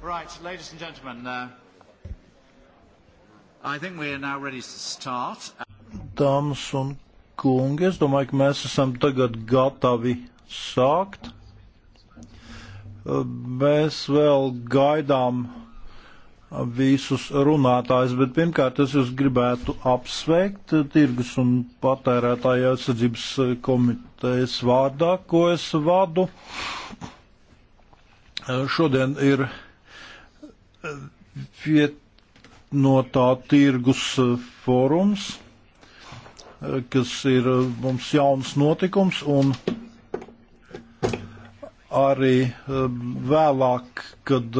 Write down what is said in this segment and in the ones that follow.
Right, ladies and gentlemen, uh, I think we are now ready to start. Dāmas un kungi, es domāju, ka mēs esam tagad gatavi sākt. Mēs vēl gaidām visus runātājus, bet pirmkārt es jūs gribētu apsveikt tirgus un patērētāja aizsardzības komitejas vārdā, ko es vadu. Šodien ir vienotā tirgus eh, fórums, eh, kas ir eh, mums jauns notikums, un arī vēlāk, kad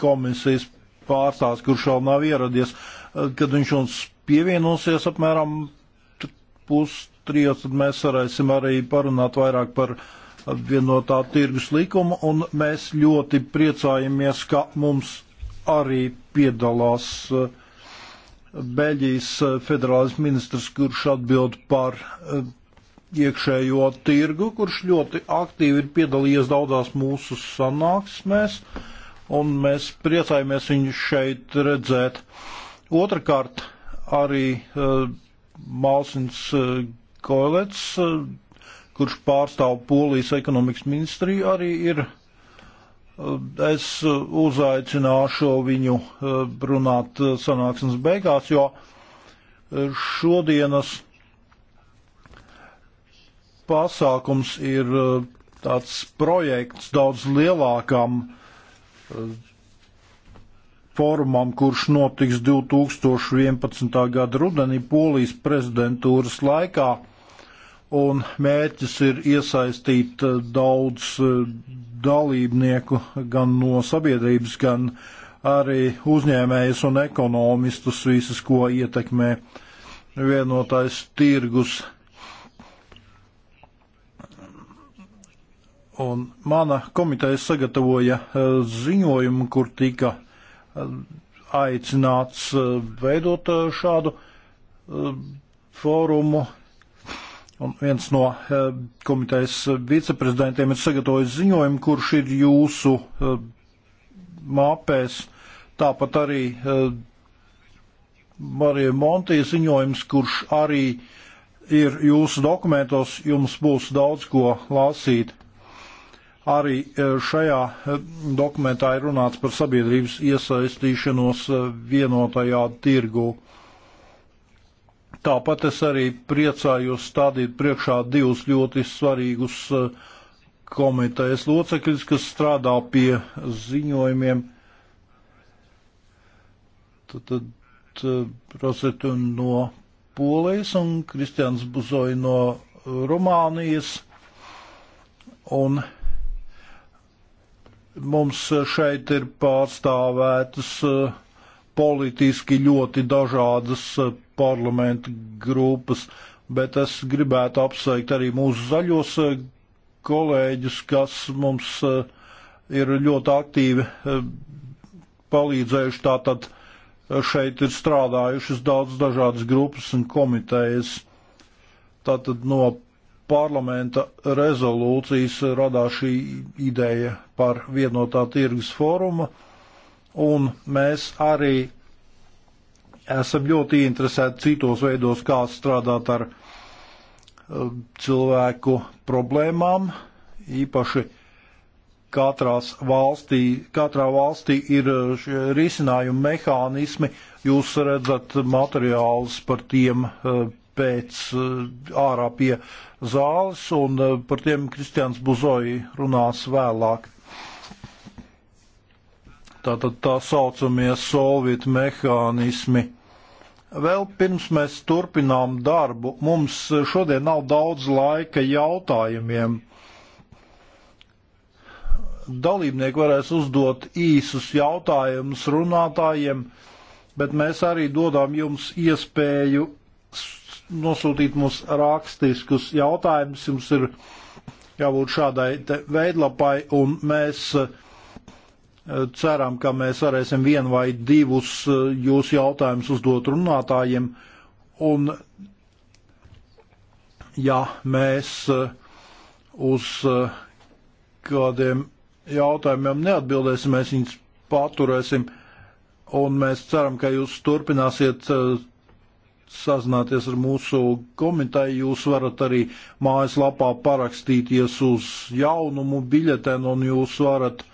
komisijas pārstāvs, kurš vēl nav ieradies, kad viņš mums pievienosies apmēram pustrijos, tad mēs varēsim arī parunāt vairāk par uh, vienotā tirgus likuma, un mēs ļoti priecājamies, ka mums arī piedalās eh, Beļģijas eh, federālais ministrs, kurš atbild par eh, iekšējo tirgu, kurš ļoti aktīvi ir piedalījies daudzās mūsu sanāksmēs, un mēs priecājamies viņu šeit redzēt. Otrakārt, arī uh, Mālsins uh, Koelets uh, kurš pārstāv Polijas ekonomikas ministriju, arī ir. Eh, es eh, uzaicināšu viņu eh, runāt sanāksmes beigās, jo šodienas pasākums ir tāds projekts daudz lielākam formam, kurš notiks 2011. gada rudenī Polijas prezidentūras laikā un mērķis ir iesaistīt eh, daudz eh, dalībnieku gan no sabiedrības, gan arī uzņēmējus un ekonomistus visus, ko ietekmē vienotais tirgus. Un mana komiteja sagatavoja eh, ziņojumu, kur tika aicināts veidot šādu fórumu Un viens no eh, komitejas viceprezidentiem ir sagatavojis ziņojumu, kurš ir jūsu eh, māpēs. Tāpat arī eh, Marija Montija ziņojums, kurš arī ir jūsu dokumentos, jums būs daudz ko lasīt. Arī šajā dokumentā ir runāts par sabiedrības iesaistīšanos vienotajā tirgu. Tāpat es arī priecājos stādīt priekšā divus ļoti svarīgus eh, komitejas locekļus, kas strādā pie ziņojumiem. Tad, tad eh, Rosetu no Polijas un Kristians Buzoja no Rumānijas. Un mums šeit ir pārstāvētas eh, politiski ļoti dažādas parlamenta grupas, bet es gribētu apsveikt arī mūsu zaļos eh, kolēģus, kas mums eh, ir ļoti aktīvi eh, palīdzējuši. Tātad šeit ir strādājušas daudz dažādas grupas un komitejas. Tātad no parlamenta rezolūcijas radās šī ideja par vienotā tirgus forumu, un mēs arī esam ļoti interesēti citos veidos, kā strādāt ar um, cilvēku problēmām, īpaši katrās valstī, katrā valstī ir uh, risinājumi mehānismi, jūs redzat materiālus par tiem uh, pēc uh, ārā pie zāles, un par tiem Kristians Buzoji runās vēlāk tātad tā saucamie solvīt mehānismi. Vēl pirms mēs turpinām darbu, mums šodien nav daudz laika jautājumiem. Dalībnieki varēs uzdot īsus jautājumus runātājiem, bet mēs arī dodām jums iespēju nosūtīt mums rakstiskus jautājumus. Jums ir jābūt šādai veidlapai, un mēs uh, Ceram, ka mēs varēsim vienu vai divus eh, jūsu jautājumus uzdot runātājiem. Un, ja mēs eh, uz eh, kādiem jautājumiem neatbildēsim, mēs viņus paturēsim. Un mēs ceram, ka jūs turpināsiet sazināties ar mūsu komiteju. Jūs varat arī mājaslapā parakstīties uz jaunumu biļetenu un jūs varat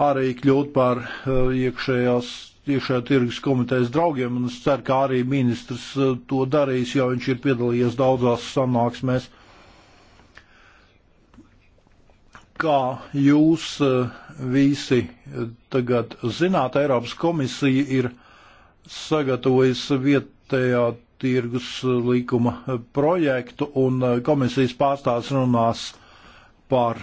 arī kļūt par eh, iekšējās, iekšējā tirgus komitejas draugiem, un es ceru, ka arī ministrs eh, to darīs, jo viņš ir piedalījies daudzās sanāksmēs. Kā jūs eh, visi tagad zināt, Eiropas komisija ir sagatavojis vietējā tirgus likuma projektu, un komisijas pārstāvs runās par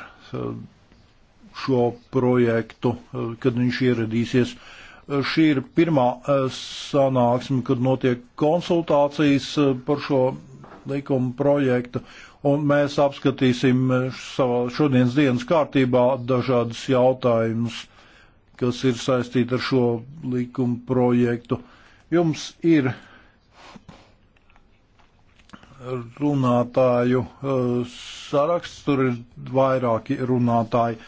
šo projektu, eh, kad viņš ieradīsies. Eh, šī ir pirmā eh, sanāksme, kad notiek konsultācijas par šo likuma projektu, un mēs apskatīsim savā šodienas dienas kārtībā dažādus jautājumus, kas ir saistīti ar šo likuma projektu. Jums ir runātāju saraksts, tur ir vairāki runātāji. Uh,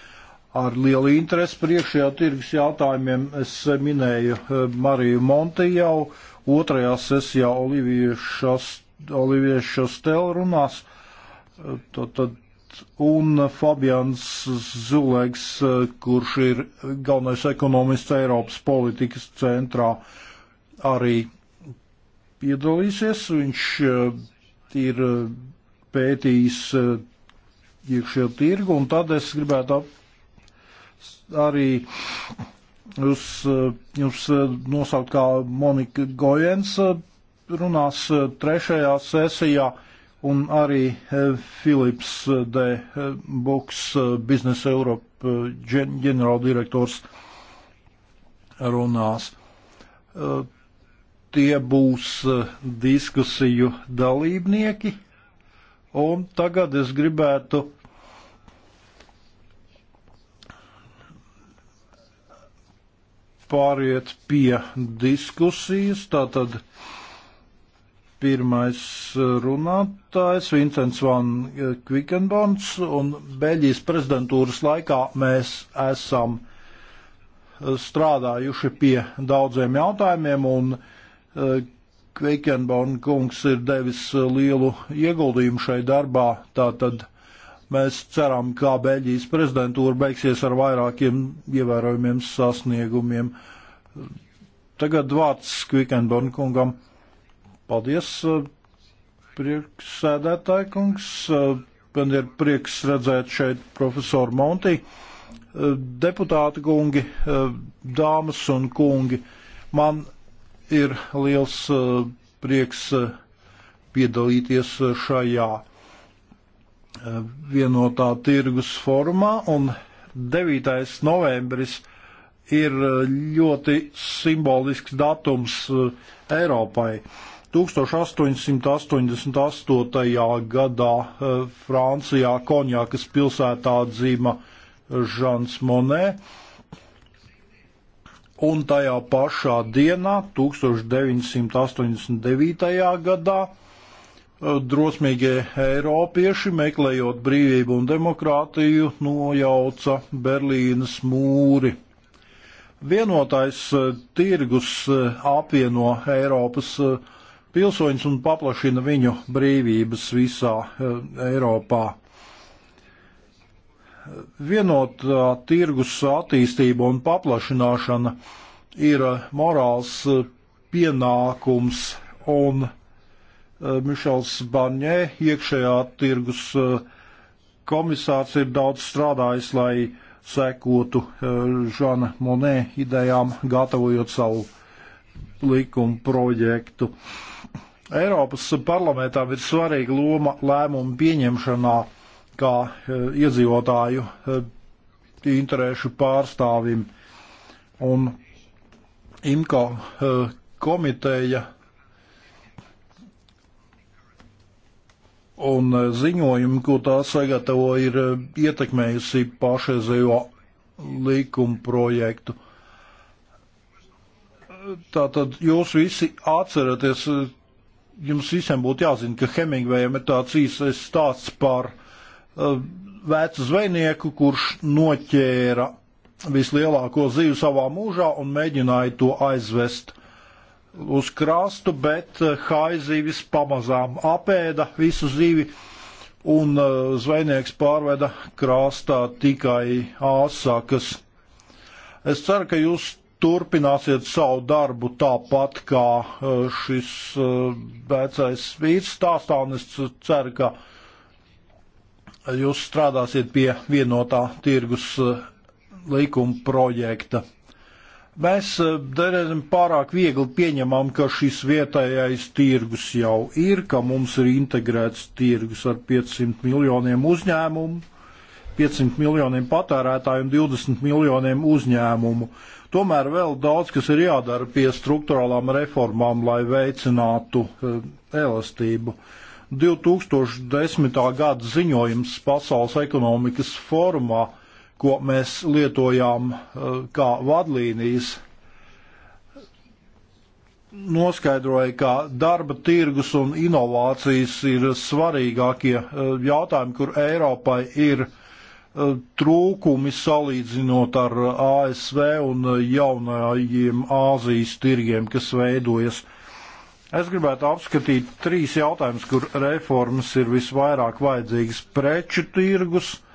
ar lielu interesi priekšējā tirgus jautājumiem. Es minēju eh, Mariju Monti jau, otrajā sesijā Olivijas Šostela runās, eh, tad, tad, un Fabians Zuleks, eh, kurš ir galvenais ekonomists Eiropas politikas centrā, arī piedalīsies. Viņš ir pētījis iekšējo tirgu, un tad es gribētu arī jūs, jūs nosaukt kā Monika Gojens runās trešajā sesijā un arī Filips D. Buks, Biznesa Europa ģenerāldirektors runās. Tie būs diskusiju dalībnieki. Un tagad es gribētu pāriet pie diskusijas. Tātad pirmais runātājs Vincents Van Kvikenbons un Beļģijas prezidentūras laikā mēs esam strādājuši pie daudziem jautājumiem un Kvikenbona e, kungs ir devis lielu ieguldījumu šai darbā. Tātad, uh, Mēs ceram, ka Beļģijas prezidentūra beigsies ar vairākiem ievērojumiem sasniegumiem. Tagad vārds Kvikenborn kungam. Paldies, priekšsēdētāji kungs. Man ir prieks redzēt šeit profesoru Monti. Deputāti kungi, dāmas un kungi, man ir liels prieks piedalīties šajā vienotā tirgus formā, un 9. novembris ir e, ļoti simbolisks datums e, Eiropai. 1888. gadā e, Francijā Konjākas pilsētā dzīva Žans Monē, un tajā pašā dienā, 1989. gadā, drosmīgie Eiropieši, meklējot brīvību un demokrātiju, nojauca Berlīnas mūri. Vienotais eh, tirgus eh, apvieno Eiropas eh, pilsoņus un paplašina viņu brīvības visā Eiropā. Vienotā tirgus attīstība un paplašināšana ir morāls pienākums un Eh, Mišels Baņē, iekšējā tirgus eh, komisārs, ir daudz strādājis, lai sekotu eh, Žana Monē idejām, gatavojot savu likumu projektu. Eiropas parlamentām ir svarīga loma lēmumu pieņemšanā kā iedzīvotāju interešu pārstāvim. Un IMCO komiteja un e, ziņojumi, ko tā sagatavo, ir e, ietekmējusi pašreizējo likuma projektu. Tātad jūs visi atceraties, e, jums visiem būtu jāzina, ka Hemingvējam ir tāds īsais stāsts par uh, vecu zvejnieku, kurš noķēra vislielāko zivju savā mūžā un mēģināja to aizvest uz krastu, bet eh, haizīvis pamazām apēda visu zīvi un eh, zvejnieks pārveda krastā tikai āsakas. Es ceru, ka jūs turpināsiet savu darbu tāpat kā eh, šis vecais vīrs stāstā, un es ceru, ka jūs strādāsiet pie vienotā tirgus likuma projekta. Mēs eh, reizēm pārāk viegli pieņemam, ka šis vietējais tirgus jau ir, ka mums ir integrēts tirgus ar 500 miljoniem uzņēmumu, 500 miljoniem patērētāju un 20 miljoniem uzņēmumu. Tomēr vēl daudz, kas ir jādara pie struktūrālām reformām, lai veicinātu eh, elastību. 2010. gada ziņojums Pasaules ekonomikas formā ko mēs lietojām eh, kā vadlīnijas, noskaidroja, ka darba tirgus un inovācijas ir svarīgākie eh, jautājumi, kur Eiropai ir eh, trūkumi salīdzinot ar ASV un jaunajiem Āzijas tirgiem, kas veidojas. Es gribētu apskatīt trīs jautājumus, kur reformas ir visvairāk vajadzīgas - preču tirgus, uh,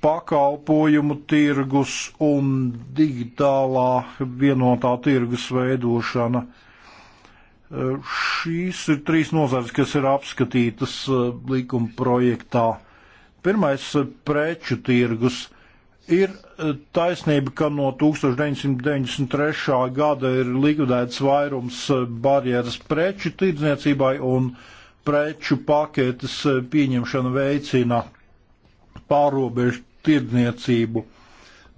pakalpojumu tirgus un digitālā vienotā tirgus veidošana. Eh, šīs ir trīs nozares, kas ir apskatītas eh, likuma projektā. Pirmais eh, - preču tirgus. Ir taisnība, ka no 1993. gada ir likvidēts vairums barjeras preču tirdzniecībai un preču paketes pieņemšana veicina pārobežu tirdzniecību.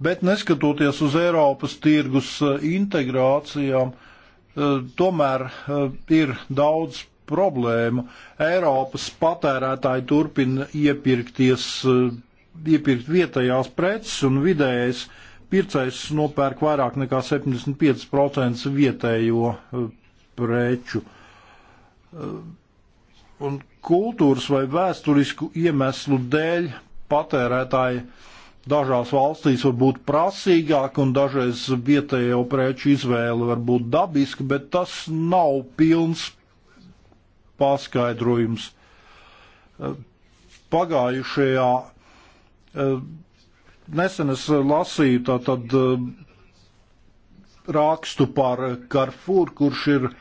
Bet neskatoties uz Eiropas tirgus eh, integrācijām, eh, tomēr eh, ir daudz problēmu. Eiropas patērētāji turpina iepirkties, iepirkt vietējās preces un vidējais pircējs nopērk vairāk nekā 75% vietējo preču. Un kultūras vai vēsturisku iemeslu dēļ patērētāji dažās valstīs var būt prasīgāki un dažreiz vietējo preču izvēle var būt dabiska, bet tas nav pilns paskaidrojums. Pagājušajā eh, nesen es lasīju tātad eh, rakstu par Carrefour, kurš ir eh,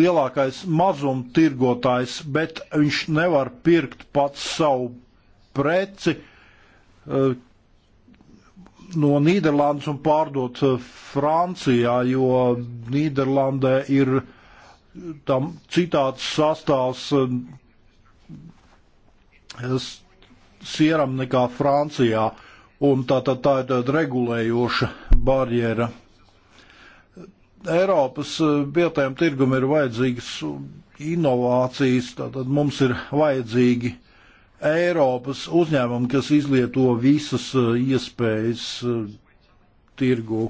lielākais mazumtirgotājs, bet viņš nevar pirkt pats savu preci eh, no Nīderlandes un pārdot eh, Francijā, jo Nīderlandē ir eh, tam citāds sastāvs sieram nekā Francijā, un tā, tā, tā ir tāda regulējoša barjera. Eiropas vietējiem tirgum ir vajadzīgas mm, inovācijas, tātad mums ir vajadzīgi Eiropas uzņēmumi, kas izlieto visas uh, iespējas uh, tirgu.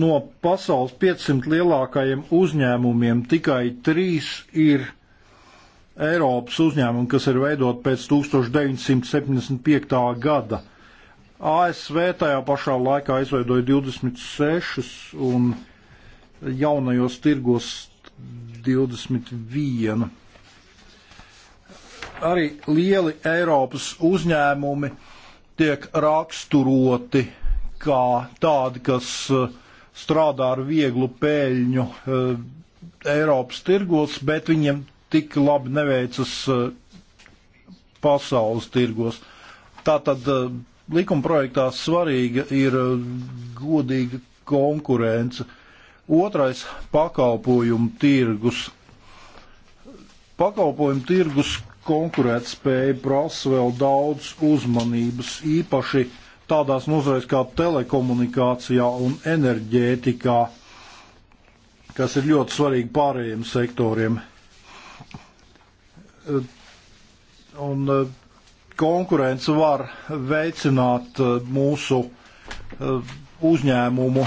No pasaules 500 lielākajiem uzņēmumiem tikai trīs ir Eiropas uzņēmumi, kas ir veidot pēc 1975. gada. ASV tajā pašā laikā izveidoja 26 un jaunajos tirgos 21 arī lieli Eiropas uzņēmumi tiek raksturoti kā tādi, kas eh, strādā ar vieglu pēļņu eh, Eiropas tirgos, bet viņiem tik labi neveicas eh, pasaules tirgos. Tātad likumprojektā svarīga ir godīga konkurence. Otrais - pakalpojumu tirgus. Pakalpojumu tirgus konkurētspēja prasa vēl daudz uzmanības, īpaši tādās nozarēs kā telekomunikācijā un enerģētikā, kas ir ļoti svarīgi pārējiem sektoriem. Un eh, konkurence var veicināt eh, mūsu eh, uzņēmumu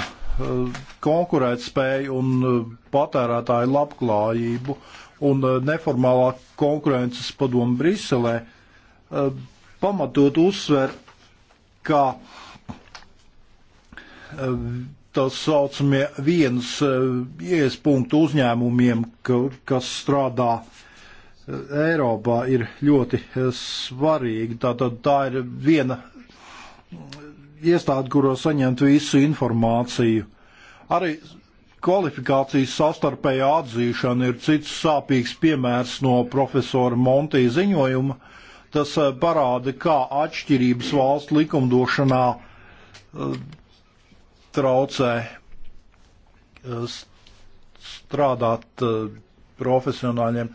konkurētspēju un patērētāju labklājību un uh, neformālā konkurences padoma Briselē uh, pamatot uzsver, ka uh, tā saucamie vienas ieejas punktu uzņēmumiem, kas strādā Eiropā, ir ļoti svarīgi. Tā, tā, tā ir viena iestāde, kuro saņemt visu informāciju. Arī Kvalifikācijas savstarpējā atzīšana ir cits sāpīgs piemērs no profesora Monti ziņojuma. Tas eh, parāda, kā atšķirības valsts likumdošanā eh, traucē eh, strādāt profesionāļiem.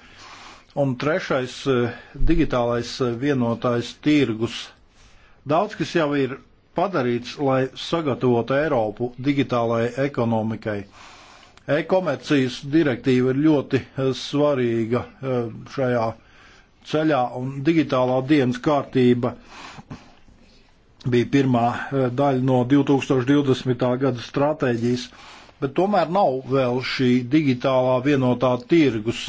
Un trešais - digitālais vienotais tirgus. Daudz kas jau ir padarīts, lai sagatavotu Eiropu digitālajai ekonomikai. E-komercijas direktīva ir ļoti e, svarīga e, šajā ceļā, un digitālā dienas kārtība bija pirmā e, daļa no 2020. gada stratēģijas, bet tomēr nav vēl šī digitālā vienotā tirgus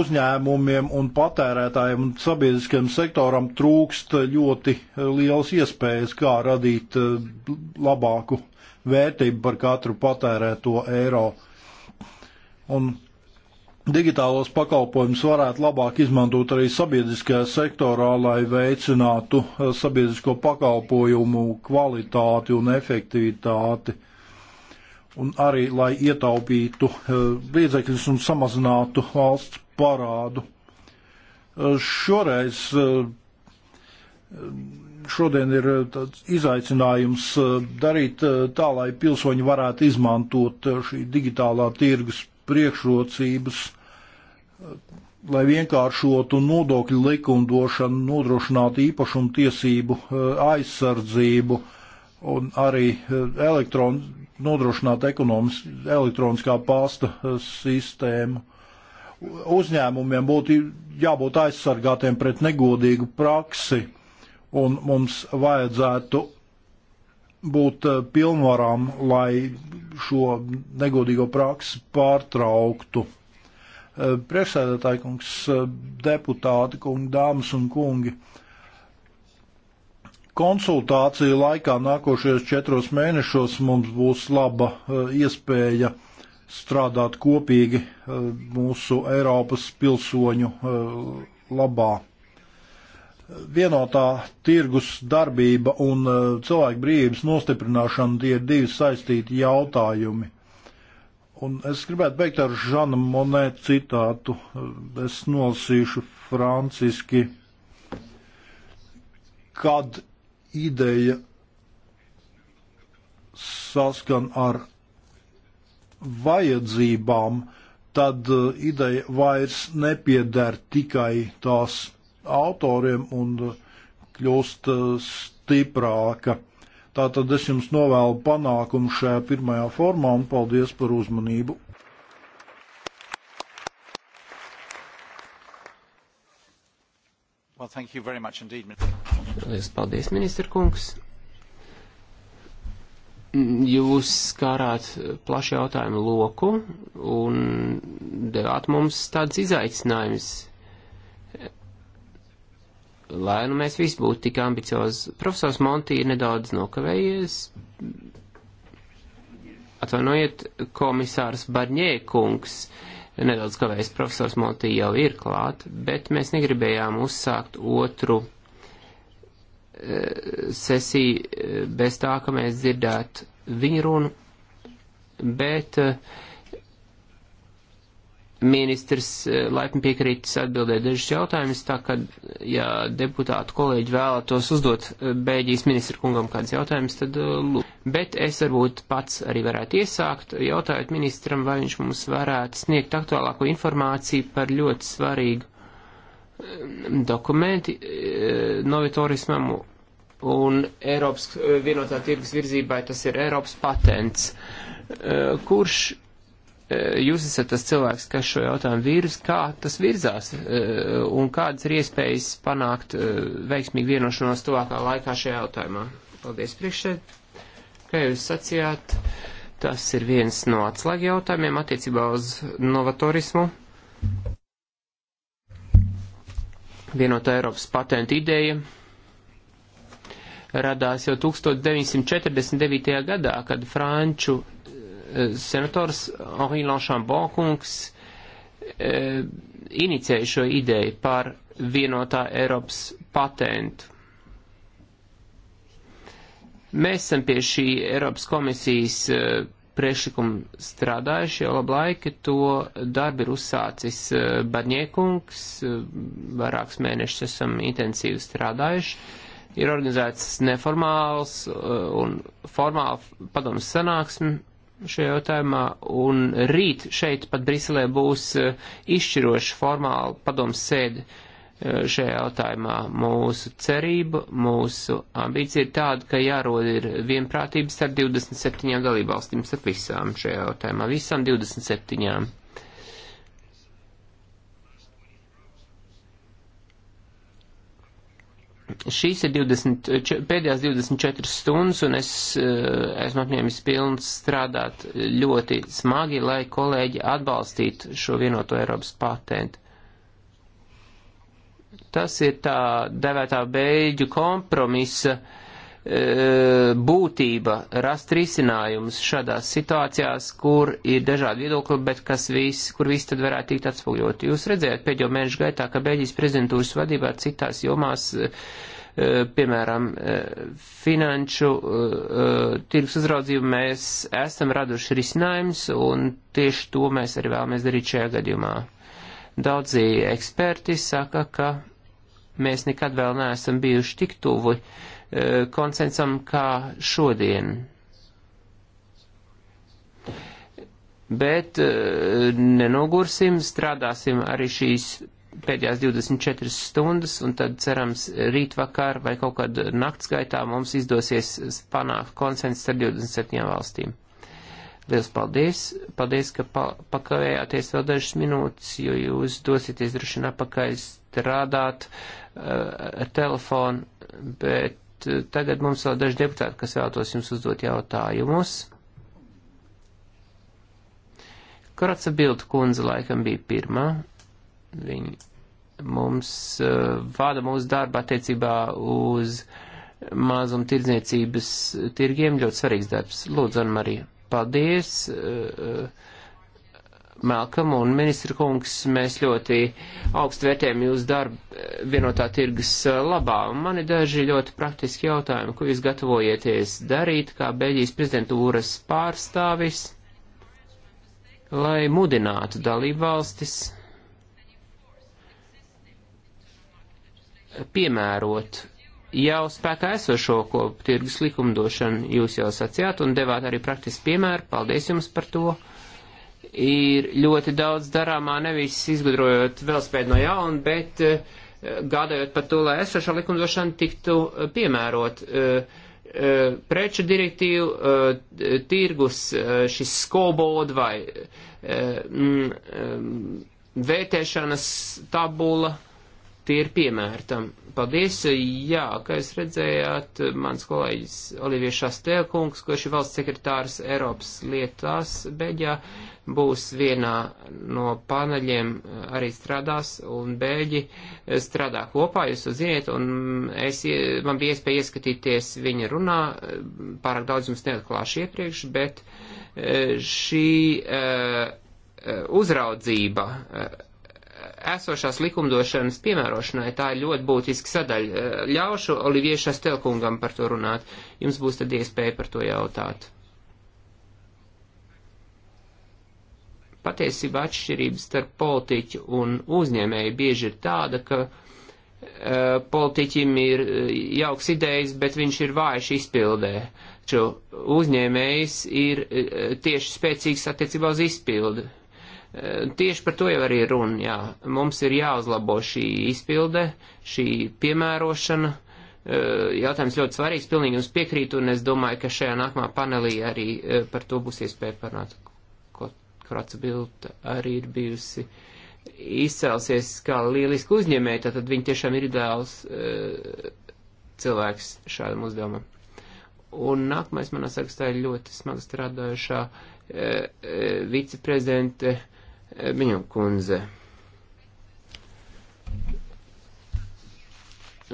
uzņēmumiem un patērētājiem un sabiedriskajam sektoram trūkst ļoti liels iespējas, kā radīt labāku vērtību par katru patērēto eiro. Un digitālos pakalpojumus varētu labāk izmantot arī sabiedriskajā sektorā, lai veicinātu eh, sabiedrisko pakalpojumu kvalitāti un efektivitāti. Un arī, lai ietaupītu eh, līdzekļus un samazinātu valsts parādu. Eh, šoreiz šodien ir eh, tāds izaicinājums eh, darīt eh, tā, lai pilsoņi varētu izmantot šī digitālā tirgus priekšrocības, lai vienkāršotu nodokļu likumdošanu, nodrošinātu īpašumu tiesību aizsardzību un arī elektron, nodrošināt ekonomis, elektroniskā pasta sistēmu uzņēmumiem būtu jābūt aizsargātiem pret negodīgu praksi, un mums vajadzētu būt eh, pilnvarām, lai šo negodīgo praksi pārtrauktu. Eh, priekšsēdētāji kungs, eh, deputāti kungi, dāmas un kungi, konsultāciju laikā nākošajos četros mēnešos mums būs laba iespēja strādāt kopīgi mūsu Eiropas pilsoņu labā vienotā tirgus darbība un eh, cilvēku brīvības nostiprināšana tie ir divi saistīti jautājumi. Un es gribētu beigt ar Žana Monē citātu. Es nolasīšu franciski. Kad ideja saskan ar vajadzībām, tad eh, ideja vairs nepieder tikai tās autoriem un kļūst eh, stiprāka. Tātad es jums novēlu panākumu šajā pirmajā formā un paldies par uzmanību. Well, thank you very much indeed. Liels paldies, ministra kungs. Jūs skārāt plašu jautājumu loku un devāt mums tāds izaicinājums lai nu mēs visi būtu tik ambiciozi. Profesors Monti ir nedaudz nokavējies. Atvainojiet, komisārs Barņē kungs nedaudz kavējas. Profesors Monti jau ir klāt, bet mēs negribējām uzsākt otru e, sesiju eh, bez tā, ka mēs dzirdētu viņa runu, bet uh, e, ministrs eh, laipni piekrītis atbildēt dažus jautājumus, tā ka, ja deputātu kolēģi vēlētos uzdot eh, Bēļģijas ministru kungam kādus jautājumus, tad eh, lūk. Bet es varbūt pats arī varētu iesākt, jautājot ministram, vai viņš mums varētu sniegt aktuālāko informāciju par ļoti svarīgu dokumenti novitorismam un Eiropas vienotā tirgus virzībai, tas ir Eiropas patents, kurš Eh, jūs esat tas cilvēks, kas šo jautājumu virs, kā tas virzās eh, un kādas ir iespējas panākt eh, veiksmīgu vienošanos tuvākā laikā šajā jautājumā. Paldies priekšsēd. Kā jūs sacījāt, tas ir viens no atslēga jautājumiem attiecībā uz novatorismu. Vienotā Eiropas patenta ideja radās jau 1949. gadā, kad franču senators Henri Lanchambon kungs e, inicēja šo ideju par vienotā Eiropas patentu. Mēs esam pie šī Eiropas komisijas e, priekšlikuma strādājuši jau labu laiku, to darbu ir uzsācis e, Barņiekungs, vairākus mēnešus esam intensīvi strādājuši. Ir organizēts neformāls un formāls padomas sanāksme šajā jautājumā, un rīt šeit pat Briselē būs eh, izšķiroši formāli padoms sēdi eh, šajā jautājumā. Mūsu cerība, mūsu ambīcija ir tāda, ka jārod ir vienprātības starp 27 dalībvalstīm, starp visām šajā jautājumā, visām 27. Šīs ir 20, pēdējās 24 stundas, un es eh, esmu apņēmis pilns strādāt ļoti smagi, lai kolēģi atbalstītu šo vienoto Eiropas patentu. Tas ir tā devētā beidžu kompromisa uh, būtība rast risinājumus šādās situācijās, kur ir dažādi viedokļi, bet kas viss, kur viss tad varētu tikt atspoguļot. Jūs redzējāt pēdējo mēnešu gaitā, ka Beļģijas prezidentūras vadībā citās jomās, eh, piemēram, eh, finanšu eh, tirgus uzraudzību mēs esam raduši risinājumus, un tieši to mēs arī vēlamies darīt šajā gadījumā. Daudzi eksperti saka, ka mēs nekad vēl neesam bijuši tik tuvi uh, E, konsensam kā šodien. Bet e, nenogursim, strādāsim arī šīs pēdējās 24 stundas, un tad cerams rītvakar vai kaut kad nakts gaitā mums izdosies panākt konsensus ar 27 valstīm. Liels paldies! Paldies, ka pa pakavējāties vēl dažas minūtes, jo jūs dosieties droši vien apakaļ strādāt uh, ar telefonu, bet Eh, tagad mums vēl daži deputāti, kas vēlētos jums uzdot jautājumus. Kraca Bilta kundze laikam bija pirmā. Viņa mums uh, vada mūsu darbu attiecībā uz mazuma tirdzniecības tirgiem. Ļoti svarīgs darbs. Lūdzu, Anmarija, paldies. Uh, Melkam un ministra kungs, mēs ļoti augstu vērtējam jūsu darbu eh, vienotā tirgus eh, labā. Man ir daži ļoti praktiski jautājumi, ko jūs gatavojieties darīt kā Beļģijas prezidentūras pārstāvis, lai mudinātu dalību valstis piemērot jau spēkā esošo kopu tirgus likumdošanu, jūs jau sacījāt un devāt arī praktiski piemēru. Paldies jums par to! ir ļoti daudz darāmā, nevis izgudrojot vēl spēju no jauna, bet eh, gādājot par to, lai esošā likumdošana tiktu eh, piemērot. Eh, preču direktīvu, tirgus, šis skobold vai mm, vērtēšanas tabula tie ir piemērtam. Paldies, jā, kā jūs redzējāt, mans kolēģis Olivier Šastēkungs, kurš ir valsts sekretārs Eiropas lietās Beļģijā, būs vienā no paneļiem arī strādās, un Beļģi strādā kopā, jūs to ziniet, un es, man bija iespēja ieskatīties viņa runā, pārāk daudz jums neatklāšu iepriekš, bet eh, šī eh, eh, uzraudzība esošās likumdošanas piemērošanai tā ir ļoti būtiska sadaļa. Eh, ļaušu Oliviešas telkungam par to runāt. Jums būs tad iespēja par to jautāt. Patiesībā atšķirības starp politiķu un uzņēmēju bieži ir tāda, ka uh, politiķim ir eh, jauks idejas, bet viņš ir vājš izpildē. Taču uzņēmējs ir uh, tieši spēcīgs attiecībā uz izpildu Eh, tieši par to jau arī runa, jā. Mums ir jāuzlabo šī izpilde, šī piemērošana. Eh, jautājums ļoti svarīgs, pilnīgi jums piekrītu, un es domāju, ka šajā nākamā panelī arī eh, par to būs iespēja parunāt. Kraca Bilta arī ir bijusi izcelsies kā lieliski uzņēmēji, tad viņi tiešām ir ideāls cilvēks šādam uzdevumam. Un nākamais manā sarakstā ir ļoti smagi strādājušā e, e, viceprezidente Viņa kundze.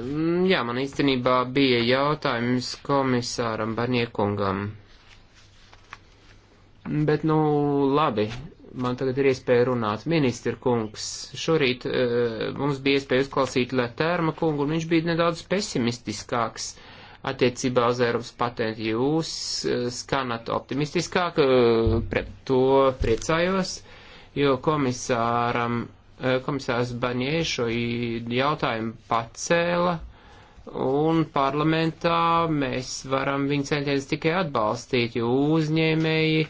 Mm, jā, man īstenībā bija jautājums komisāram Barniekungam. Bet, nu, labi, man tagad ir iespēja runāt. Ministra kungs, šorīt uh, mums bija iespēja uzklausīt Latērma kungu, un viņš bija nedaudz pesimistiskāks attiecībā uz Eiropas patentu. Jūs uh, skanat optimistiskāk, uh, pret to priecājos jo komisāram, eh, komisārs Baņē šo jautājumu pacēla, un parlamentā mēs varam viņu centies tikai atbalstīt, jo uzņēmēji,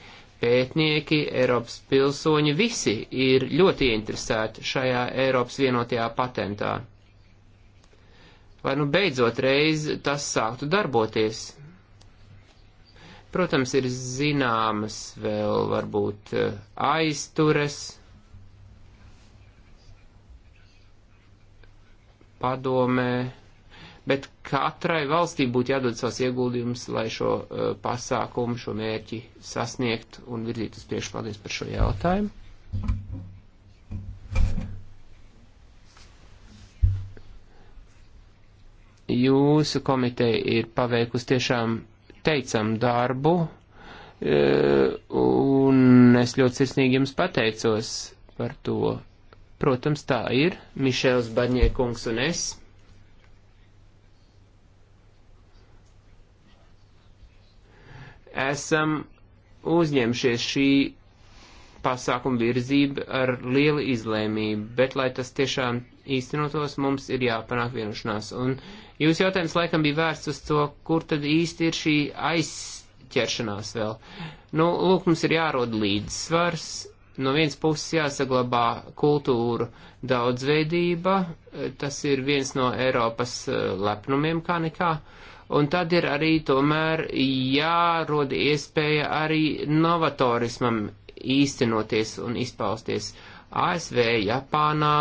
pētnieki, Eiropas pilsoņi, visi ir ļoti interesēti šajā Eiropas vienotajā patentā. Lai nu beidzot reiz tas sāktu darboties. Protams, ir zināmas vēl varbūt eh, aiztures, padomē, bet katrai valstī būtu jādod savs ieguldījums, lai šo uh, pasākumu, šo mērķi sasniegt un virzīt uz priekšu. Paldies par šo jautājumu. Jūsu komiteja ir paveikusi tiešām teicam darbu, e, un es ļoti sirsnīgi jums pateicos par to. Protams, tā ir Mišēls Barņiekungs un es. Esam uzņemšies šī pasākumu virzību ar lielu izlēmību, bet lai tas tiešām īstenotos, mums ir jāpanāk vienošanās. Un jūs jautājums laikam bija vērsts uz to, kur tad īsti ir šī aizķeršanās vēl. Nu, lūk, mums ir jārod līdzsvars. No vienas puses jāsaglabā kultūra daudzveidība, tas ir viens no Eiropas eh, lepnumiem kā nekā, un tad ir arī tomēr jārod iespēja arī novatorismam īstenoties un izpausties ASV, Japānā.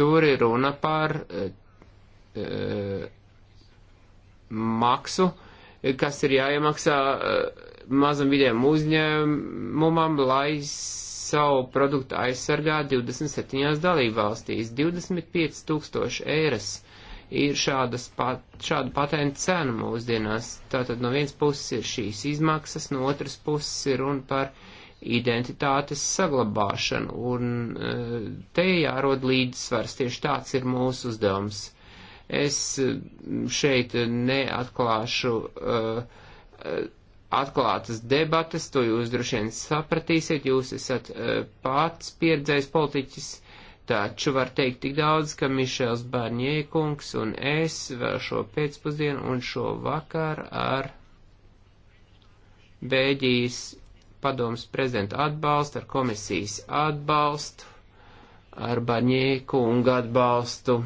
Tur ir runa par uh, uh, maksu, kas ir jāiemaksā uh, mazam vidējam uzņēmumam, lai savu produktu aizsargā 27 dalībvalstīs - 25 tūkstoši eiras. Uh, ir šādas pat, šādu patentu cenu mūsdienās. Tātad no vienas puses ir šīs izmaksas, no otras puses ir runa par identitātes saglabāšanu, un eh, te jārod līdzsvars, tieši tāds ir mūsu uzdevums. Es mm, šeit neatklāšu uh, atklātas debatas, to jūs droši vien sapratīsiet, jūs esat uh, pats pieredzējis politiķis, uh, Taču var teikt tik daudz, ka Mišels Barņiekungs un es vēl šo pēcpusdienu un šo vakaru ar Bēģijas padomas prezidenta atbalstu, ar komisijas atbalstu, ar Barņiekungu atbalstu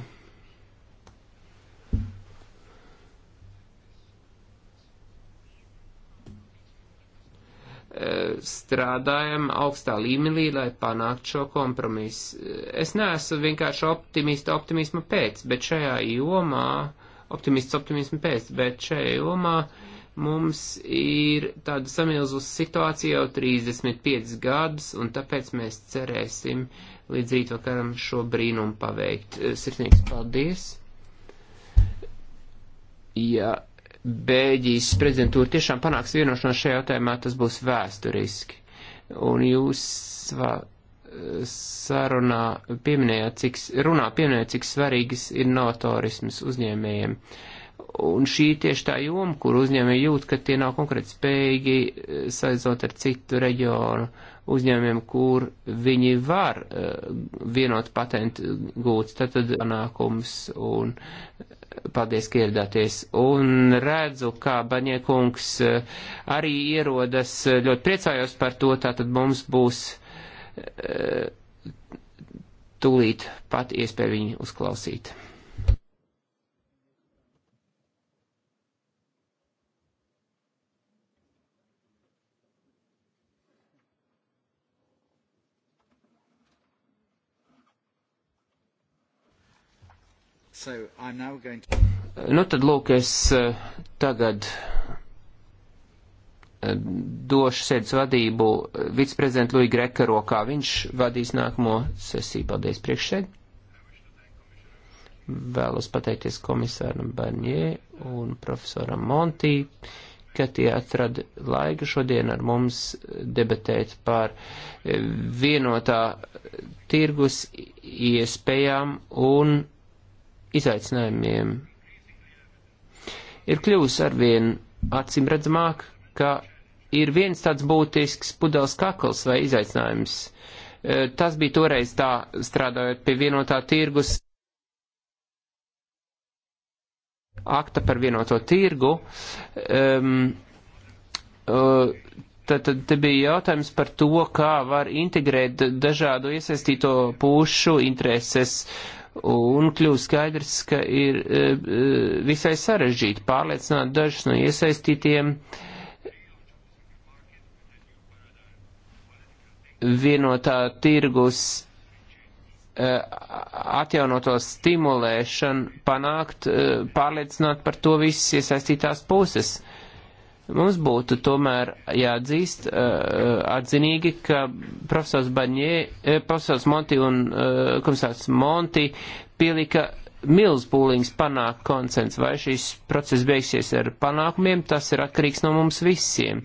strādājam augstā līmenī, lai panāktu šo kompromisu. Es neesmu vienkārši optimista optimisma pēc, bet šajā jomā, optimists optimisma pēc, bet šajā jomā mums ir tāda samilzus situācija jau 35 gadus, un tāpēc mēs cerēsim līdz rītvakaram šo brīnumu paveikt. Sirsnīgs paldies! Ja Bēģijas prezidentūra tiešām panāks vienošanos šajā jautājumā, tas būs vēsturiski. Un jūs svā, sarunā pieminējāt, cik, runā pieminējāt, cik svarīgas ir novatorismas uzņēmējiem. Un šī tieši tā joma, kur uzņēmēji jūt, ka tie nav konkrēti spējīgi eh, saizot ar citu reģionu uzņēmumiem, kur viņi var uh, vienot patentu gūt, tad panākums un uh, paldies, ka ieradāties. Un redzu, ka Baņiekungs eh, arī ierodas, eh, ļoti priecājos par to, tātad mums būs eh, tūlīt pat iespēja viņu uzklausīt. So I'm now going to... Nu tad lūk, es eh, tagad eh, došu sēdes vadību eh, viceprezidentu Lui Greka rokā. Viņš vadīs nākamo sesiju. Paldies priekšsēd. Vēlos pateikties komisāram Barņē un profesoram Montī, ka tie atrada laiku šodien ar mums debatēt par vienotā tirgus iespējām un izaicinājumiem ir kļuvusi arvien acimredzamāk, ka ir viens tāds būtisks pudeles kakls vai izaicinājums. E, tas bija toreiz tā, strādājot pie vienotā tirgus akta par vienoto tirgu. Um, tad, tad te bija jautājums par to, kā var integrēt dažādu iesaistīto pušu intereses uh, Un kļūst skaidrs, ka ir e, e, visai sarežģīti pārliecināt dažus no iesaistītiem vienotā tirgus e, atjaunoto stimulēšanu panākt, pārliecināt par to visas iesaistītās puses. Uh, Mums būtu tomēr jāatzīst uh, atzinīgi, ka profesors Baņē, profesors Monti un uh, komisārs Monti pielika milz pūliņas panākt konsens, vai šīs process beigsies ar panākumiem, tas ir atkarīgs no mums visiem.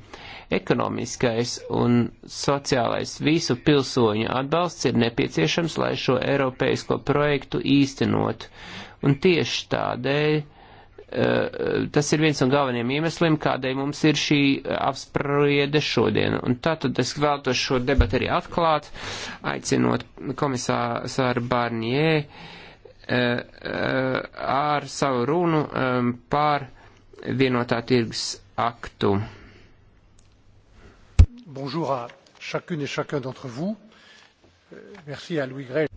Ekonomiskais un sociālais visu pilsoņu atbalsts ir nepieciešams, lai šo eiropeisko projektu īstenotu. Un tieši tādēļ Eh, tas ir viens no galvenajiem iemesliem, kādēļ mums ir šī apspriede šodien. Un tātad es vēlētos šo debatu arī atklāt, aicinot komisāru Barnier eh, eh, ar savu runu par vienotā tirgus aktu. Bonjour à chacune et chacun d'entre vous. Merci à Louis Grech.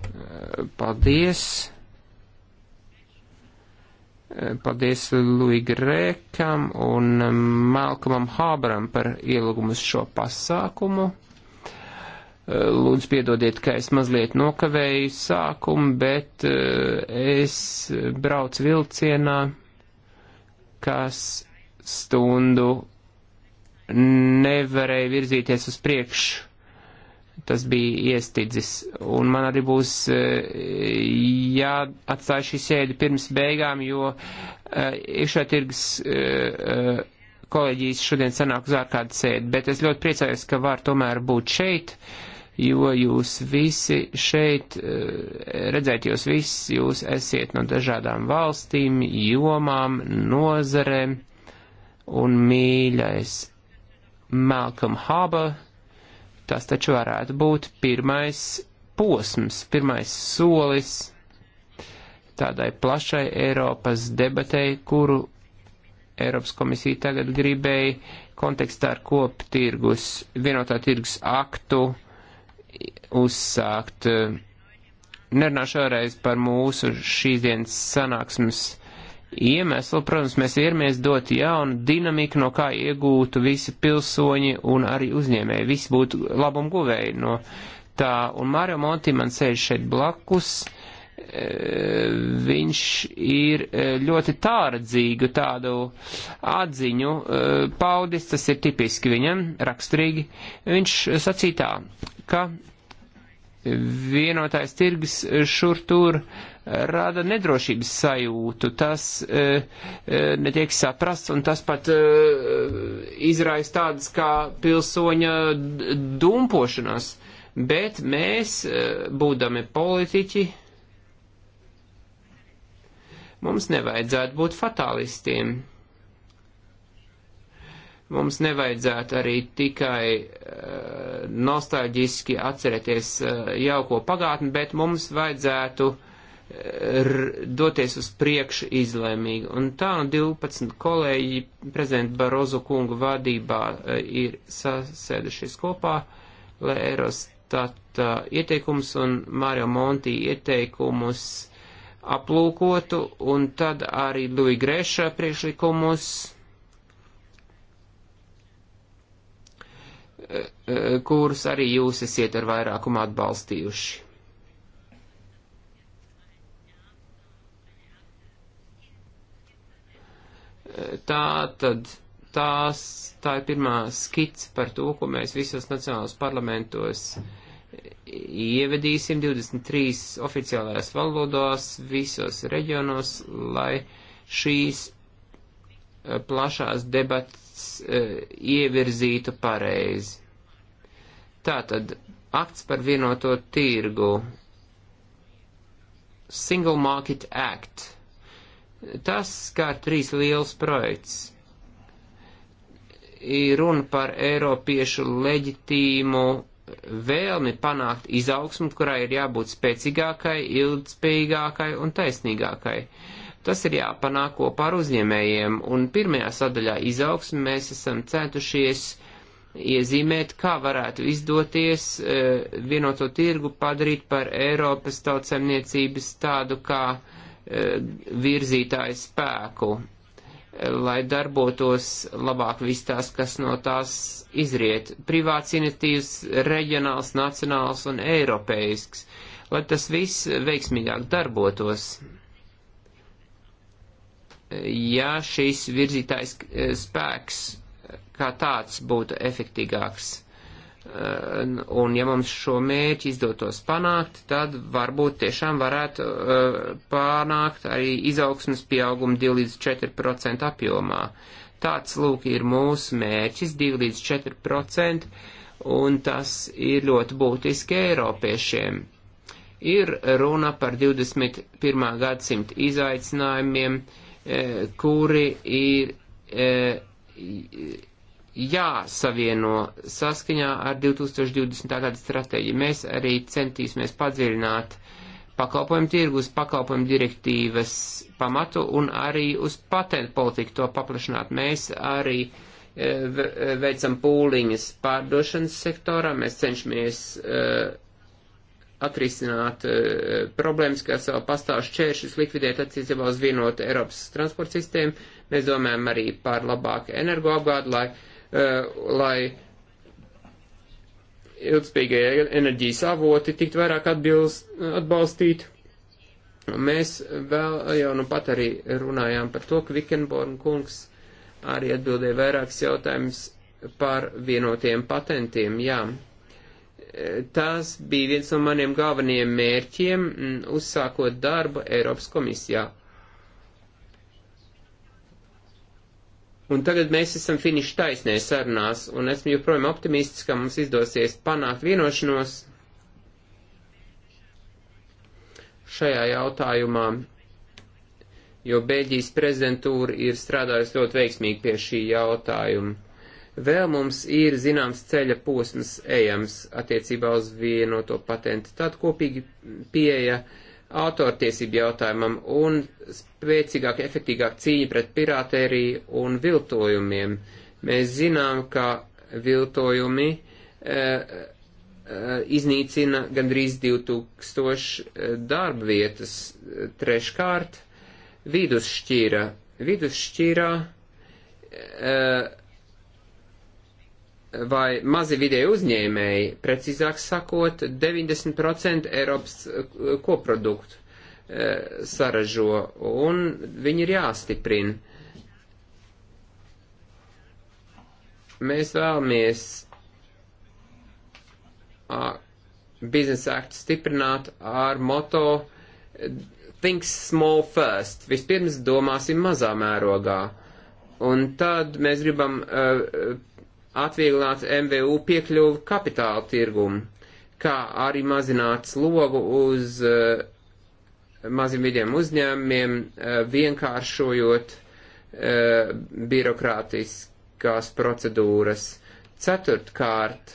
Paldies. Paldies Luigi Rēkam un Malkamam Hābaram par ielūgumus šo pasākumu. Lūdzu, piedodiet, ka es mazliet nokavēju sākumu, bet eh, es braucu vilcienā, kas stundu nevarēja virzīties uz priekšu tas bija iestidzis. Un man arī būs e, jāatstāj šī sēde pirms beigām, jo e, iekšā tirgus e, kolēģijas šodien sanāk uz ārkārtu sēdi, bet es ļoti priecājos, ka var tomēr būt šeit, jo jūs visi šeit, redzēt jūs visi, jūs esiet no dažādām valstīm, jomām, nozarēm un mīļais Malcolm Haber Tas taču varētu būt pirmais posms, pirmais solis tādai plašai Eiropas debatei, kuru Eiropas komisija tagad gribēja kontekstā ar koptirgus, vienotā tirgus aktu uzsākt. Nerunāšu vēlreiz par mūsu šīs dienas sanāksmes iemeslu, protams, mēs ieramies dot jaunu dinamiku, no kā iegūtu visi pilsoņi un arī uzņēmēji. Visi būtu labumu guvēji no tā. Un Mario Monti man sēž šeit blakus. E, viņš ir e, ļoti tāredzīgu tādu atziņu e, paudis, tas ir tipiski viņam, raksturīgi. Viņš sacītā, ka vienotājs tirgs šur tur uh, rada nedrošības sajūtu, tas e, e, netiek saprasts un tas pat e, izraisa tādas kā pilsoņa dumpošanās. Bet mēs, e, būdami politiķi, mums nevajadzētu būt fatālistiem. Mums nevajadzētu arī tikai uh, nostalģiski atcerēties uh, jauko pagātni, bet mums vajadzētu uh, doties uz priekšu izlēmīgi. Un tā 12 kolēģi prezidenta Barozu kungu vadībā e, ir sasēdušies kopā, lai Eurostata ieteikums un Mario Monti ieteikumus aplūkotu, un tad arī Louis Greša priekšlikumus e, e, kurus arī jūs esiet ar vairākumu atbalstījuši. Tā tad tās, tā ir pirmā skits par to, ko mēs visos nacionālos parlamentos ievedīsim 23 oficiālajās valodās visos reģionos, lai šīs eh, plašās debats eh, ievirzītu pareizi. Tātad akts par vienoto tirgu. Single Market Act Tas skār trīs liels projekts. Ir runa par Eiropiešu leģitīmu vēlmi panākt izaugsmu, kurai ir jābūt spēcīgākai, ilgspējīgākai un taisnīgākai. Tas ir jāpanāk kopā ar uzņēmējiem, un pirmajā sadaļā izaugsmi mēs esam centušies iezīmēt, kā varētu izdoties eh, vienoto tirgu padarīt par Eiropas tautsēmniecības tādu kā uh, E, virzītāju spēku, e, lai darbotos labāk viss tās, kas no tās izriet. Privāts iniciatīvas, reģionāls, nacionāls un eiropeisks, lai tas viss veiksmīgāk darbotos. E, ja šīs virzītājs spēks kā tāds būtu efektīgāks. Un ja mums šo mērķi izdotos panākt, tad varbūt tiešām varētu eh, panākt arī izaugsmas pieaugumu 2 līdz 4% apjomā. Tāds lūk ir mūsu mērķis 2 līdz 4%, un tas ir ļoti būtiski Eiropiešiem. Ir runa par 21. gadsimta izaicinājumiem, eh, kuri ir eh, jāsavieno saskaņā ar 2020. gada stratēģiju. Mēs arī centīsimies padziļināt pakalpojumu tirgu uz pakalpojumu direktīvas pamatu un arī uz patentu politiku to paplašināt. Mēs arī e, e veicam pūliņas pārdošanas sektorā, mēs cenšamies e, atrisināt e, problēmas, kas vēl pastāv šķēršus, likvidēt attiecībā uz vienotu Eiropas transporta sistēmu. Mēs domājam arī par labāku energoapgādu, lai uh, Eh, lai ilgspējīgie enerģijas avoti tiktu vairāk atbilst, atbalstīti. Mēs vēl jau nu pat arī runājām par to, ka Vikenborn kungs arī atbildēja vairākas jautājumas par vienotiem patentiem. Jā, eh, tas bija viens no maniem galvenajiem mērķiem, mm, uzsākot darbu Eiropas komisijā. Un tagad mēs esam finiši taisnē sarunās, un esmu joprojām optimists, ka mums izdosies panākt vienošanos šajā jautājumā, jo Beļģijas prezidentūra ir strādājusi ļoti veiksmīgi pie šī jautājuma. Vēl mums ir zināms ceļa posms ejams attiecībā uz vienoto patentu. Tad kopīgi pieeja uh, autortiesību jautājumam un spēcīgāk, efektīgāk cīņa pret pirātēriju un viltojumiem. Mēs zinām, ka viltojumi e, e, iznīcina gandrīz 2000 eh, darba vietas. Treškārt, vidusšķīra. Vidusšķīrā e, vai mazi vidēji uzņēmēji, precīzāk sakot, 90% Eiropas eh, koproduktu eh, saražo, un viņi ir jāstiprina. Mēs vēlamies biznesa aktu stiprināt ar moto eh, Think small first. Vispirms domāsim mazā mērogā. Un tad mēs gribam uh, atvieglināt MVU piekļuvu kapitāla tirgumu, kā arī mazināt slogu uz uh, maziem vidiem uzņēmumiem, uh, vienkāršojot uh, birokrātiskās procedūras. Ceturtkārt,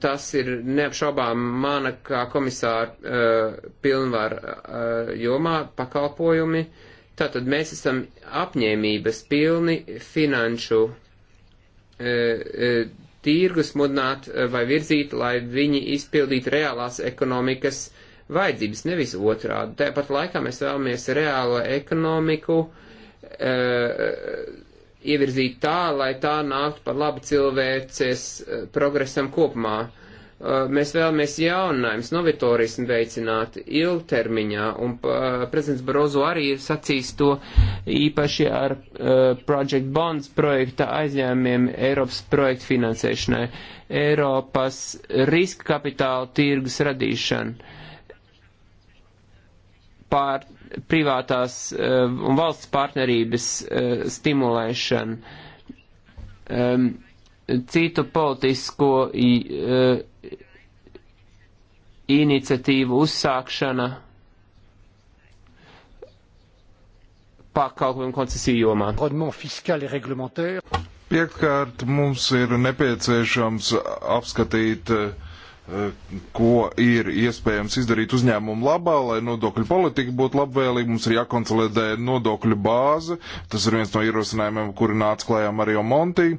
tas ir neapšaubām mana kā komisāra uh, pilnvar uh, jomā pakalpojumi. Uh, Tātad mēs esam apņēmības pilni finanšu e, e, tirgus mudināt e, vai virzīt, lai viņi izpildītu reālās ekonomikas vajadzības, nevis otrādi. Tāpat laikā mēs vēlamies reālo ekonomiku e, ievirzīt tā, lai tā nāktu par labu cilvēces progresam kopumā mēs vēlamies jaunājums, novitorismu veicināt ilgtermiņā, un uh, prezidents Barozo arī ir sacījis to īpaši ar uh, Project Bonds projekta aizņēmumiem Eiropas projektu finansēšanai, Eiropas riska kapitāla tirgus radīšanu pār privātās uh, un valsts partnerības uh, stimulēšanu, um, citu politisko uh, iniciatīvu uzsākšana pakalpojumu koncesiju jomā. Piekārt mums ir nepieciešams apskatīt, eh, ko ir iespējams izdarīt uzņēmumu labā, lai nodokļu politika būtu labvēlīga. Mums ir jākonsolidē nodokļu bāze. Tas ir viens no ierosinājumiem, kuri nāca klājām arī Monti.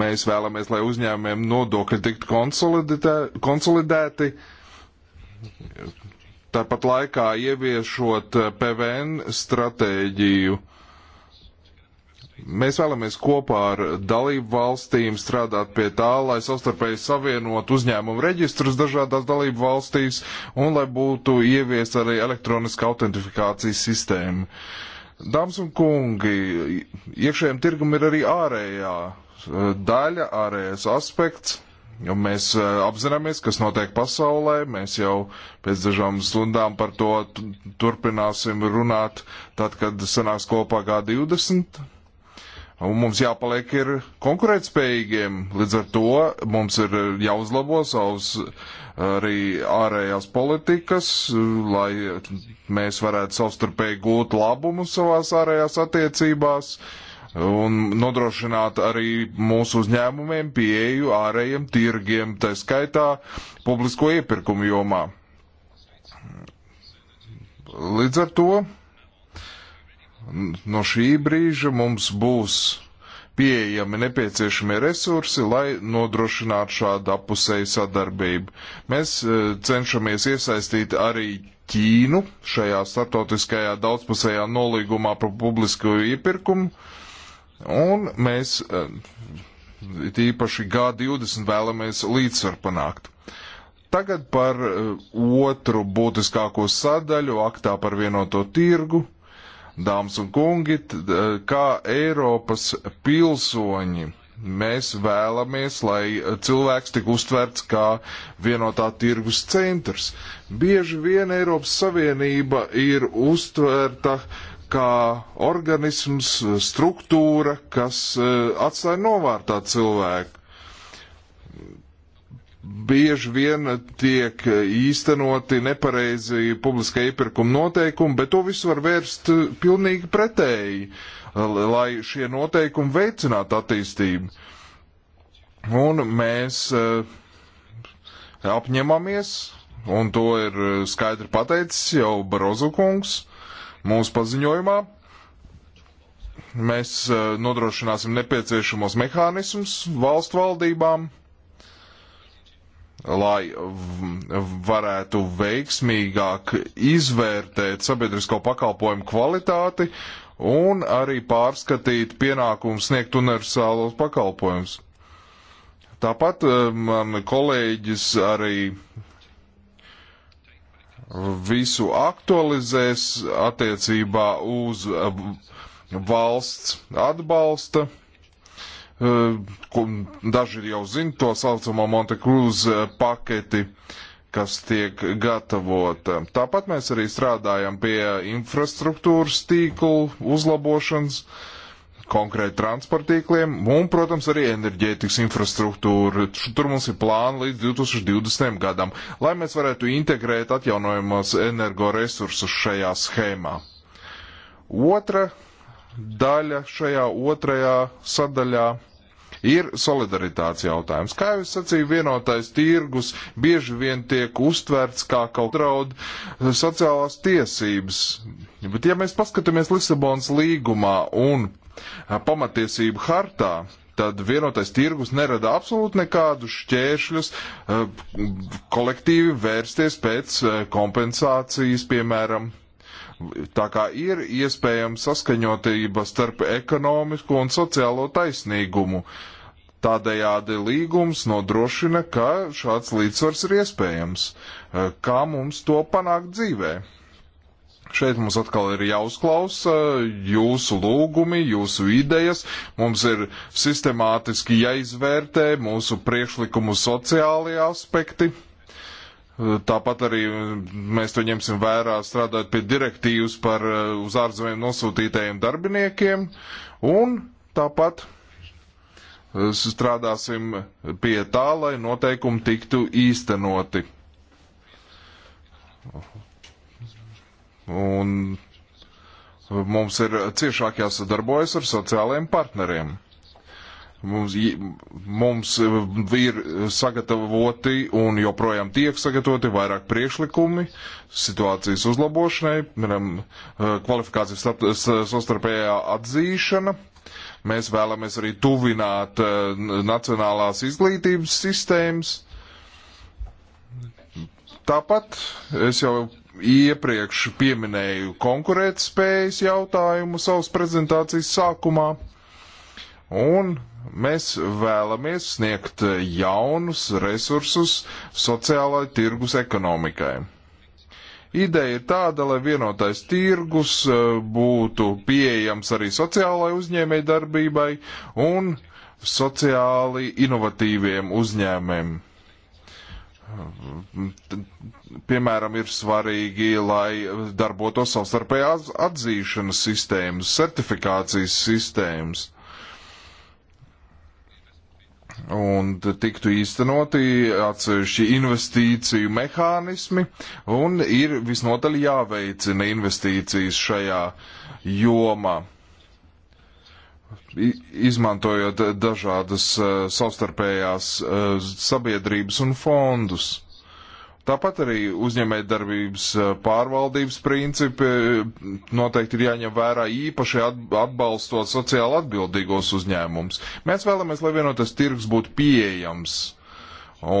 Mēs vēlamies, lai uzņēmumiem nodokļi tiktu konsolidē, konsolidēti, tāpat laikā ieviešot PVN stratēģiju. Mēs vēlamies kopā ar dalību valstīm strādāt pie tā, lai savstarpēji savienot uzņēmumu reģistrus dažādās dalību valstīs un lai būtu ievies arī elektroniska autentifikācijas sistēma. Dāmas un kungi, iekšējiem tirgum ir arī ārējā daļa, ārējais aspekts. Jo mēs eh, apzināmies, kas notiek pasaulē, mēs jau pēc dažām stundām par to turpināsim runāt, tad, kad sanāks kopā G20. Un mums jāpaliek ir konkurētspējīgiem, līdz ar to mums ir jāuzlabo savus eh, arī ārējās politikas, lai mēs varētu savstarpēji gūt labumu savās ārējās attiecībās. Uh, un nodrošināt arī mūsu uzņēmumiem pieeju ārējiem tirgiem, tā skaitā publisko iepirkumu jomā. Līdz ar to no šī brīža mums būs pieejami nepieciešamie resursi, lai nodrošinātu šādu apusēju sadarbību. Mēs e, cenšamies iesaistīt arī Ķīnu šajā startautiskajā daudzpusējā nolīgumā par publisko iepirkumu. Uh, Un mēs eh, tīpaši G20 vēlamies līdzsvaru panākt. Tagad par eh, otru būtiskāko sadaļu aktā par vienoto tirgu. Dāmas un kungi, eh, kā Eiropas pilsoņi mēs vēlamies, lai cilvēks tik uztverts kā vienotā tirgus centrs. Bieži vien Eiropas Savienība ir uztverta kā organisms, struktūra, kas eh, atstāja novārtā cilvēku. Bieži vien tiek īstenoti nepareizi publiskā iepirkuma noteikumi, bet to visu var vērst pilnīgi pretēji, lai šie noteikumi veicinātu attīstību. Un mēs eh, apņemamies, un to ir eh, skaidri pateicis jau Barozu kungs, Mūsu paziņojumā mēs eh, nodrošināsim nepieciešamos mehānismus valstu valdībām, lai varētu veiksmīgāk izvērtēt sabiedrisko pakalpojumu kvalitāti un arī pārskatīt pienākumu sniegt universālos pakalpojumus. Tāpat eh, man kolēģis arī visu aktualizēs attiecībā uz eh, valsts atbalsta. Eh, daži jau zina to saucamo Montekrūz eh, paketi, kas tiek gatavota. Tāpat mēs arī strādājam pie infrastruktūras tīklu uzlabošanas. Uh, konkrēti transportīkliem un, protams, arī enerģētikas infrastruktūru. Tur mums ir plāni līdz 2020. gadam, lai mēs varētu integrēt atjaunojamos energoresursus šajā schēmā. Otra daļa šajā otrajā sadaļā ir solidaritātes jautājums. Kā jau es sacīju, vienotais tirgus bieži vien tiek uztverts kā kaut draud sociālās tiesības. Bet ja mēs paskatāmies Lisabonas līgumā un pamatiesību hartā, tad vienotais tirgus nerada absolūti nekādus šķēršļus eh, kolektīvi vērsties pēc eh, kompensācijas, piemēram. Tā kā ir iespējama saskaņotība starp ekonomisko un sociālo taisnīgumu. Tādējādi līgums nodrošina, ka šāds līdzsvars ir iespējams. Eh, kā mums to panākt dzīvē? Šeit mums atkal ir jāuzklausa jūsu lūgumi, jūsu idejas, mums ir sistemātiski jāizvērtē mūsu priekšlikumu sociālajie aspekti. Tāpat arī mēs to ņemsim vērā strādājot pie direktīvas par eh, uz ārzemēm nosūtītajiem darbiniekiem un tāpat eh, strādāsim pie tā, lai noteikumi tiktu īstenoti Un mums ir ciešāk jāsadarbojas ar sociālajiem partneriem. Mums, mums ir sagatavoti un joprojām tiek sagatavoti vairāk priekšlikumi situācijas uzlabošanai, piemēram, kvalifikācijas sastarpējā atzīšana. Mēs vēlamies arī tuvināt e, nacionālās izglītības sistēmas. Tāpat es jau iepriekš pieminēju konkurētspējas jautājumu savas prezentācijas sākumā. Un mēs vēlamies sniegt jaunus resursus sociālai tirgus ekonomikai. Ideja ir tāda, lai vienotais tirgus e, būtu pieejams arī sociālai uzņēmēji darbībai un sociāli inovatīviem uzņēmēm. Piemēram, ir svarīgi, lai darbotos savstarpējās atzīšanas sistēmas, certifikācijas sistēmas. Un tiktu īstenoti atsevišķi investīciju mehānismi, un ir visnotaļ jāveicina investīcijas šajā jomā izmantojot dažādas eh, savstarpējās eh, sabiedrības un fondus. Tāpat arī uzņēmējdarbības eh, pārvaldības principi noteikti ir jāņem vērā īpaši atbalstot sociāli atbildīgos uzņēmumus. Mēs vēlamies, lai vienotais tirgus būtu pieejams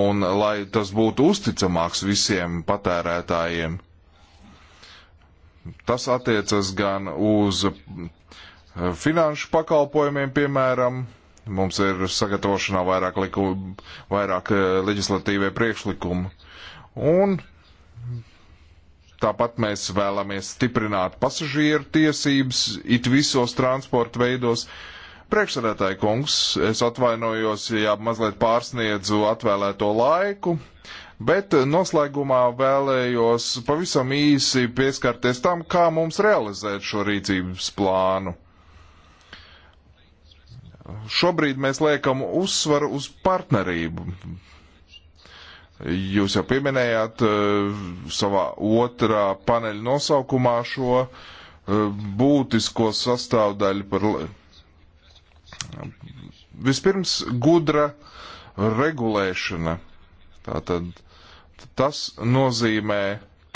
un lai tas būtu uzticamāks visiem patērētājiem. Tas attiecas gan uz finanšu pakalpojumiem, piemēram. Mums ir sagatavošanā vairāk, liku, vairāk eh, leģislatīvie priekšlikumi. Un Tāpat mēs vēlamies stiprināt pasažieru tiesības it visos transporta veidos. Priekšsēdētāji kungs, es atvainojos, ja mazliet pārsniedzu atvēlēto laiku, bet noslēgumā vēlējos pavisam īsi pieskarties tam, kā mums realizēt šo rīcības plānu šobrīd mēs liekam uzsvaru uz partnerību. Jūs jau pieminējāt e, savā otrā paneļa nosaukumā šo e, būtisko sastāvdaļu par. Vispirms gudra regulēšana. Tātad tas nozīmē,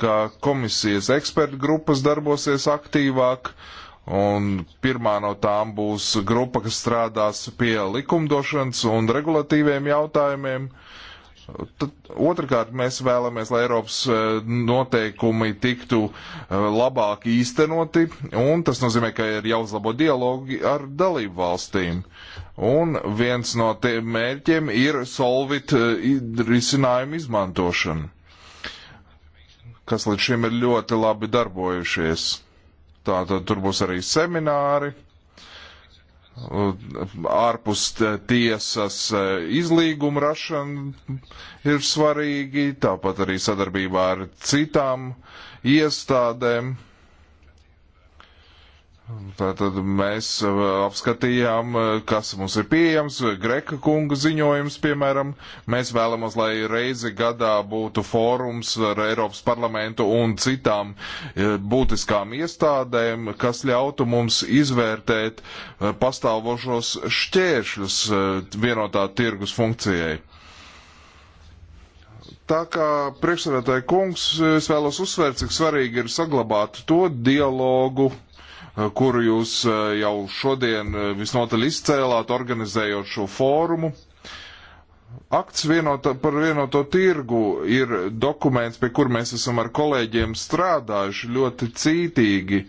ka komisijas ekspertu grupas darbosies aktīvāk, uh, Un pirmā no tām būs grupa, kas strādās pie likumdošanas un regulatīviem jautājumiem. Tad, otrkārt, mēs vēlamies, lai Eiropas eh, noteikumi tiktu eh, labāk īstenoti, un tas nozīmē, ka ir jāuzlabo dialogi ar dalību valstīm. Un viens no tiem mērķiem ir solvit eh, risinājumu izmantošana, kas līdz šim ir ļoti labi darbojušies Tātad tur būs arī semināri, ārpus tiesas e, izlīguma rašana ir svarīgi, tāpat arī sadarbībā ar citām iestādēm. Tātad mēs uh, apskatījām, uh, kas mums ir pieejams. Greka kunga ziņojums, piemēram, mēs vēlamies, lai reizi gadā būtu fórums ar Eiropas parlamentu un citām uh, būtiskām iestādēm, kas ļautu mums izvērtēt pastāvošos šķēršļus vienotā tirgus funkcijai. Tā kā priekšsēdētāji kungs, es vēlos uzsvērt, cik svarīgi ir saglabāt to dialogu Eh, kuru jūs eh, jau šodien eh, visnotaļ izcēlāt, organizējot šo fórumu. Akts vienota, par vienoto tirgu ir dokuments, pie kur mēs esam ar kolēģiem strādājuši ļoti cītīgi.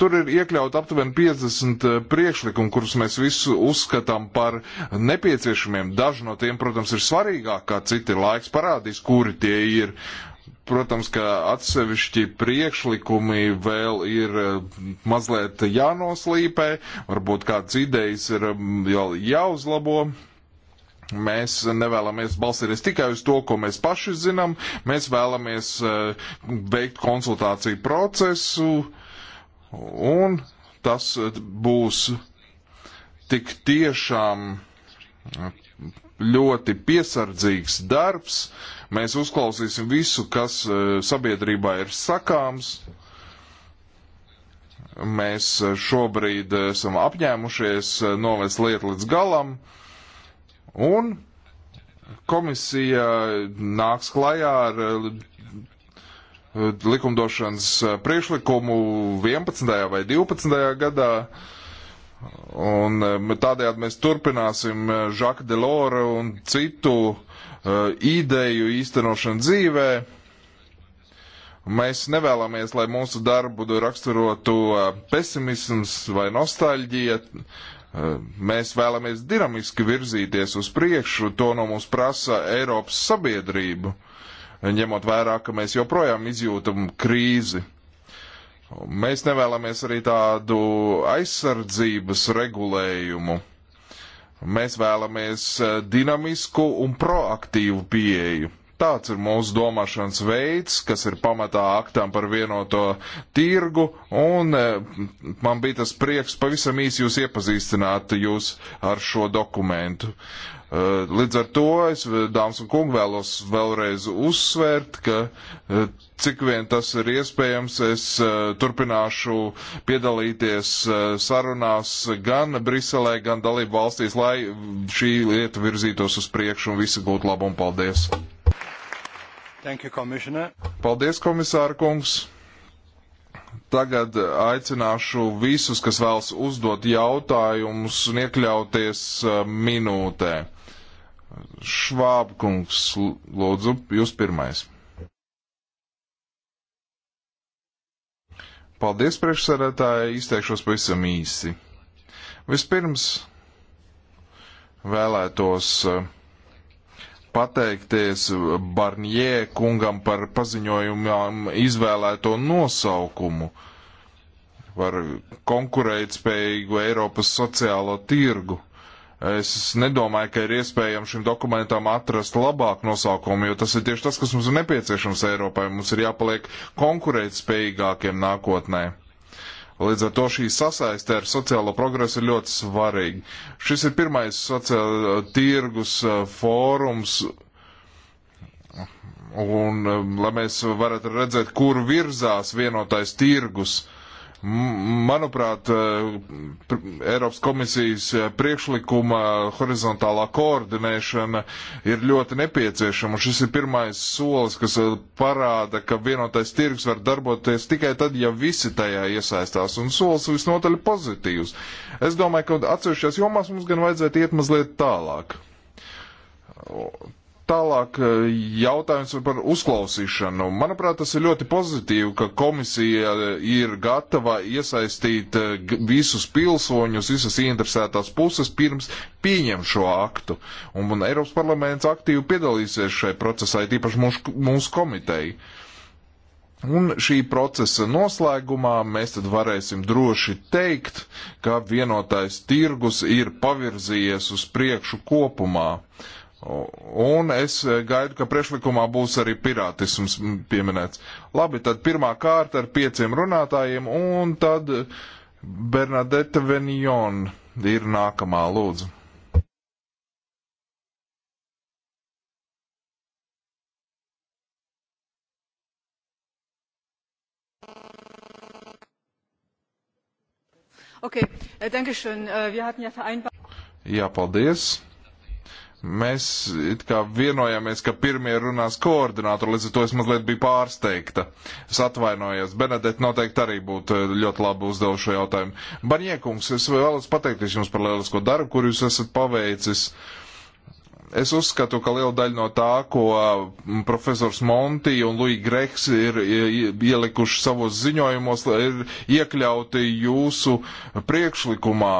Tur ir iekļaut aptuveni 50 priekšlikumu, kurus mēs visu uzskatām par nepieciešamiem. Daži no tiem, protams, ir svarīgāk kā citi. Laiks parādīs, kuri tie ir. Protams, ka atsevišķi priekšlikumi vēl ir eh, mazliet jānoslīpē, varbūt kādas idejas ir um, jāuzlabo. Mēs nevēlamies balstīties tikai uz to, ko mēs paši zinām. Mēs vēlamies eh, veikt konsultāciju procesu, un tas būs tik tiešām eh, ļoti piesardzīgs darbs, uh, Mēs uzklausīsim visu, kas e, sabiedrībā ir sakāms. Mēs e, šobrīd esam apņēmušies e, novest lietu līdz galam, un komisija nāks klajā ar likumdošanas priekšlikumu 11. vai 12. gadā. Un tādējādi mēs turpināsim Žaka Delora un citu Uh, ideju īstenošanu dzīvē. Mēs nevēlamies, lai mūsu darbu raksturotu uh, pesimisms vai nostalģija. Uh, mēs vēlamies dinamiski virzīties uz priekšu, to no mums prasa Eiropas sabiedrība, ņemot vērā, ka mēs joprojām izjūtam krīzi. Mēs nevēlamies arī tādu aizsardzības regulējumu Mēs vēlamies e, dinamisku un proaktīvu pieeju. Tāds ir mūsu domāšanas veids, kas ir pamatā aktām par vienoto tirgu, un e, man bija tas prieks pavisam īsi jūs iepazīstināt jūs ar šo dokumentu. Uh, Eh, līdz ar to es, eh, dāmas un kungi, vēlos vēlreiz uzsvērt, ka eh, cik vien tas ir iespējams, es turpināšu piedalīties sarunās gan Briselē, gan dalību valstīs, lai šī lieta virzītos uz priekšu un visi gūtu labumu. Paldies! Thank you, Paldies, komisāra kungs! Tagad aicināšu visus, kas vēlas uzdot jautājumus, un iekļauties minūtē. Švābkungs, lūdzu, jūs pirmais. Paldies, priekšsarētāji, izteikšos pavisam īsi. Vispirms vēlētos eh, pateikties Barnie kungam par paziņojumam izvēlēto nosaukumu par konkurētspējīgu Eiropas sociālo tirgu Es nedomāju, ka ir iespējams šim dokumentam atrast labāku nosaukumu, jo tas ir tieši tas, kas mums ir nepieciešams Eiropai. Mums ir jāpaliek konkurētspējīgākiem nākotnē. Līdz ar to šī sasaiste ar sociālo progresu ir ļoti svarīga. Šis ir pirmais sociāla tirgus eh, fórums, un eh, lai mēs varētu redzēt, kur virzās vienotais tirgus. Uh, Manuprāt, eh, Eiropas komisijas eh, priekšlikuma horizontālā koordinēšana ir ļoti nepieciešama. Šis ir pirmais solis, kas eh, parāda, ka vienotais tirgs var darboties tikai tad, ja visi tajā iesaistās, un solis visnotaļ pozitīvs. Es domāju, ka atsevišķās jomās mums gan vajadzētu iet mazliet tālāk Tālāk e, jautājums par uzklausīšanu. Manuprāt, tas ir ļoti pozitīvi, ka komisija ir gatava iesaistīt e, visus pilsoņus, visas ieinteresētās puses pirms pieņem šo aktu. Un, un Eiropas parlaments aktīvi piedalīsies šai procesai, tīpaši mūsu, mūsu komiteji. Un šī procesa noslēgumā mēs tad varēsim droši teikt, ka vienotais tirgus ir pavirzījies uz priekšu kopumā. Uh, Un es eh, gaidu, ka priekšlikumā būs arī pirātisms pieminēts. Labi, tad pirmā kārta ar pieciem runātājiem, un tad Bernadette Venion ir nākamā lūdzu. Okay. Äh, Dankeschön. Äh, wir hatten ja vereinbart. Jā, paldies. Mēs it kā vienojāmies, ka pirmie runās koordinātori, līdz ar to es mazliet biju pārsteigta. Es atvainojos. Benedete noteikti arī būtu ļoti labi uzdevuši šo jautājumu. Barņiekungs, es vēlos pateikties jums par lielisko darbu, kur jūs esat paveicis. Uh, Es uzskatu, ka liela daļa no tā, ko mm, profesors Monti un Luija Greks ir ielikuši savos ziņojumos, ir iekļauti jūsu priekšlikumā,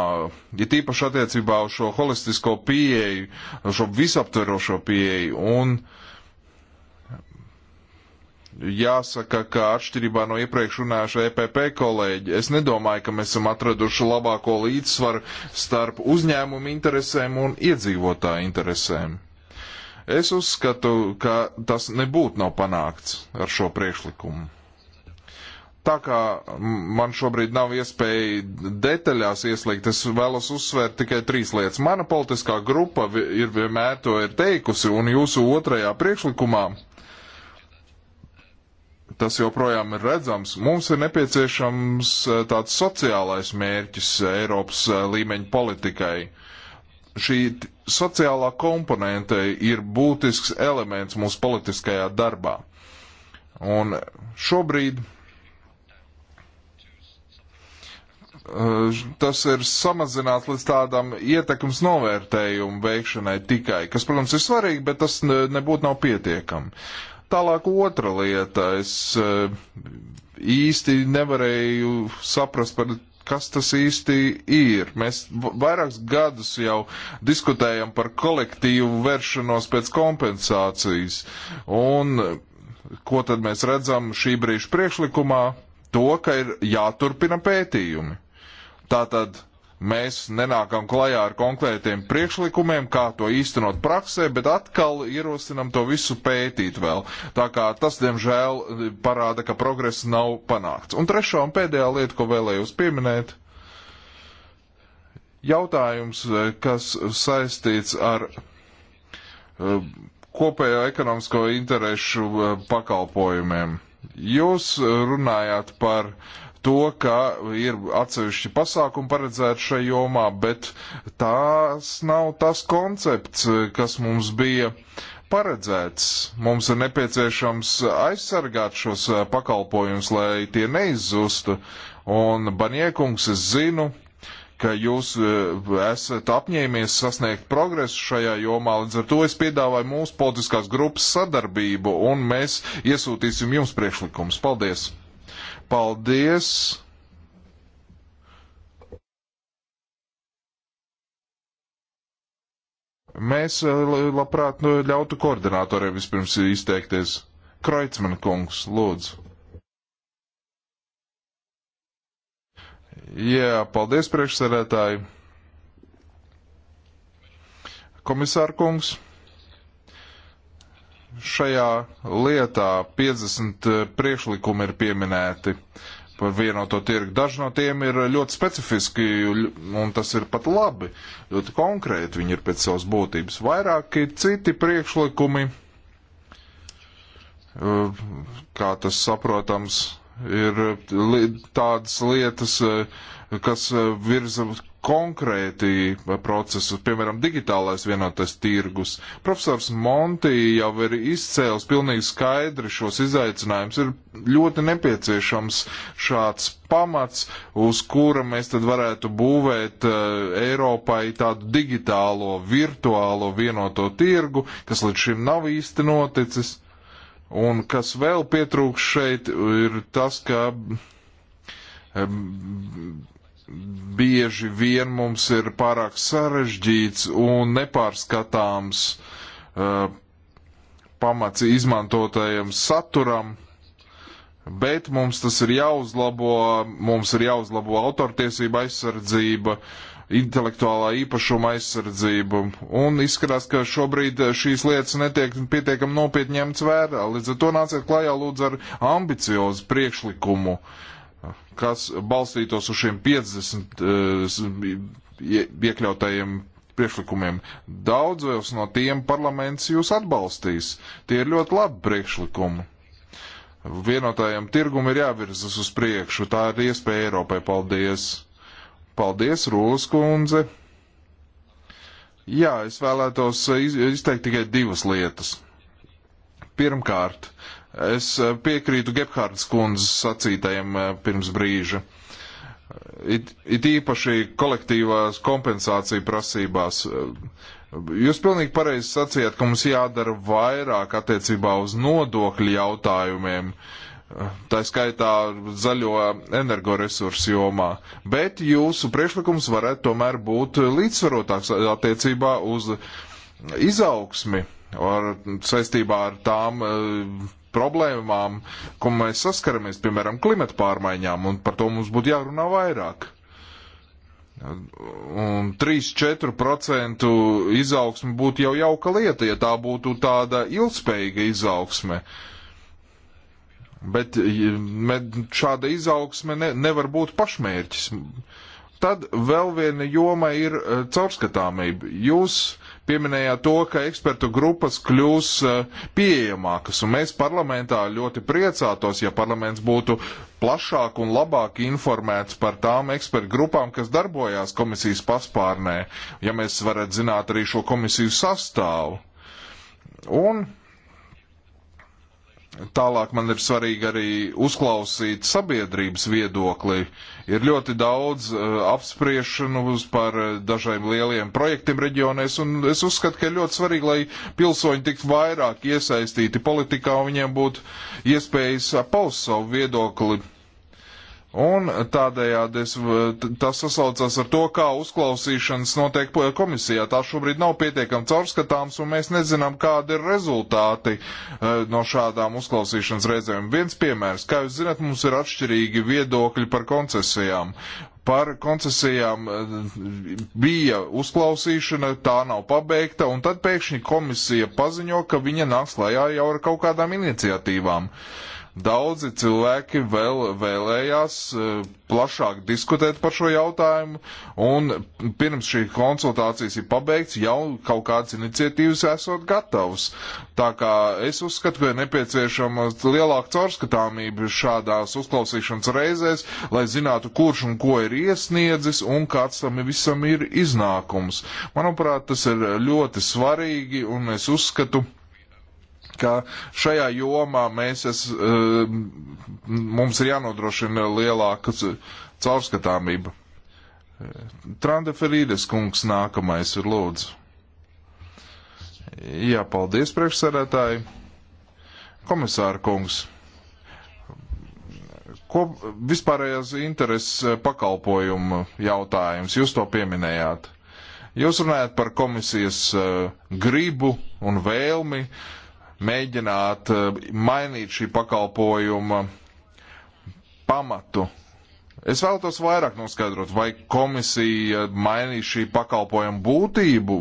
ja tīpaši attiecībā uz šo holistisko pieeju, šo visaptverošo pieeju. Un uh, jāsaka, ka atšķirībā no iepriekš runājuša EPP kolēģi, es nedomāju, ka mēs esam atraduši labāko līdzsvaru starp uzņēmumu interesēm un iedzīvotāju interesēm. Es uzskatu, ka tas nebūtu nav panākts ar šo priekšlikumu. Tā kā man šobrīd nav iespēja detaļās ieslīgt, es vēlos uzsvērt tikai trīs lietas. Mana politiskā grupa ir vienmēr to ir teikusi, un jūsu otrajā priekšlikumā tas joprojām ir redzams. Mums ir nepieciešams eh, tāds sociālais mērķis eh, Eiropas eh, līmeņa politikai. Šī sociālā komponente ir būtisks elements mūsu politiskajā darbā. Un šobrīd tas ir samazināts līdz tādam ietekmes novērtējumu veikšanai tikai, kas, protams, ir svarīgi, bet tas nebūtu nav pietiekami. Tālāk otra lieta. Es e, īsti nevarēju saprast par kas tas īsti ir. Mēs vairākus gadus jau diskutējam par kolektīvu vēršanos pēc kompensācijas. Un e, ko tad mēs redzam šī brīža priekšlikumā? To, ka ir jāturpina pētījumi. Tātad Mēs nenākam klajā ar konkrētiem priekšlikumiem, kā to īstenot praksē, bet atkal ierosinam to visu pētīt vēl. Tā kā tas, diemžēl, parāda, ka progress nav panākts. Un trešā un pēdējā lieta, ko vēlējos pieminēt, jautājums, eh, kas saistīts ar eh, kopējo ekonomisko interešu eh, pakalpojumiem. Jūs runājāt par uh, to, ka ir atsevišķi pasākumi paredzēti šai jomā, bet tās nav tas koncepts, kas mums bija paredzēts. Mums ir nepieciešams aizsargāt šos eh, pakalpojumus, lai tie neizzustu. Un, Baniekungs, es zinu, ka jūs eh, esat apņēmies sasniegt progresu šajā jomā. Līdz ar to es piedāvāju mūsu politiskās grupas sadarbību, un mēs iesūtīsim jums priekšlikumus. Paldies! Paldies! Mēs eh, labprāt nu, ļautu koordinatoriem vispirms izteikties. Kreutzmann kungs, lūdzu. Jā, paldies priekšsēdētāji. Komisār kungs šajā lietā 50 eh, priekšlikumi ir pieminēti par vienoto tirgu. Daži no tiem ir ļoti specifiski, un tas ir pat labi. Ļoti konkrēti viņi ir pēc savas būtības. Vairāki citi priekšlikumi, eh, kā tas saprotams, ir tādas lietas, eh, kas virza konkrēti procesus, piemēram, digitālais vienotais tirgus. Profesors Monti jau ir izcēlis pilnīgi skaidri šos izaicinājumus. Ir ļoti nepieciešams šāds pamats, uz kura mēs tad varētu būvēt eh, Eiropai tādu digitālo, virtuālo vienoto tirgu, kas līdz šim nav īsti noticis. Un kas vēl pietrūks šeit, ir tas, ka bieži vien mums ir pārāk sarežģīts un nepārskatāms uh, pamats izmantotajam saturam, bet mums tas ir jāuzlabo, mums ir jāuzlabo autortiesība aizsardzība, intelektuālā īpašuma aizsardzība, un izskatās, ka šobrīd šīs lietas netiek pietiekam nopietni ņemts vērā, līdz ar to nāciet klajā lūdzu ar ambiciozu priekšlikumu. Uh, kas balstītos uz šiem 50 eh, iekļautajiem priekšlikumiem. Daudzos no tiem parlaments jūs atbalstīs. Tie ir ļoti labi priekšlikumi. Vienotājiem tirgum ir jāvirzas uz priekšu. Tā ir iespēja Eiropai. Paldies! Paldies, Rūlas kundze! Jā, es vēlētos izteikt tikai divas lietas. Pirmkārt, Es eh, piekrītu Gebhārdas kundzes sacītajam eh, pirms brīža. It, it īpaši kolektīvās kompensācija prasībās. Jūs pilnīgi pareizi sacījāt, ka mums jādara vairāk attiecībā uz nodokļu jautājumiem, tā skaitā zaļo energoresursu jomā, bet jūsu priekšlikums varētu tomēr būt līdzsvarotāks attiecībā uz izaugsmi ar, saistībā ar tām uh, problēmām, ko mēs saskaramies, piemēram, klimata pārmaiņām, un par to mums būtu jārunā vairāk. Un 3-4% izaugsme būtu jau jauka lieta, ja tā būtu tāda ilgspējīga izaugsme. Bet šāda izaugsme ne, nevar būt pašmērķis. Tad vēl viena joma ir eh, caurskatāmība. Jūs pieminējāt to, ka ekspertu grupas kļūs eh, pieejamākas, un mēs parlamentā ļoti priecātos, ja parlaments būtu plašāk un labāk informēts par tām ekspertu grupām, kas darbojās komisijas paspārnē, ja mēs varētu zināt arī šo komisiju sastāvu. Un Tālāk man ir svarīgi arī uzklausīt sabiedrības viedokli. Ir ļoti daudz uh, apspriešanu par uh, dažiem lieliem projektiem reģionēs, un es uzskatu, ka ir ļoti svarīgi, lai pilsoņi tiktu vairāk iesaistīti politikā un viņiem būtu iespējas paust savu viedokli Un tādējādi es, tas sasaucās ar to, kā uzklausīšanas notiek komisijā. Tā šobrīd nav pietiekami caurskatāms, un mēs nezinām, kādi ir rezultāti e, no šādām uzklausīšanas reizēm. Viens piemērs, kā jūs zināt, mums ir atšķirīgi viedokļi par koncesijām. Par koncesijām e, bija uzklausīšana, tā nav pabeigta, un tad pēkšņi komisija paziņo, ka viņa nāks lajā jau ar kaut kādām iniciatīvām. Uh, Daudzi cilvēki vēl vēlējās eh, plašāk diskutēt par šo jautājumu, un pirms šī konsultācijas ir pabeigts, jau kaut kādas iniciatīvas esot gatavs. Tā kā es uzskatu, ka ir nepieciešama lielāka caurskatāmība šādās uzklausīšanas reizēs, lai zinātu, kurš un ko ir iesniedzis un kāds tam visam ir iznākums. Manuprāt, tas ir ļoti svarīgi, un es uzskatu, ka ka šajā jomā mēs es, eh, mums ir jānodrošina lielāka caurskatāmība. Eh, Trandeferīdes kungs nākamais ir lūdzu. Jā, paldies priekšsarētāji. Komisāra kungs. Ko vispārējās intereses eh, pakalpojumu jautājums? Jūs to pieminējāt. Jūs runājat par komisijas gribu un vēlmi uh, mēģināt eh, mainīt šī pakalpojuma pamatu. Es vēlētos vairāk noskaidrot, vai komisija mainīs šī pakalpojuma būtību.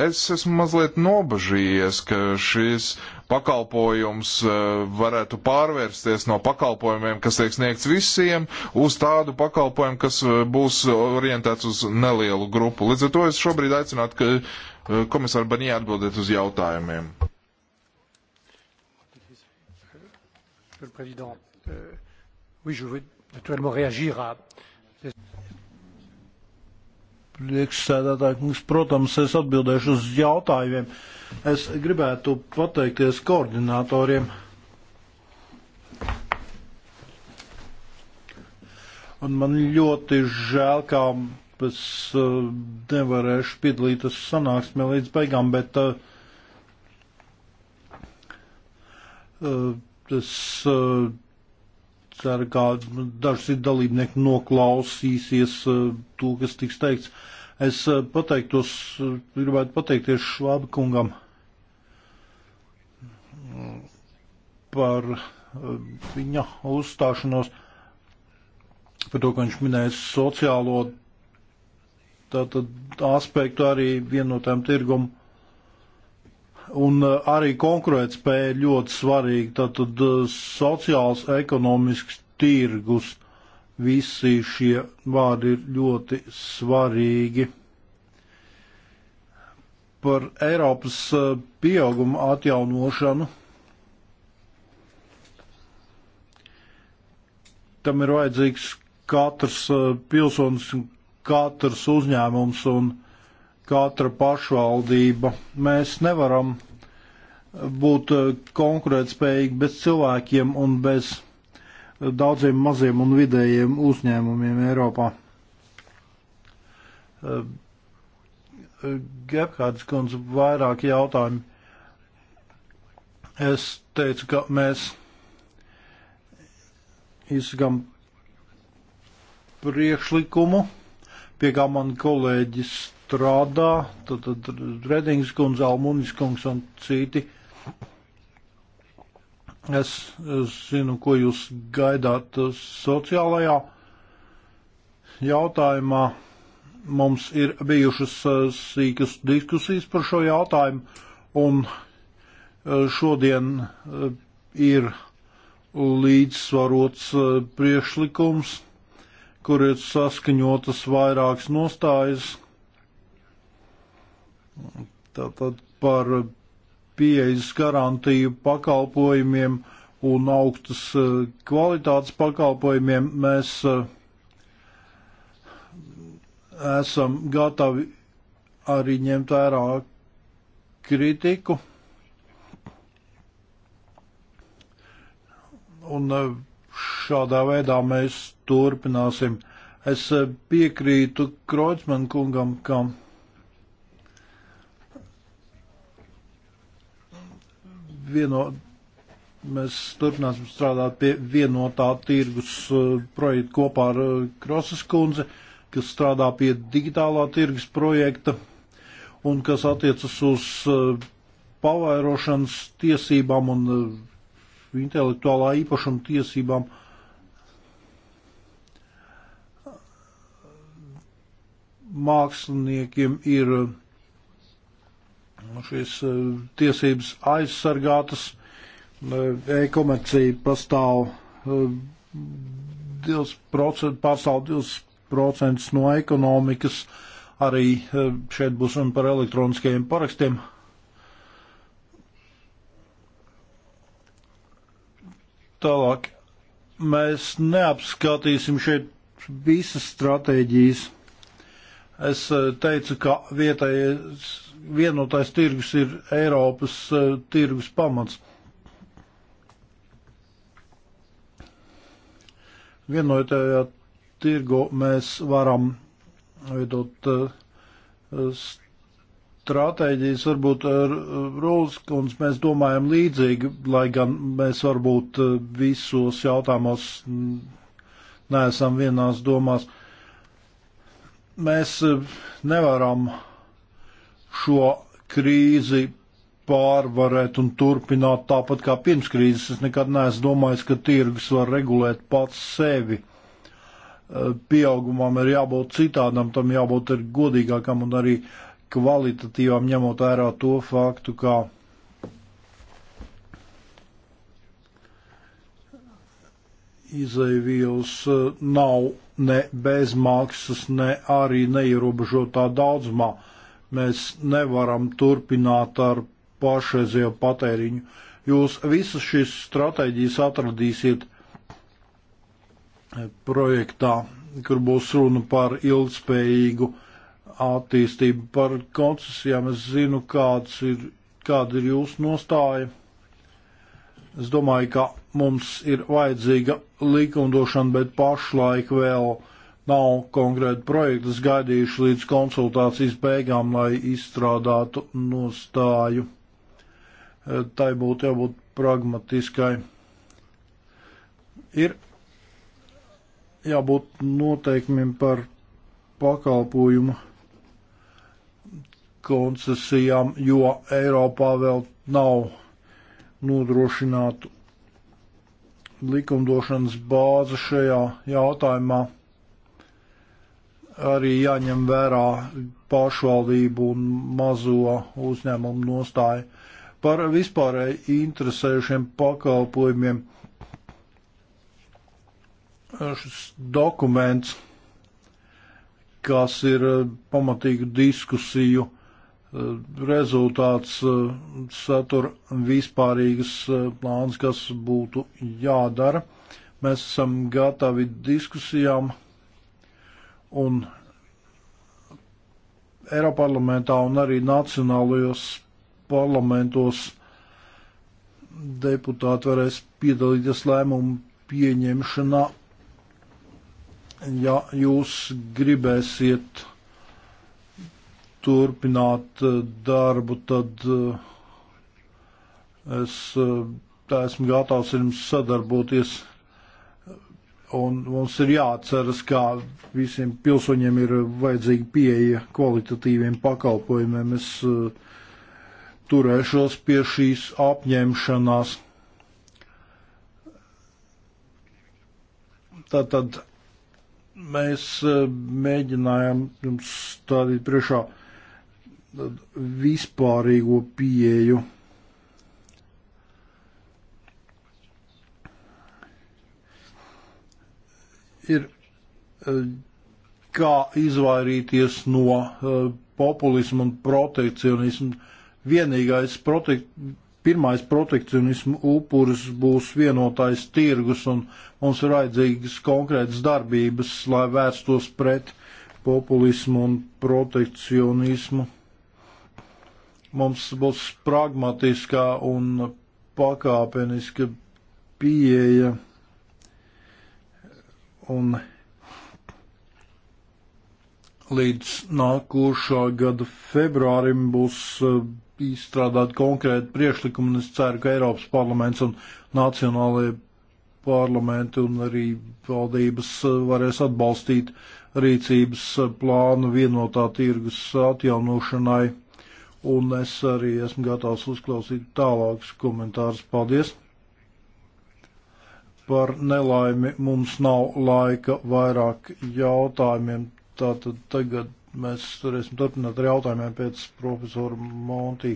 Es esmu mazliet nobažījies, ka šis pakalpojums eh, varētu pārvērsties no pakalpojumiem, kas tiek sniegts visiem, uz tādu pakalpojumu, kas eh, būs orientēts uz nelielu grupu. Līdz ar to es šobrīd aicinātu, ka Eh, komisāru Banija atbildēt uz jautājumiem. Euh, Priekšsēdētāji, kungs, protams, es atbildēšu uz jautājumiem. Es gribētu pateikties koordinatoriem. Un man ļoti žēl, ka es eh, nevarēšu piedalīties sanāksmē līdz beigām, bet eh, eh, es ceru, ka daži dalībnieki noklausīsies to, kas tiks teikts. Es pateiktos, gribētu pateikties Švāba kungam mm, par viņa uzstāšanos, par to, ka viņš minēja sociālo tātad aspektu arī vienotām tirgumu. Un uh, arī konkurētspēja ir ļoti svarīga, tātad uh, sociāls, ekonomisks tirgus, visi šie vārdi ir ļoti svarīgi. Par Eiropas uh, pieaugumu atjaunošanu. Tam ir vajadzīgs katrs pilsonis un katrs uzņēmums un katra pašvaldība. Mēs nevaram būt eh, konkurētspējīgi bez cilvēkiem un bez eh, daudziem maziem un vidējiem uzņēmumiem Eiropā. Eh, Gebhārds kundze vairāk jautājumi. Es teicu, ka mēs izsakam priekšlikumu pie kā man kolēģi strādā, tad, tad Redings kundze, Almunis kungs un citi. Es, es zinu, ko jūs gaidāt sociālajā jautājumā. Mums ir bijušas eh, sīkas diskusijas par šo jautājumu, un eh, šodien eh, ir līdzsvarots priekšlikums kur ir saskaņotas vairākas nostājas. Tātad par pieejas garantiju pakalpojumiem un augstas eh, kvalitātes pakalpojumiem mēs eh, esam gatavi arī ņemt vērā kritiku. Un eh, šādā veidā mēs turpināsim. Es eh, piekrītu Kreutzmann kungam, ka vieno, mēs turpināsim strādāt pie vienotā tirgus eh, projekta kopā ar eh, Krosas kundzi, kas strādā pie digitālā tirgus projekta un kas attiecas uz pavairošanas tiesībām un intelektuālā īpašuma tiesībām. Uh, māksliniekiem ir uh, šīs uh, tiesības aizsargātas. Uh, e-komercija pastāv 2%, pārstāv 2% no ekonomikas. Arī šeit būs runa par elektroniskajiem parakstiem. Tālāk mēs neapskatīsim šeit visas stratēģijas. Es eh, teicu, ka vietējais vienotais tirgus ir Eiropas eh, tirgus pamats. Vienotajā tirgu mēs varam veidot eh, stratēģijas, varbūt ar Rūskunds mēs domājam līdzīgi, lai gan mēs varbūt visos jautājumos mm, neesam vienās domās. Uh, Mēs e, nevaram šo krīzi pārvarēt un turpināt tāpat kā pirms krīzes. Es nekad neesmu domājis, ka tirgus var regulēt pats sevi. E, pieaugumam ir jābūt citādam, tam jābūt ir godīgākam un arī kvalitatīvam, ņemot vērā to faktu, ka izaivīls eh, nav ne bezmaksas, ne arī neierobežotā daudzumā. Mēs nevaram turpināt ar pašreizējo patēriņu. Jūs visas šīs stratēģijas atradīsiet eh, projektā, kur būs runa par ilgspējīgu attīstību, par koncesijām. Es zinu, kāds ir, kāda ir jūsu nostāja. Es domāju, ka mums ir vajadzīga likumdošana, bet pašlaik vēl nav konkrēti projekti. Es gaidīšu līdz konsultācijas beigām, lai izstrādātu nostāju. Eh, tai būtu jābūt pragmatiskai. Ir jābūt noteikumiem par pakalpojumu koncesijām, jo Eiropā vēl nav nodrošinātu likumdošanas bāze šajā jautājumā. Arī jāņem vērā pašvaldību un mazo uzņēmumu nostāju par vispārēji interesējušiem pakalpojumiem. Šis dokuments, kas ir pamatīgu diskusiju Eh, rezultāts eh, satura vispārīgas eh, plāns, kas būtu jādara. Mēs esam gatavi diskusijām un Eiroparlamentā un arī nacionālajos parlamentos deputāti varēs piedalīties lēmumu pieņemšanā, ja jūs gribēsiet turpināt eh, darbu, tad eh, es eh, esmu gatavs ar jums sadarboties. Un mums ir jāatceras, kā visiem pilsoņiem ir vajadzīga pieeja kvalitatīviem pakalpojumiem. Es turēšos pie šīs apņemšanās. Tātad mēs mēģinājām jums stādīt priekšā uh, vispārīgo pieeju. Ir eh, kā izvairīties no eh, populismu un protekcionismu. Vienīgais protek pirmais protekcionismu upuris būs vienotais tirgus, un mums ir vajadzīgas konkrētas darbības, lai vērstos pret populismu un protekcionismu. Mums būs pragmatiskā un pakāpeniska pieeja un līdz nākošā gada februārim būs eh, izstrādāt konkrēti priekšlikumi, un es ceru, ka Eiropas parlaments un nacionālajie parlamenti un arī valdības eh, varēs atbalstīt rīcības eh, plānu vienotā tirgus atjaunošanai un es arī esmu gatavs uzklausīt tālākus komentārus. Paldies! Par nelaimi mums nav laika vairāk jautājumiem, tātad tagad mēs varēsim turpināt ar jautājumiem pēc profesora Monti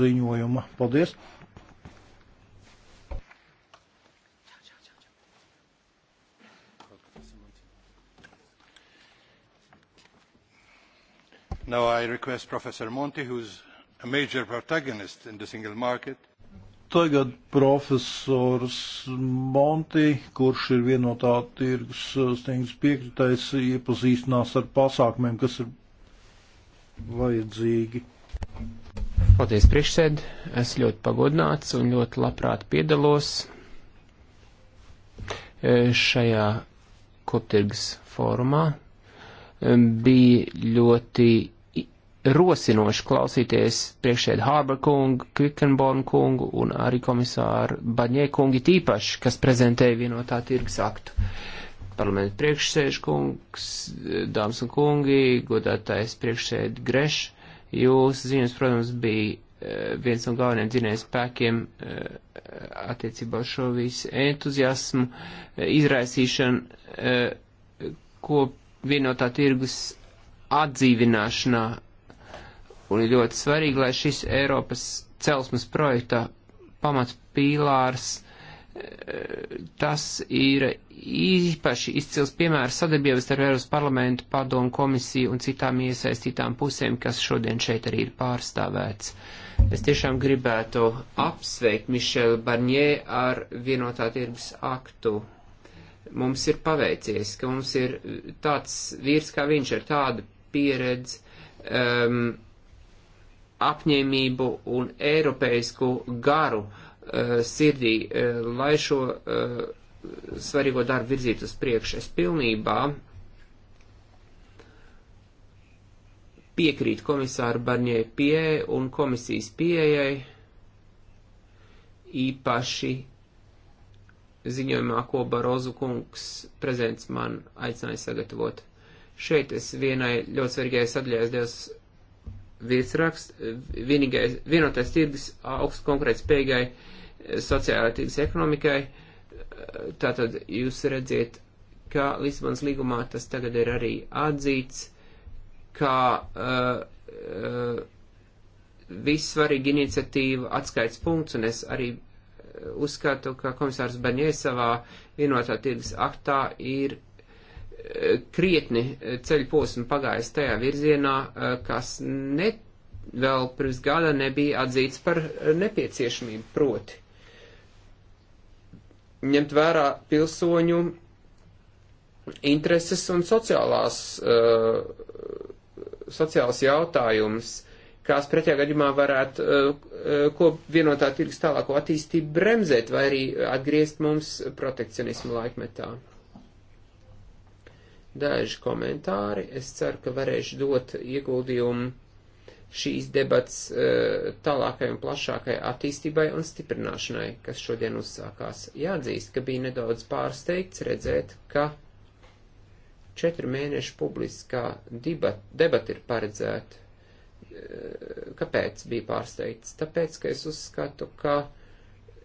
ziņojuma. Paldies! Now I request Professor Monti, who's a major protagonist in the single market. Tagad profesors Monti, kurš ir vienotā tirgus eh, sniegs piekritais, iepazīstinās ar pasākumiem, kas ir vajadzīgi. Paldies, priekšsēd. Es ļoti pagodināts un ļoti labprāt piedalos eh, šajā koptirgas fórumā bija ļoti rosinoši klausīties priekšēd Hārba kungu, Kvikenborn kungu un arī komisāru Baņē kungi tīpaši, kas prezentēja vienotā tirgus aktu. Parlamenta priekšsēž kungs, dāmas un kungi, godātais priekšsēd Greš, jūs ziņas, protams, bija eh, viens no galvenajiem dzinējiem spēkiem eh, attiecībā uz šo visu entuziasmu eh, izraisīšanu, ko vienotā tirgus atdzīvināšanā. Un ir ļoti svarīgi, lai šis Eiropas celsmas projekta pamatpīlārs, e, tas ir īpaši izcils piemērs sadarbības ar Eiropas parlamentu, padomu komisiju un citām iesaistītām pusēm, kas šodien šeit arī ir pārstāvēts. Es tiešām gribētu apsveikt Mišelu Barņē ar vienotā tirgus aktu mums ir paveicies, ka mums ir tāds vīrs kā viņš ar tādu pieredzi, um, apņēmību un eiropeisku garu uh, sirdī, uh, lai šo uh, svarīgo darbu virzītu uz priekšu. Es pilnībā piekrītu komisāru Barņē pieeja un komisijas pieejai īpaši ziņojumā, ko Barozu kungs prezidents man aicināja sagatavot. Šeit es vienai ļoti svarīgai sadaļai devos virsrakst, vienīgais, vienotais tirgus augstu konkrēt spējīgai sociālajai tirgus ekonomikai. Tātad jūs redziet, ka Lisbonas līgumā tas tagad ir arī atzīts, kā uh, eh, uh, eh, vissvarīga iniciatīva atskaits punkts, un es arī uzskatu, ka komisārs Baņē savā vienotā tirgus aktā ir e, krietni e, ceļu posmu pagājis tajā virzienā, e, kas ne, vēl pirms gada nebija atzīts par nepieciešamību proti. Ņemt vērā pilsoņu intereses un sociālās, uh, sociālās jautājumus, kas pretējā gadījumā varētu eh, kop vienotā tirgus tālāko attīstību bremzēt vai arī atgriezt mums protekcionismu laikmetā. Daži komentāri. Es ceru, ka varēšu dot ieguldījumu šīs debats eh, tālākai un plašākai attīstībai un stiprināšanai, kas šodien uzsākās. Jāatzīst, ka bija nedaudz pārsteigts redzēt, ka četru mēnešu publiskā debata ir paredzēta Eh, kāpēc bija pārsteigts? Tāpēc, ka es uzskatu, ka eh,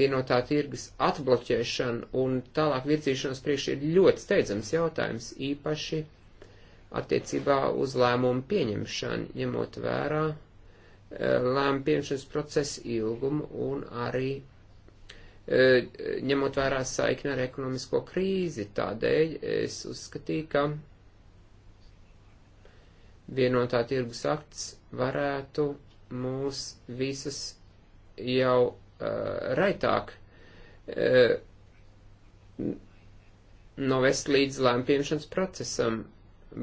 vienotā tirgus atbloķēšana un tālāk virzīšanas priekš ir ļoti steidzams jautājums, īpaši attiecībā uz lēmumu pieņemšanu, ņemot vērā eh, lēmumu pieņemšanas procesa ilgumu un arī ņemot vērā saikni ar ekonomisko krīzi. Tādēļ es uzskatīju, ka vienotā tirgus akts varētu mūs visus jau uh, raitāk uh, novest līdz lēmpieņemšanas procesam.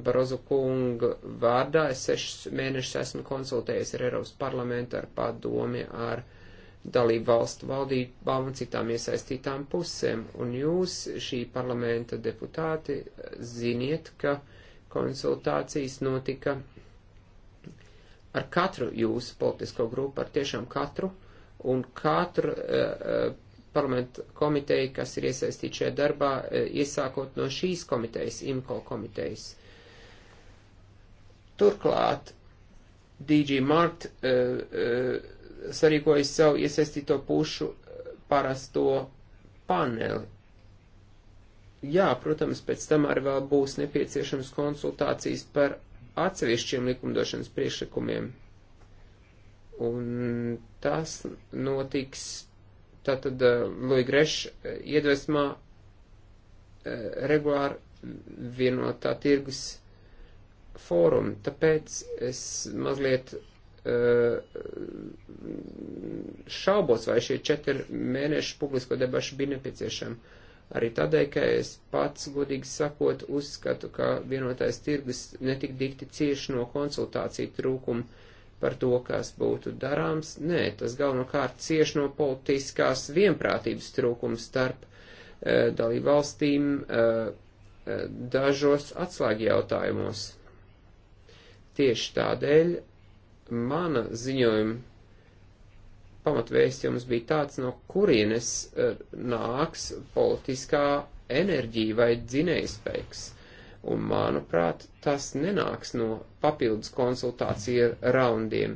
Barozu kunga vārdā es sešus mēnešus esmu konsultējies ar Eiropas parlamentu, ar padomi, ar dalību valstu valdībām un citām iesaistītām pusēm. Un jūs, šī parlamenta deputāti, ziniet, ka uh, Konsultācijas notika ar katru jūsu politisko grupu, ar tiešām katru un katru uh, parlamentu komiteju, kas ir iesaistīta šajā darbā, uh, iesākot no šīs komitejas, IMCO komitejas. Turklāt DG Markt uh, uh, sarīkojas savu iesaistīto pušu parasto paneli Jā, protams, pēc tam arī vēl būs nepieciešams konsultācijas par atsevišķiem likumdošanas priekšlikumiem. Un tas notiks tātad eh, Lui Greš eh, iedvesmā eh, regulāri vienotā tirgus fórum, tāpēc es mazliet šaubos, vai šie četri mēneši publisko debašu bija nepieciešami Arī tādēļ, ka es pats, godīgi sakot, uzskatu, ka vienotais tirgus netik dikti cieši no konsultāciju trūkuma par to, kas būtu darāms. Nē, tas galvenokārt cieši no politiskās vienprātības trūkuma starp e, dalību valstīm e, e, dažos atslēgi jautājumos. Tieši tādēļ mana ziņojuma pamatvēstījums bija tāds, no kurienes e, nāks politiskā enerģija vai dzinējspēks. Un, manuprāt, tas nenāks no papildus konsultāciju raundiem.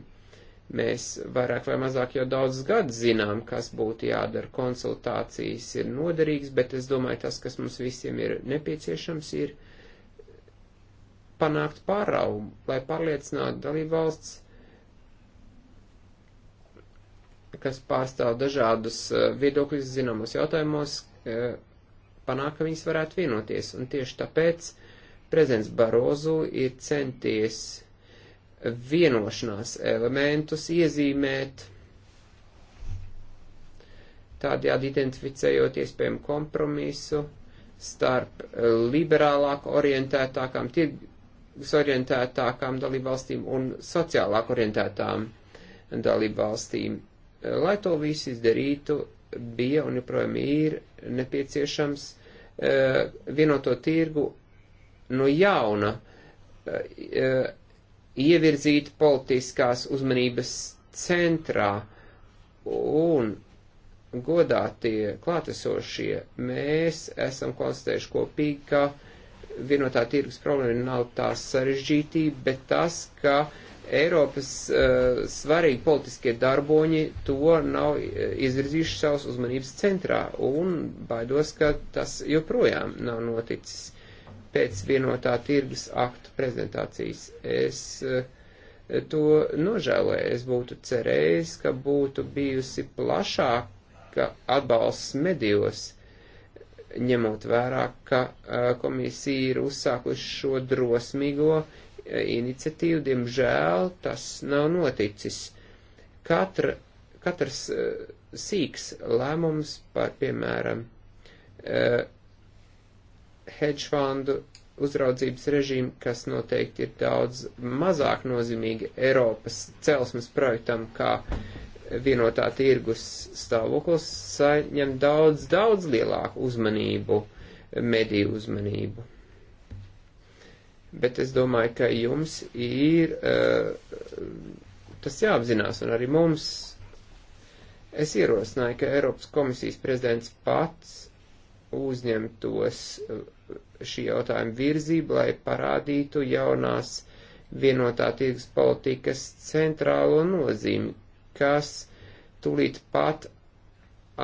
Mēs vairāk vai mazāk jau daudz gadu zinām, kas būtu jādara. Konsultācijas ir noderīgas, bet es domāju, tas, kas mums visiem ir nepieciešams, ir panākt pāraumu, lai pārliecinātu dalību valsts kas pārstāv dažādus eh, viedokļus zināmos jautājumos, eh, panāk, ka viņas varētu vienoties. Un tieši tāpēc prezidents Barozu ir centies vienošanās elementus iezīmēt, tādējādi identificējot iespējamu kompromisu starp eh, liberālāk orientētākām, tirgus orientētākām dalībvalstīm un sociālāk orientētām dalībvalstīm. Lai to visu izdarītu, bija un joprojām ir nepieciešams e, vienoto tirgu no jauna e, e, ievirzīt politiskās uzmanības centrā un godātie klātesošie. Mēs esam konstatējuši kopīgi, ka vienotā tirgus problēma nav tā sarežģītība, bet tas, ka uh, Eiropas uh, svarīgi politiskie darboņi to nav eh, izvirzījuši savas uzmanības centrā, un baidos, ka tas joprojām nav noticis pēc vienotā tirgus aktu prezentācijas. Es uh, to nožēlēju, es būtu cerējis, ka būtu bijusi plašāka atbalsts medijos, ņemot vērā, ka uh, komisija ir uzsākusi šo drosmīgo uh, iniciatīvu, diemžēl tas nav noticis. Katra, katrs uh, sīks lēmums par, piemēram, uh, hedge fondu uzraudzības režīmu, kas noteikti ir daudz mazāk nozīmīgi Eiropas celsmas projektam, kā vienotā tirgus stāvoklis, saņem daudz, daudz lielāku uzmanību, mediju uzmanību bet es domāju, ka jums ir uh, tas jāapzinās, un arī mums es ierosināju, ka Eiropas komisijas prezidents pats uzņemtos eh, šī jautājuma virzību, lai parādītu jaunās vienotā tirgus politikas centrālo nozīmi, kas tūlīt pat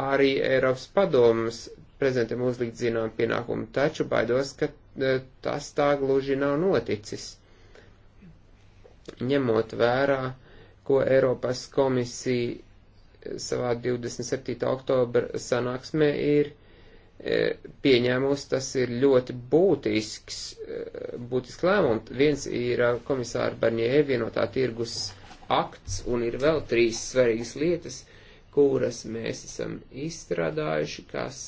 arī Eiropas padomus prezidentiem uzlikt zinām pienākumu, taču baidos, ka E, tas tā gluži nav noticis. Ņemot vērā, ko Eiropas komisija savā 27. oktobra sanāksmē ir e, pieņēmusi, tas ir ļoti būtisks, e, būtisks lēmums. Viens ir komisāra Barņē vienotā tirgus akts, un ir vēl trīs svarīgas lietas, kuras mēs esam izstrādājuši, kas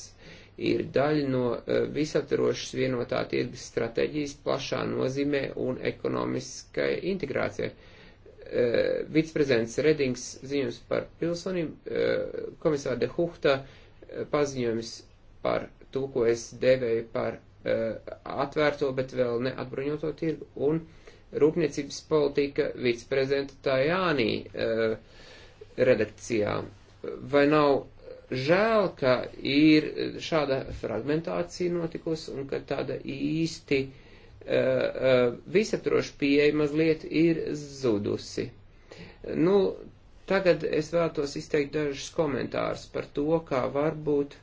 ir daļa no eh, visaptarošas vienotā tirgus stratēģijas plašā nozīmē un ekonomiskai integrācijai. Eh, viceprezidents Redings ziņojums par pilsonību, eh, komisāra de Huhta paziņojums par to, ko es devēju par atvērto, bet vēl neatbruņoto tirgu, un rūpniecības politika viceprezidenta Tajānī redakcijā. Vai nav Žēl, ka ir šāda fragmentācija notikusi un ka tāda īsti uh, uh, visaptroša pieeja mazliet ir zudusi. Nu, tagad es vēlētos izteikt dažus komentārus par to, kā varbūt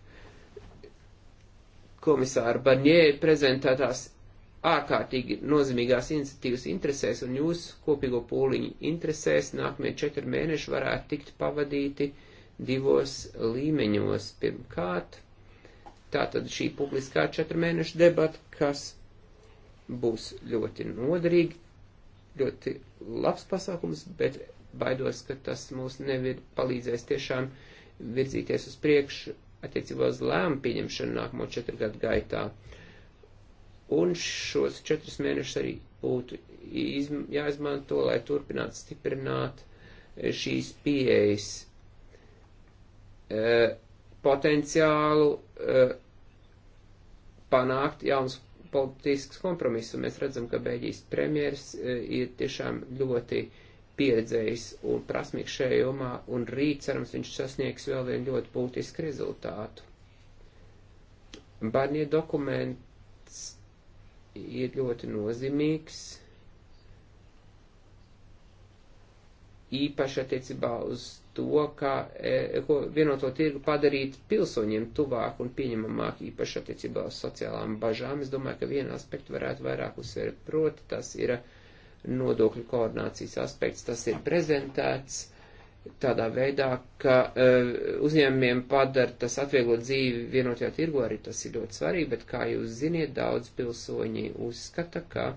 komisāra Barņē prezentētās ārkārtīgi nozīmīgās iniciatīvas interesēs un jūsu kopīgo pūliņu interesēs nākamie četri mēneši varētu tikt pavadīti uh, divos līmeņos. Pirmkārt, tā tad šī publiskā četru mēnešu debata, kas būs ļoti noderīga, ļoti labs pasākums, bet baidos, ka tas mūs nevir palīdzēs tiešām virzīties uz priekšu attiecībā uz lēmu pieņemšanu nākamo četru gadu gaitā. Un šos četrus mēnešus arī būtu jāizmanto, lai turpinātu stiprināt šīs pieejas Eh, potenciālu eh, panākt jaunas politisks kompromiss, un mēs redzam, ka Beļģijas premjeras eh, ir tiešām ļoti pieredzējis un prasmīgs šajā jomā, un rīt, cerams, viņš sasniegs vēl vienu ļoti būtisku rezultātu. Barnie dokuments ir ļoti nozīmīgs, īpaši attiecībā uz to, kā e, ko vienoto tirgu padarīt pilsoņiem tuvāk un pieņemamāk īpaši attiecībā uz sociālām bažām. Es domāju, ka vienu aspektu varētu vairāk uzsvērt, proti tas ir nodokļu koordinācijas aspekts, tas ir prezentēts tādā veidā, ka uh, uzņēmumiem padara tas atvieglot dzīvi vienotajā tirgu, arī tas ir ļoti svarīgi, bet kā jūs ziniet, daudz pilsoņi uzskata, ka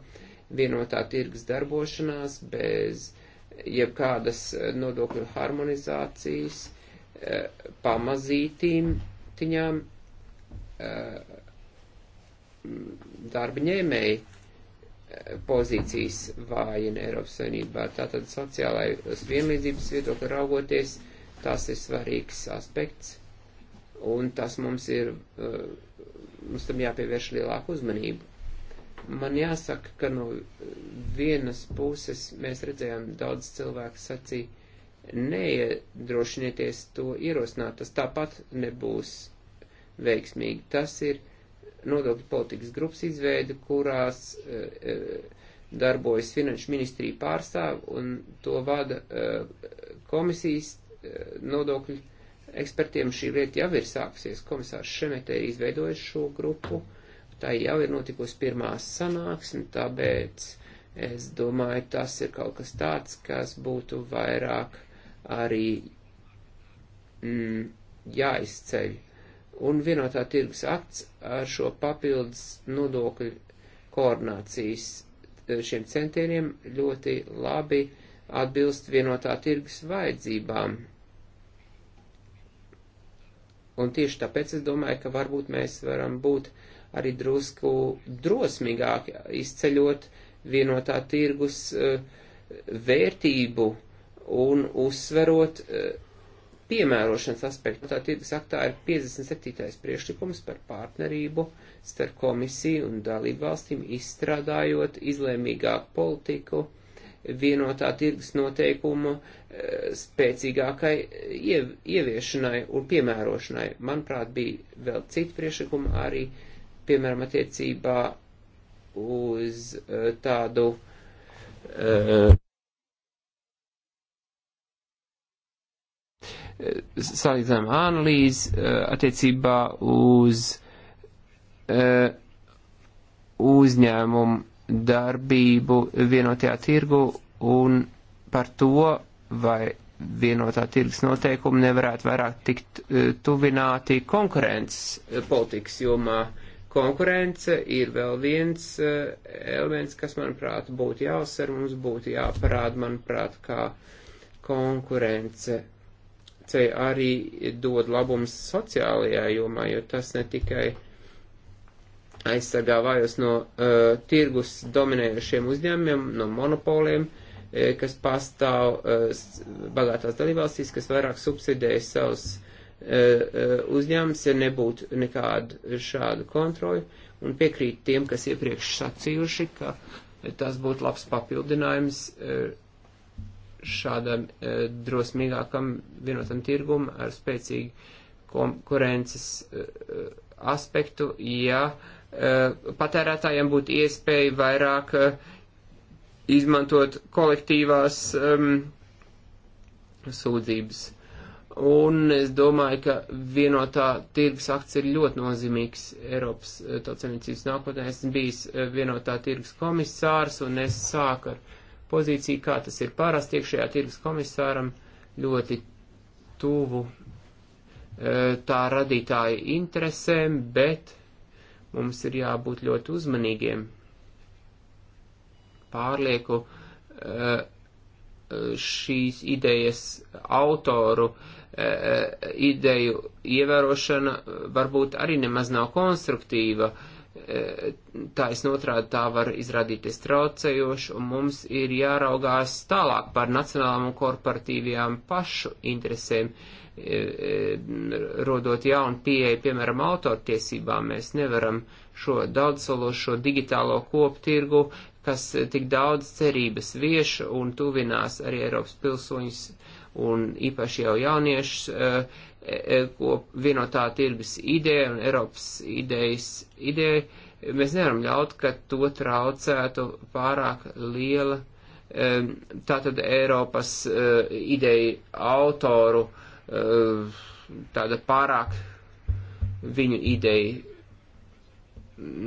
vienotā tirgus darbošanās bez uh, jebkādas eh, nodokļu harmonizācijas eh, pamazītīm tiņām eh, darbiņēmēji pozīcijas vājina Eiropas Savienībā. Tātad sociālais vienlīdzības viedokļa raugoties, tas ir svarīgs aspekts, un tas mums ir, mums tam jāpievērš lielāku uzmanību. Man jāsaka, ka no vienas puses mēs redzējām daudz cilvēku sacīja, neiedrošinieties to ierosināt, tas tāpat nebūs veiksmīgi. Tas ir nodokļu politikas grupas izveida, kurās e, darbojas finanšu ministrija pārstāv un to vada e, komisijas e, nodokļu ekspertiem. Šī lieta jau ir sākusies. Komisārs Šemetē ir izveidojis šo grupu. E, Tai jau ir notikusi pirmā sanāksme, tāpēc es domāju, tas ir kaut kas tāds, kas būtu vairāk arī mm, jāizceļ. Un vienotā tirgus akts ar šo papildus nodokļu koordinācijas e, šiem centieniem ļoti labi atbilst vienotā tirgus vajadzībām. Un tieši tāpēc es domāju, ka varbūt mēs varam būt arī drusku drosmīgāk izceļot vienotā tirgus eh, vērtību un uzsverot eh, piemērošanas aspektu. Tā tirgus aktā ir 57. priekšlikums par partnerību starp komisiju un dalību valstīm, izstrādājot izlēmīgāku politiku vienotā tirgus noteikumu eh, spēcīgākai ieviešanai un piemērošanai. Manuprāt, bija vēl citi priešakumi arī uh, piemēram, attiecībā uz uh, tādu. Uh, eh, salīdzinām analīzi uh, attiecībā uz uh, uzņēmumu darbību vienotajā tirgu un par to, vai vienotā tirgus noteikumi nevarētu vairāk tikt uh, tuvināti konkurences politikas jomā. Uh, Konkurence ir vēl viens eh, elements, kas, manuprāt, būtu jāuzsver, mums būtu jāparāda, manuprāt, kā konkurence te arī dod labums sociālajā jomā, jo tas ne tikai aizsargā vājus no uh, tirgus dominējošiem uzņēmumiem, no monopoliem, eh, kas pastāv uh, bagātās dalībvalstīs, kas vairāk subsidēja savus uh, Eh, eh, uzņēmums, ja nebūtu nekādu šādu kontroli, un piekrīt tiem, kas iepriekš sacījuši, ka tas būtu labs papildinājums eh, šādam drosmīgākam vienotam tirgum ar spēcīgu konkurences aspektu, ja patērētājiem būtu iespēja vairāk izmantot kolektīvās um, sūdzības. Uh, Un es domāju, ka vienotā tirgus akts ir ļoti nozīmīgs Eiropas eh, tautsēmniecības nākotnē. Esmu bijis eh, vienotā tirgus komisārs un es sāku ar pozīciju, kā tas ir parasti iekšējā tirgus komisāram, ļoti tuvu eh, tā radītāja interesēm, bet mums ir jābūt ļoti uzmanīgiem. Pārlieku šīs idejas autoru uh, E, e, ideju ievērošana e, varbūt arī nemaz nav konstruktīva. Taisn otrādi tā var izrādīties traucējoši, un mums ir jāraugās tālāk par nacionālām un korporatīvajām pašu interesēm, rodot jaunu pieeju, piemēram, autortiesībām. Mēs nevaram šo daudzsološo digitālo koptirgu, kas tik daudz cerības vieš un tuvinās arī Eiropas pilsoņus un īpaši jau jauniešus, e, e, e, ko vienotā tirgus ideja un Eiropas idejas ideja, mēs nevaram ļaut, ka to traucētu pārāk liela tātad Eiropas ideja autoru tāda pārāk viņu ideja,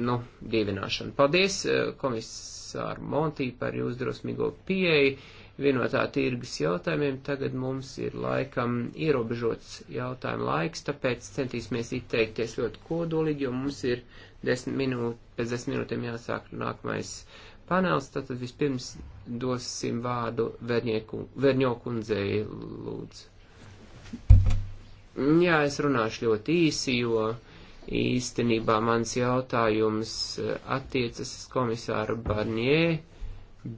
nu, dīvināšana. Paldies, komisār Montī, par jūsu drosmīgo pieeju vienotā tirgus jautājumiem. Tagad mums ir laikam ierobežots jautājumu laiks, tāpēc centīsimies izteikties ļoti kodolīgi, jo mums ir desmit minūte, pēc desmit minūtēm jāsāk nākamais panels. Tātad vispirms dosim vārdu Verņokundzei lūdzu. Jā, es runāšu ļoti īsi, jo īstenībā mans jautājums eh, attiecas uz komisāru Barnier,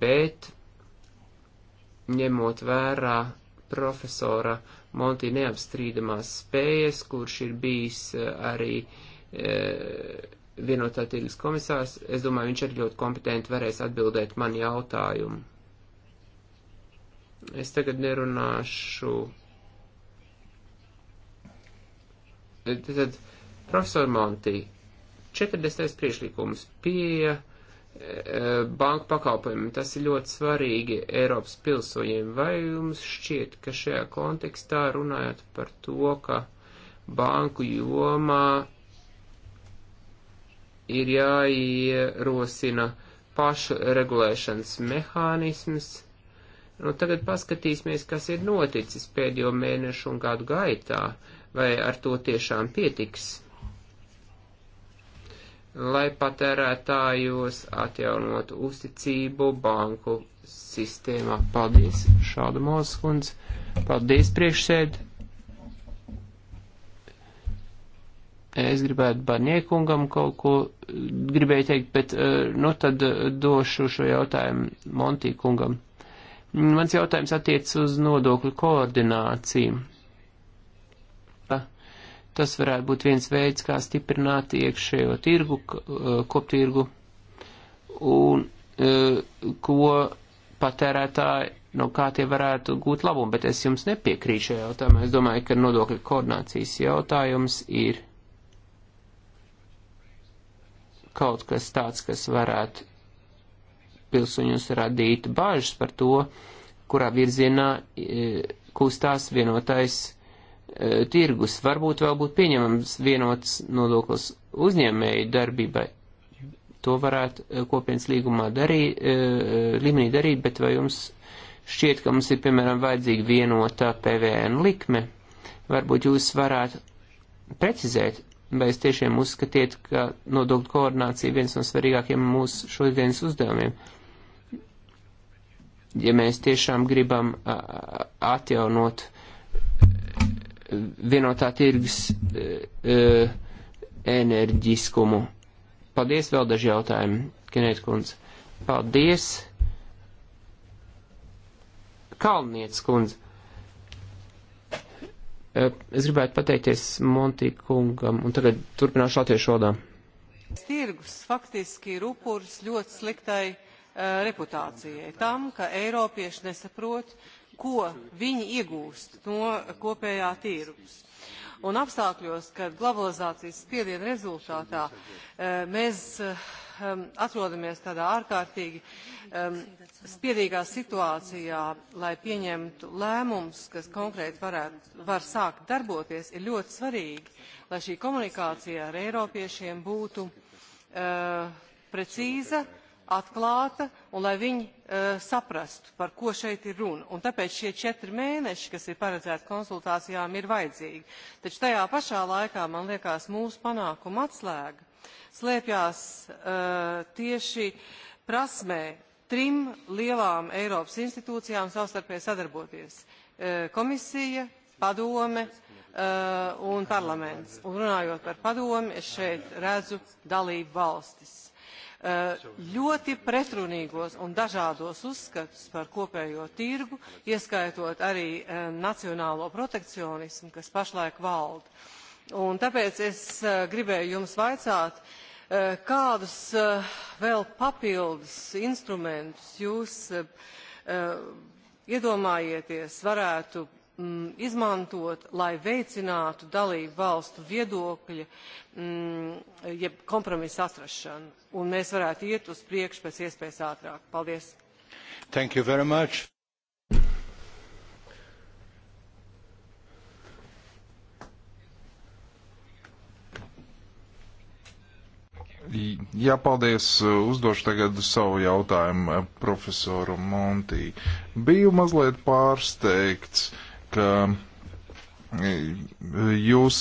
bet ņemot vērā profesora Monti neapstrīdamās spējas, kurš ir bijis eh, arī e, vienotā tirgus komisārs, es domāju, viņš arī ļoti kompetenti varēs atbildēt man jautājumu. Es tagad nerunāšu. Tad, profesor Monti, 40. priekšlikums pieeja banku pakalpojumiem. Tas ir ļoti svarīgi Eiropas pilsoņiem. Vai jums šķiet, ka šajā kontekstā runājot par to, ka banku jomā ir jāierosina pašu regulēšanas mehānisms? Nu, tagad paskatīsimies, kas ir noticis pēdējo mēnešu un gadu gaitā, vai ar to tiešām pietiks lai patērētājos atjaunotu uzticību banku sistēmā. Paldies, Šāda Moskundze. Paldies, priekšsēd. Es gribētu Barniekungam kaut ko gribēju teikt, bet eh, nu tad eh, došu šo jautājumu Montī kungam. Mans jautājums attiec uz nodokļu koordināciju Tas varētu būt viens veids, kā stiprināt iekšējo tirgu, e, koptirgu, un e, ko patērētāji, no kā tie varētu gūt labumu, bet es jums nepiekrīšu šajā jautājumā. Es domāju, ka nodokļu koordinācijas jautājums ir kaut kas tāds, kas varētu pilsoņus radīt bažas par to, kurā virzienā e, kustās vienotais E, tirgus. Varbūt vēl būtu pieņemams vienots nodoklis uzņēmēju darbībai. To varētu e, kopienas līgumā darīt, e, līmenī darīt, bet vai jums šķiet, ka mums ir, piemēram, vajadzīga vienota PVN likme? Varbūt jūs varētu precizēt, vai es tiešām uzskatiet, ka nodokļu koordinācija viens no svarīgākiem mūsu šodienas uzdevumiem. Ja mēs tiešām gribam atjaunot uh, vienotā tirgus e, e, enerģiskumu. Paldies vēl daži jautājumi, Kenēt kundze. Paldies. Kalnietis kundze. E, es gribētu pateikties Monti kungam, un tagad turpināšu latviešu valodā. Tirgus faktiski ir upuris ļoti sliktai uh, reputācijai, tam, ka Eiropieši nesaprot, uh, ko viņi iegūst no kopējā tirgus. Un apstākļos, kad globalizācijas spiediena rezultātā eh, mēs eh, atrodamies tādā ārkārtīgi spiedīgā situācijā, lai pieņemtu lēmumus, kas konkrēti varētu, var sākt darboties, ir ļoti svarīgi, lai šī komunikācija ar eiropiešiem būtu eh, precīza, atklāta un lai viņi uh, saprastu, par ko šeit ir runa. Un tāpēc šie četri mēneši, kas ir paredzēti konsultācijām, ir vajadzīgi. Taču tajā pašā laikā, man liekas, mūsu panākuma atslēga slēpjās uh, eh, tieši prasmē trim lielām Eiropas institūcijām savstarpēji sadarboties uh, - komisija, padome un parlaments. Un runājot par padomi, es šeit redzu dalību valstis Eh, ļoti pretrunīgos un dažādos uzskatus par kopējo tirgu, ieskaitot arī eh, nacionālo protekcionismu, kas pašlaik valda. Un tāpēc es eh, gribēju jums vaicāt, kādus vēl papildus instrumentus jūs iedomājieties varētu mm, izmantot, lai veicinātu dalību valstu viedokļa, mm, jeb kompromisa atrašanu, un mēs varētu iet uz priekšu pēc iespējas ātrāk. Paldies! Thank you very much. Jā, paldies. Uzdošu tagad savu jautājumu profesoru Montī. Biju mazliet pārsteigts. Uh, ka e, jūs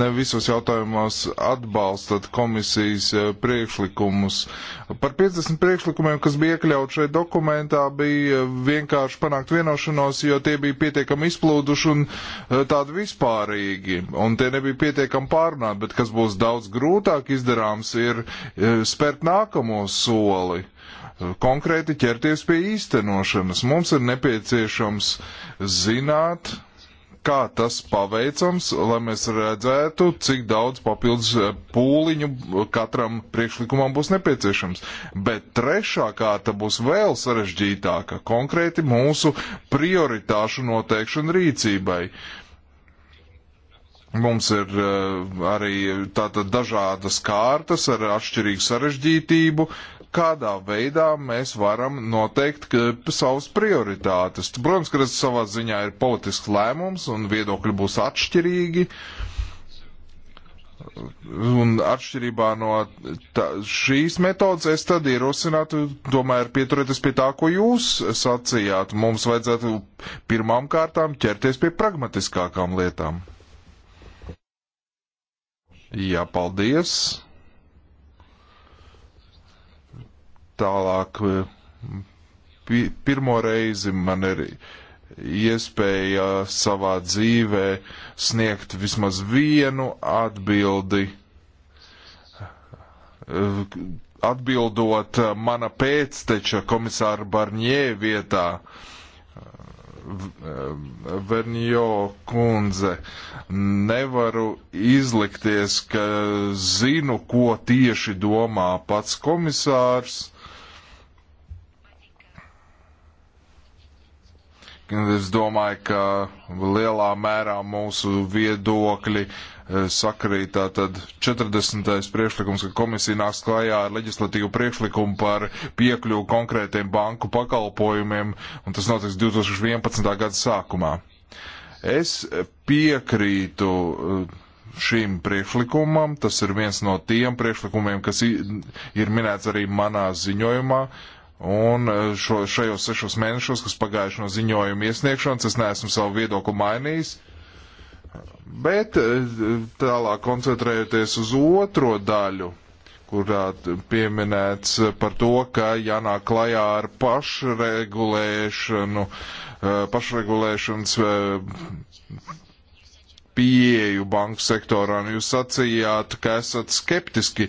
ne visos jautājumos atbalstat komisijas e, priekšlikumus. Par 50 priekšlikumiem, kas bija iekļaut šajā dokumentā, bija vienkārši panākt vienošanos, jo tie bija pietiekami izplūduši un e, tādi vispārīgi, un tie nebija pietiekami pārunāti, bet kas būs daudz grūtāk izdarāms, ir spērt nākamo soli konkrēti ķerties pie īstenošanas. Mums ir nepieciešams zināt, kā tas paveicams, lai mēs redzētu, cik daudz papildus eh, pūliņu katram priekšlikumam būs nepieciešams. Bet trešā kārta būs vēl sarežģītāka, konkrēti mūsu prioritāšu noteikšana rīcībai. Mums ir eh, arī tātad dažādas kārtas ar atšķirīgu sarežģītību, kādā veidā mēs varam noteikt savas prioritātes. Protams, ka tas savā ziņā ir politisks lēmums un viedokļi būs atšķirīgi. Un atšķirībā no tā, šīs metodas es tad ierosinātu, tomēr pieturēties pie tā, ko jūs sacījāt. Mums vajadzētu pirmām kārtām ķerties pie pragmatiskākām lietām. Jā, paldies. Tālāk pirmo reizi man ir iespēja savā dzīvē sniegt vismaz vienu atbildi, atbildot mana pēcteča komisāra Barņē vietā. Uh, Vernjo kundze, nevaru izlikties, ka zinu, ko tieši domā pats komisārs Es domāju, ka lielā mērā mūsu viedokļi e, sakrīt. Tātad 40. priekšlikums, ka komisija nāks klajā ar leģislatīvu priekšlikumu par piekļuvu konkrētiem banku pakalpojumiem, un tas notiks 2011. gada sākumā. Es piekrītu e, šim priekšlikumam, tas ir viens no tiem priekšlikumiem, kas ir minēts arī manā ziņojumā, uh, Un eh, šo, šajos sešos mēnešos, kas pagājuši no ziņojuma iesniegšanas, es neesmu savu viedokli mainījis. Bet eh, tālāk koncentrējoties uz otro daļu, kurā pieminēts par to, ka jānāk klajā ar pašregulēšanu, eh, pašregulēšanas pieeju banku sektoram. Nu, jūs sacījāt, ka esat skeptiski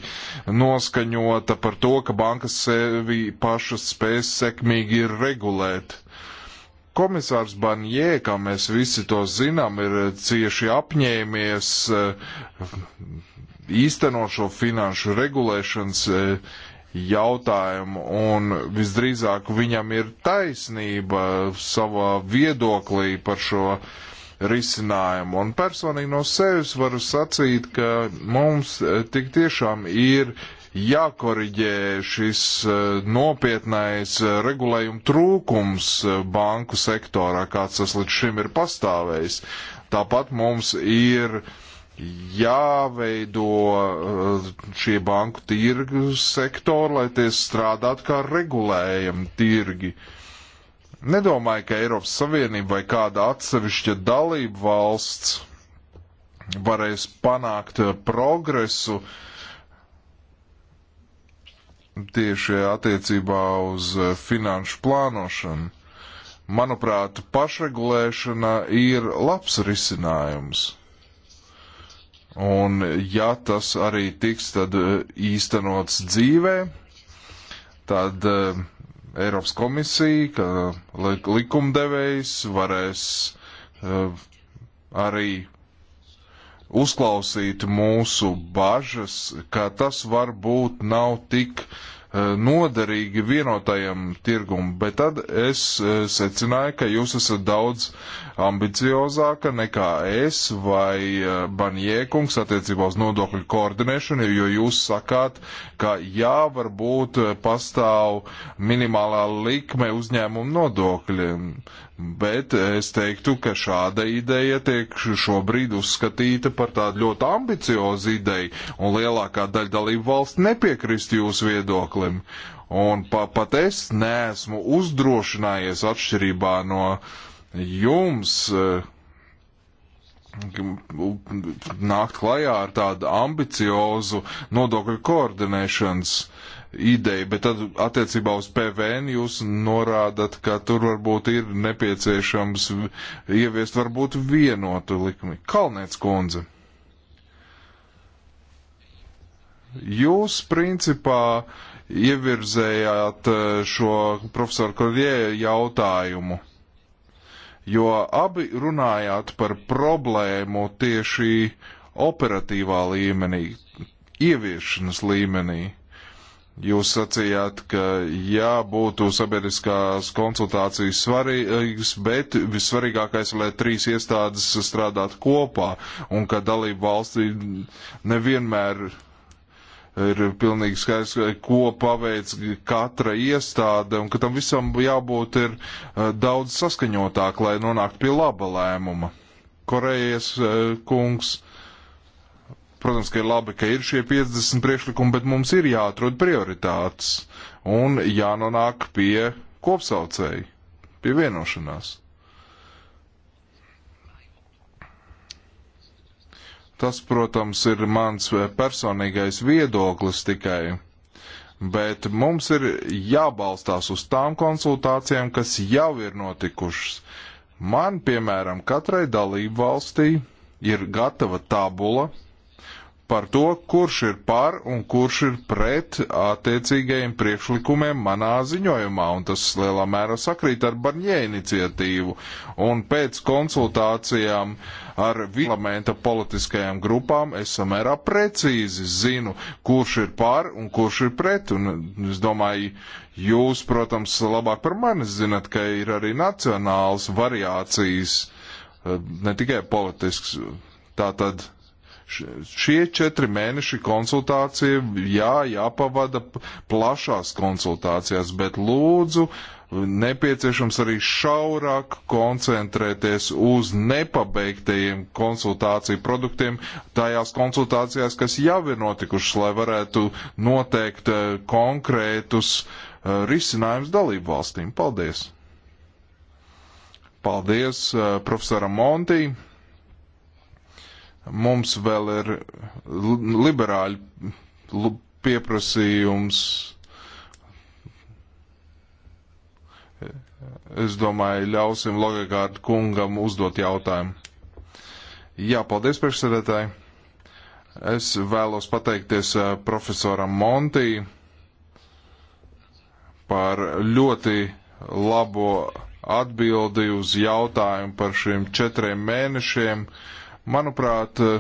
noskaņota par to, ka bankas sevi pašas spēs sekmīgi regulēt. Komisārs Banjē, kā mēs visi to zinām, ir cieši apņēmies eh, īstenot šo finanšu regulēšanas eh, jautājumu, un visdrīzāk viņam ir taisnība savā viedoklī par šo uh, risinājumu. Un personīgi no sevis varu sacīt, ka mums eh, tik tiešām ir jākoriģē šis eh, nopietnais eh, regulējuma trūkums banku sektorā, kāds tas līdz šim ir pastāvējis. Tāpat mums ir jāveido šie banku tirgu sektori, lai tie strādātu kā regulējami tirgi. Uh, Nedomāju, ka Eiropas Savienība vai kāda atsevišķa dalība valsts varēs panākt eh, progresu tieši attiecībā uz eh, finanšu plānošanu. Manuprāt, pašregulēšana ir labs risinājums. Un ja tas arī tiks tad eh, īstenots dzīvē, tad uh, Eiropas komisija, ka likumdevējs varēs e, arī uzklausīt mūsu bažas, ka tas varbūt nav tik uh, Eh, noderīgi vienotajam tirgumam, bet tad es eh, secināju, ka jūs esat daudz ambiciozāka nekā es vai eh, Banjēkungs attiecībā uz nodokļu koordinēšanu, jo jūs sakāt, ka jā, varbūt pastāv minimālā likme uzņēmumu nodokļiem bet es teiktu, ka šāda ideja tiek šobrīd uzskatīta par tādu ļoti ambiciozu ideju, un lielākā daļa dalību valsts nepiekrist jūsu viedoklim. Un pa, pat es neesmu uzdrošinājies atšķirībā no jums eh, nākt klajā ar tādu ambiciozu nodokļu koordinēšanas uh, ideja, bet tad attiecībā uz PVN jūs norādat, ka tur varbūt ir nepieciešams ieviest varbūt vienotu likmi. Kalnēts kundze. Jūs principā ievirzējāt eh, šo profesoru Korjē jautājumu, jo abi runājāt par problēmu tieši operatīvā līmenī, ieviešanas līmenī Jūs sacījāt, ka jā, būtu sabiedriskās konsultācijas svarīgas, bet vissvarīgākais, lai trīs iestādes strādātu kopā un ka dalību valstī nevienmēr ir pilnīgi skaidrs, ko paveic katra iestāde un ka tam visam jābūt ir eh, daudz saskaņotāk, lai nonāktu pie laba lēmuma. Korejas eh, kungs Protams, ka ir labi, ka ir šie 50 priekšlikumi, bet mums ir jāatrod prioritātes un jānonāk pie kopsaucēji, pie vienošanās. Tas, protams, ir mans personīgais viedoklis tikai, bet mums ir jābalstās uz tām konsultācijām, kas jau ir notikušas. Man, piemēram, katrai dalību valstī ir gatava tabula, par to, kurš ir par un kurš ir pret attiecīgajiem priekšlikumiem manā ziņojumā, un tas lielā mērā sakrīt ar Barņē iniciatīvu. Un pēc konsultācijām ar parlamenta politiskajām grupām es samērā precīzi zinu, kurš ir par un kurš ir pret, un es domāju, jūs, protams, labāk par mani zinat, ka ir arī nacionāls variācijas, ne tikai politisks. Tātad Šie četri mēneši konsultācija, jā, jāpavada plašās konsultācijās, bet lūdzu, nepieciešams arī šaurāk koncentrēties uz nepabeigtajiem konsultāciju produktiem tajās konsultācijās, kas jau ir notikušas, lai varētu noteikt eh, konkrētus eh, risinājumus dalību valstīm. Paldies! Paldies eh, profesoram Montī! Mums vēl ir liberāļu pieprasījums. Es domāju, ļausim Logegārdu kungam uzdot jautājumu. Jā, paldies priekšsēdētāji. Es vēlos pateikties eh, profesoram Montī par ļoti labo atbildi uz jautājumu par šiem četriem mēnešiem. Uh, Manuprāt, eh,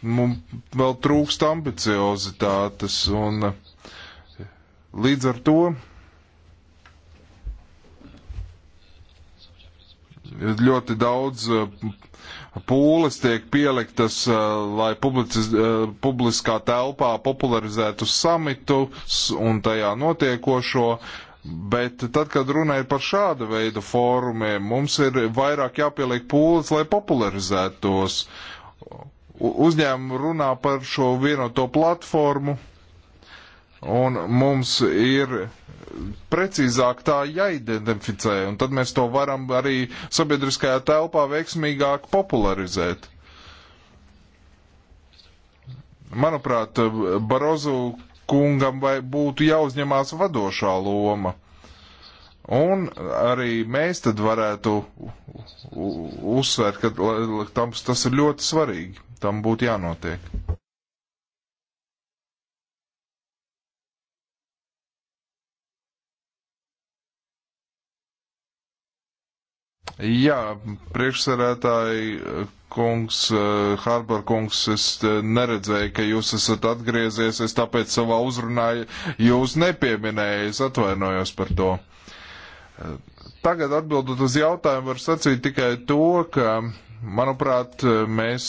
mums vēl trūkst ambiciozitātes un eh, līdz ar to ļoti daudz eh, pūles tiek pieliktas, lai publicis, publiskā telpā popularizētu samitus un tajā notiekošo, Bet tad, kad runa ir par šādu veidu fórumiem, mums ir vairāk jāpieliek pūles, lai popularizētu tos. Uzņēmumi runā par šo vienoto platformu, un mums ir precīzāk tā jāidentificē, un tad mēs to varam arī sabiedriskajā telpā veiksmīgāk popularizēt. Manuprāt, Barozu kungam vai būtu jāuzņemās vadošā loma. Un arī mēs tad varētu uzsvērt, ka tam tas ir ļoti svarīgi. Tam būtu jānotiek. Jā, priekšsarētāji, kungs, eh, Harbor kungs, es eh, neredzēju, ka jūs esat atgriezies, es tāpēc savā uzrunā jūs nepieminēju, es atvainojos par to. Eh, tagad atbildot uz jautājumu, var sacīt tikai to, ka, manuprāt, mēs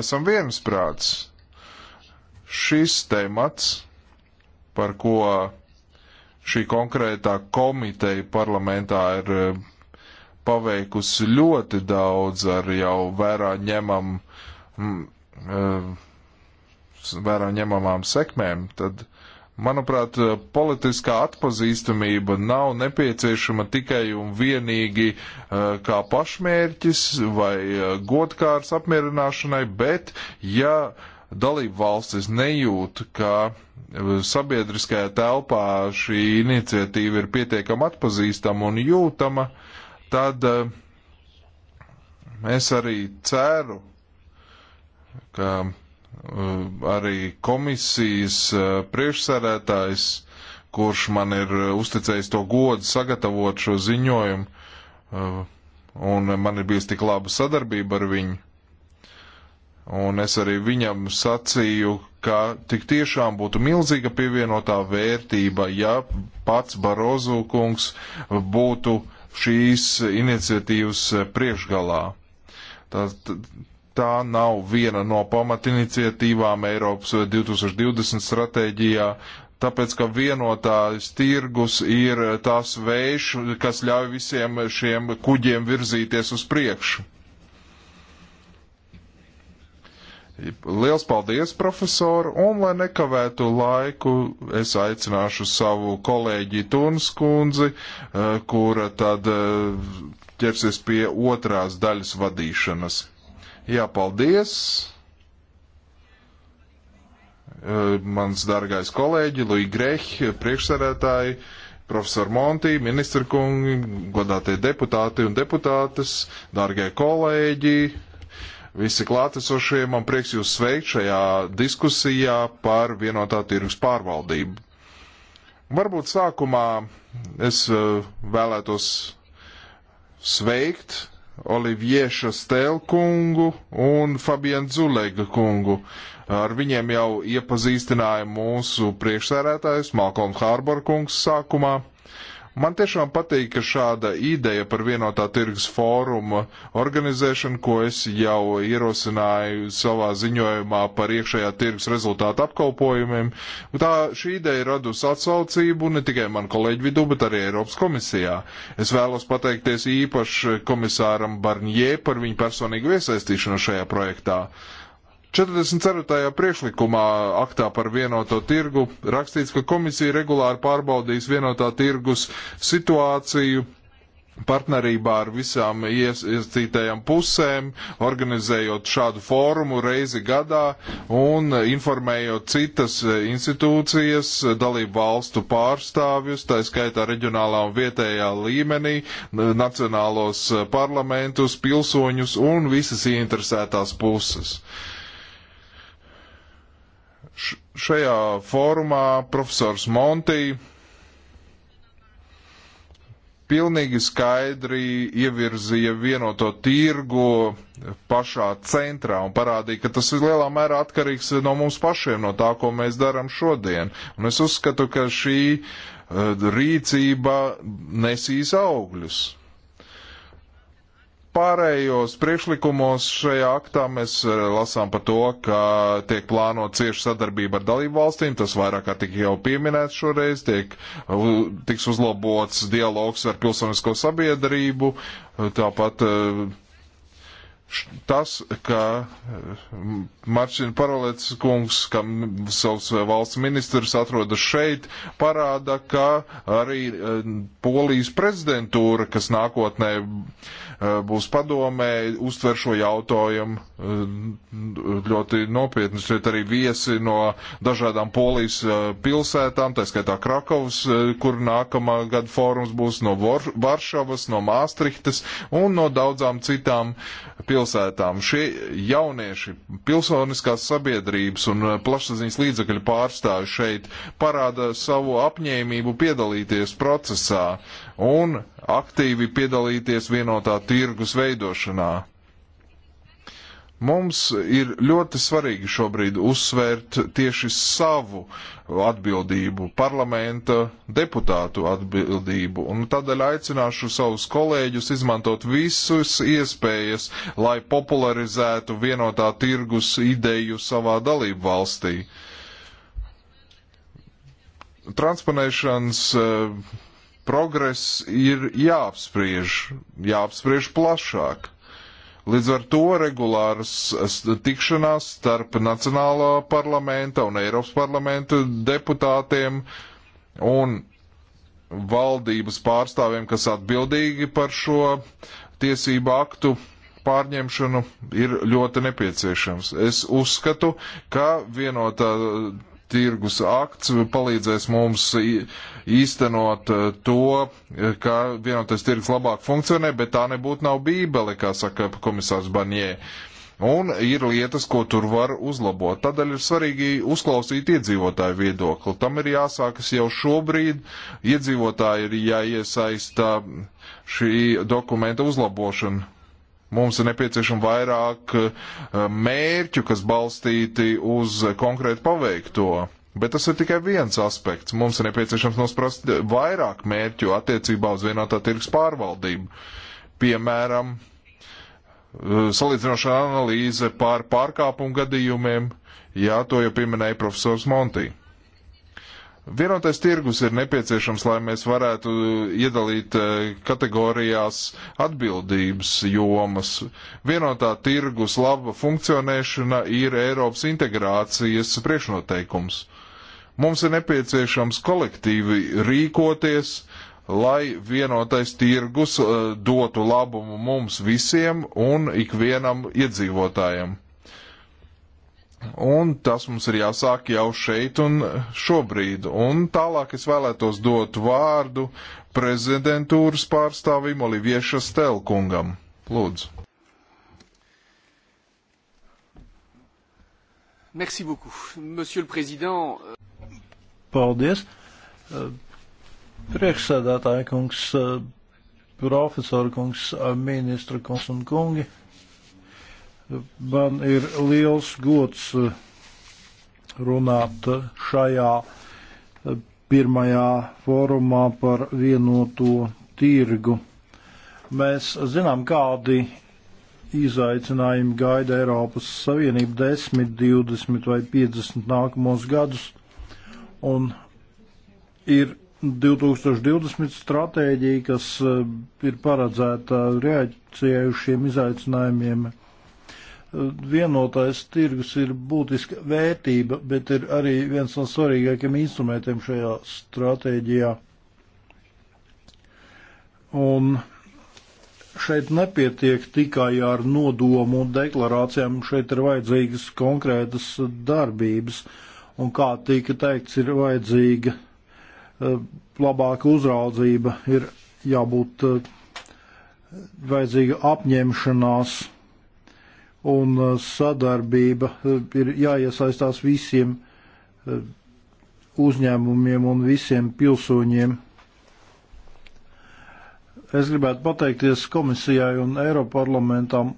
esam viensprāts. Šis temats, par ko šī konkrētā komiteja parlamentā ir paveikusi ļoti daudz ar jau vērā ņemam, e, vērā ņemamām sekmēm, tad, manuprāt, politiskā atpazīstamība nav nepieciešama tikai un vienīgi e, kā pašmērķis vai e, godkārs apmierināšanai, bet ja dalību valstis nejūt, ka sabiedriskajā telpā šī iniciatīva ir pietiekama atpazīstama un jūtama, uh, tad es eh, arī ceru, ka eh, arī komisijas eh, priekšsēdētājs, kurš man ir uzticējis to godu sagatavot šo ziņojumu, un man ir bijusi tik laba sadarbība ar viņu. Un es arī viņam sacīju, ka tik tiešām būtu milzīga pievienotā vērtība, ja pats Barozu kungs būtu uh, šīs iniciatīvas priekšgalā. Tā, tā nav viena no pamatiniciatīvām Eiropas 2020 stratēģijā, tāpēc ka vienotājs tirgus ir tās vējš, kas ļauj visiem šiem kuģiem virzīties uz priekšu. Liels paldies, profesor, un lai nekavētu laiku, es aicināšu savu kolēģi Tunas kundzi, eh, kura tad eh, ķersies pie otrās daļas vadīšanas. Jā, paldies! Eh, mans dargais kolēģi, Lui Greh, priekšsarētāji, profesor Monti, ministra kungi, godātie deputāti un deputātes, dargie kolēģi, visi klātesošie. Man prieks jūs sveikt šajā diskusijā par vienotā tirgus pārvaldību. Varbūt sākumā es eh, vēlētos sveikt Olivieša Stelkungu un Fabienu Zulega kungu. Ar viņiem jau iepazīstināja mūsu priekšsērētājs Malcolm Harbor kungs sākumā. Man tiešām patīk, ka šāda ideja par vienotā tirgus fóruma organizēšanu, ko es jau ierosināju savā ziņojumā par iekšējā tirgus rezultātu apkalpojumiem, tā šī ideja radus atsaucību ne tikai man kolēģi vidū, bet arī Eiropas komisijā. Es vēlos pateikties īpaši komisāram Barņē par viņu personīgu iesaistīšanu šajā projektā. Uh, 44. priekšlikumā aktā par vienoto tirgu rakstīts, ka komisija regulāri pārbaudīs vienotā tirgus situāciju partnerībā ar visām iesaistītajām pusēm, organizējot šādu fórumu reizi gadā un informējot citas institūcijas, dalību valstu pārstāvjus, tā skaitā reģionālā un vietējā līmenī, nacionālos parlamentus, pilsoņus un visas ieinteresētās puses. Uh, Šajā fórumā profesors Monti pilnīgi skaidri ievirzīja vienoto tirgu pašā centrā un parādīja, ka tas ir lielā mērā atkarīgs no mums pašiem, no tā, ko mēs darām šodien. Un es uzskatu, ka šī eh, rīcība nesīs augļus pārējos priekšlikumos šajā aktā mēs eh, lasām par to, ka tiek plānot cieši sadarbība ar dalību valstīm, tas vairāk kā tik jau pieminēts šoreiz, tiek, tiks uzlabots dialogs ar pilsonisko sabiedrību, tāpat eh, tas, ka eh, Marčina Parolets kungs, kā savs valsts ministrs atrodas šeit, parāda, ka arī Polijas prezidentūra, kas nākotnē Eh, būs padomē, uztver šo jautājumu eh, ļoti nopietni. Šeit arī viesi no dažādām polijas eh, pilsētām, tā skaitā Krakovs, kur nākamā gada fórums būs no Varšavas, no Māstrihtes un no daudzām citām pilsētām. Šie jaunieši, pilsoniskās sabiedrības un plašsaziņas līdzekļu pārstāvi šeit parāda savu apņēmību piedalīties procesā un aktīvi piedalīties vienotā tirgus veidošanā. Mums ir ļoti svarīgi šobrīd uzsvērt tieši savu atbildību, parlamenta deputātu atbildību, un tādēļ aicināšu savus kolēģus izmantot visus iespējas, lai popularizētu vienotā tirgus ideju savā dalību valstī. Transponēšanas uh, progress ir jāapspriež, jāapspriež plašāk. Līdz ar to regulāras tikšanās starp Nacionālā parlamenta un Eiropas parlamenta deputātiem un valdības pārstāvjiem, kas atbildīgi par šo tiesību aktu pārņemšanu, ir ļoti nepieciešams. Es uzskatu, ka vienotā tirgus akts palīdzēs mums īstenot eh, to, eh, ka vienotais tirgus labāk funkcionē, bet tā nebūtu nav bībele, kā saka komisārs Banjē. Un ir lietas, ko tur var uzlabot. Tādēļ ir svarīgi uzklausīt iedzīvotāju viedokli. Tam ir jāsākas jau šobrīd. Iedzīvotāji ir jāiesaista šī dokumenta uzlabošana. Mums ir nepieciešama vairāk eh, mērķu, kas balstīti uz konkrētu paveikto. Bet tas ir tikai viens aspekts. Mums ir nepieciešams nosprast vairāk mērķu attiecībā uz vienotā tirgus pārvaldību. Piemēram, eh, salīdzinoša analīze pār pārkāpumu gadījumiem, jā, to jau pieminēja profesors Montija. Vienotais tirgus ir nepieciešams, lai mēs varētu iedalīt eh, kategorijās atbildības jomas. Vienotā tirgus laba funkcionēšana ir Eiropas integrācijas priekšnoteikums. Mums ir nepieciešams kolektīvi rīkoties, lai vienotais tirgus eh, dotu labumu mums visiem un ikvienam iedzīvotājiem. Un tas mums ir jāsāk jau šeit un šobrīd. Un tālāk es vēlētos dot vārdu prezidentūras pārstāvim Olivieša Stelkungam. Lūdzu. Merci beaucoup, monsieur le président. Paldies. Priekšsēdētāja kungs, profesora kungs, ministra kungs un kungi. Man ir liels gods eh, runāt eh, šajā eh, pirmajā fórumā par vienoto tirgu. Mēs zinām, kādi izaicinājumi gaida Eiropas Savienību 10, 20 vai 50 nākamos gadus, un ir 2020 stratēģija, kas ir paredzēta reaģējai uz šiem izaicinājumiem Vienotais tirgus ir būtiska vērtība, bet ir arī viens no svarīgākiem instrumentiem šajā stratēģijā. Un šeit nepietiek tikai ar nodomu un deklarācijām, šeit ir vajadzīgas konkrētas darbības, un kā tika teikts, ir vajadzīga e, labāka uzraudzība, ir jābūt e, vajadzīga apņemšanās un uh, sadarbība uh, ir jāiesaistās visiem uh, uzņēmumiem un visiem pilsoņiem. Es gribētu pateikties komisijai un Eiroparlamentam,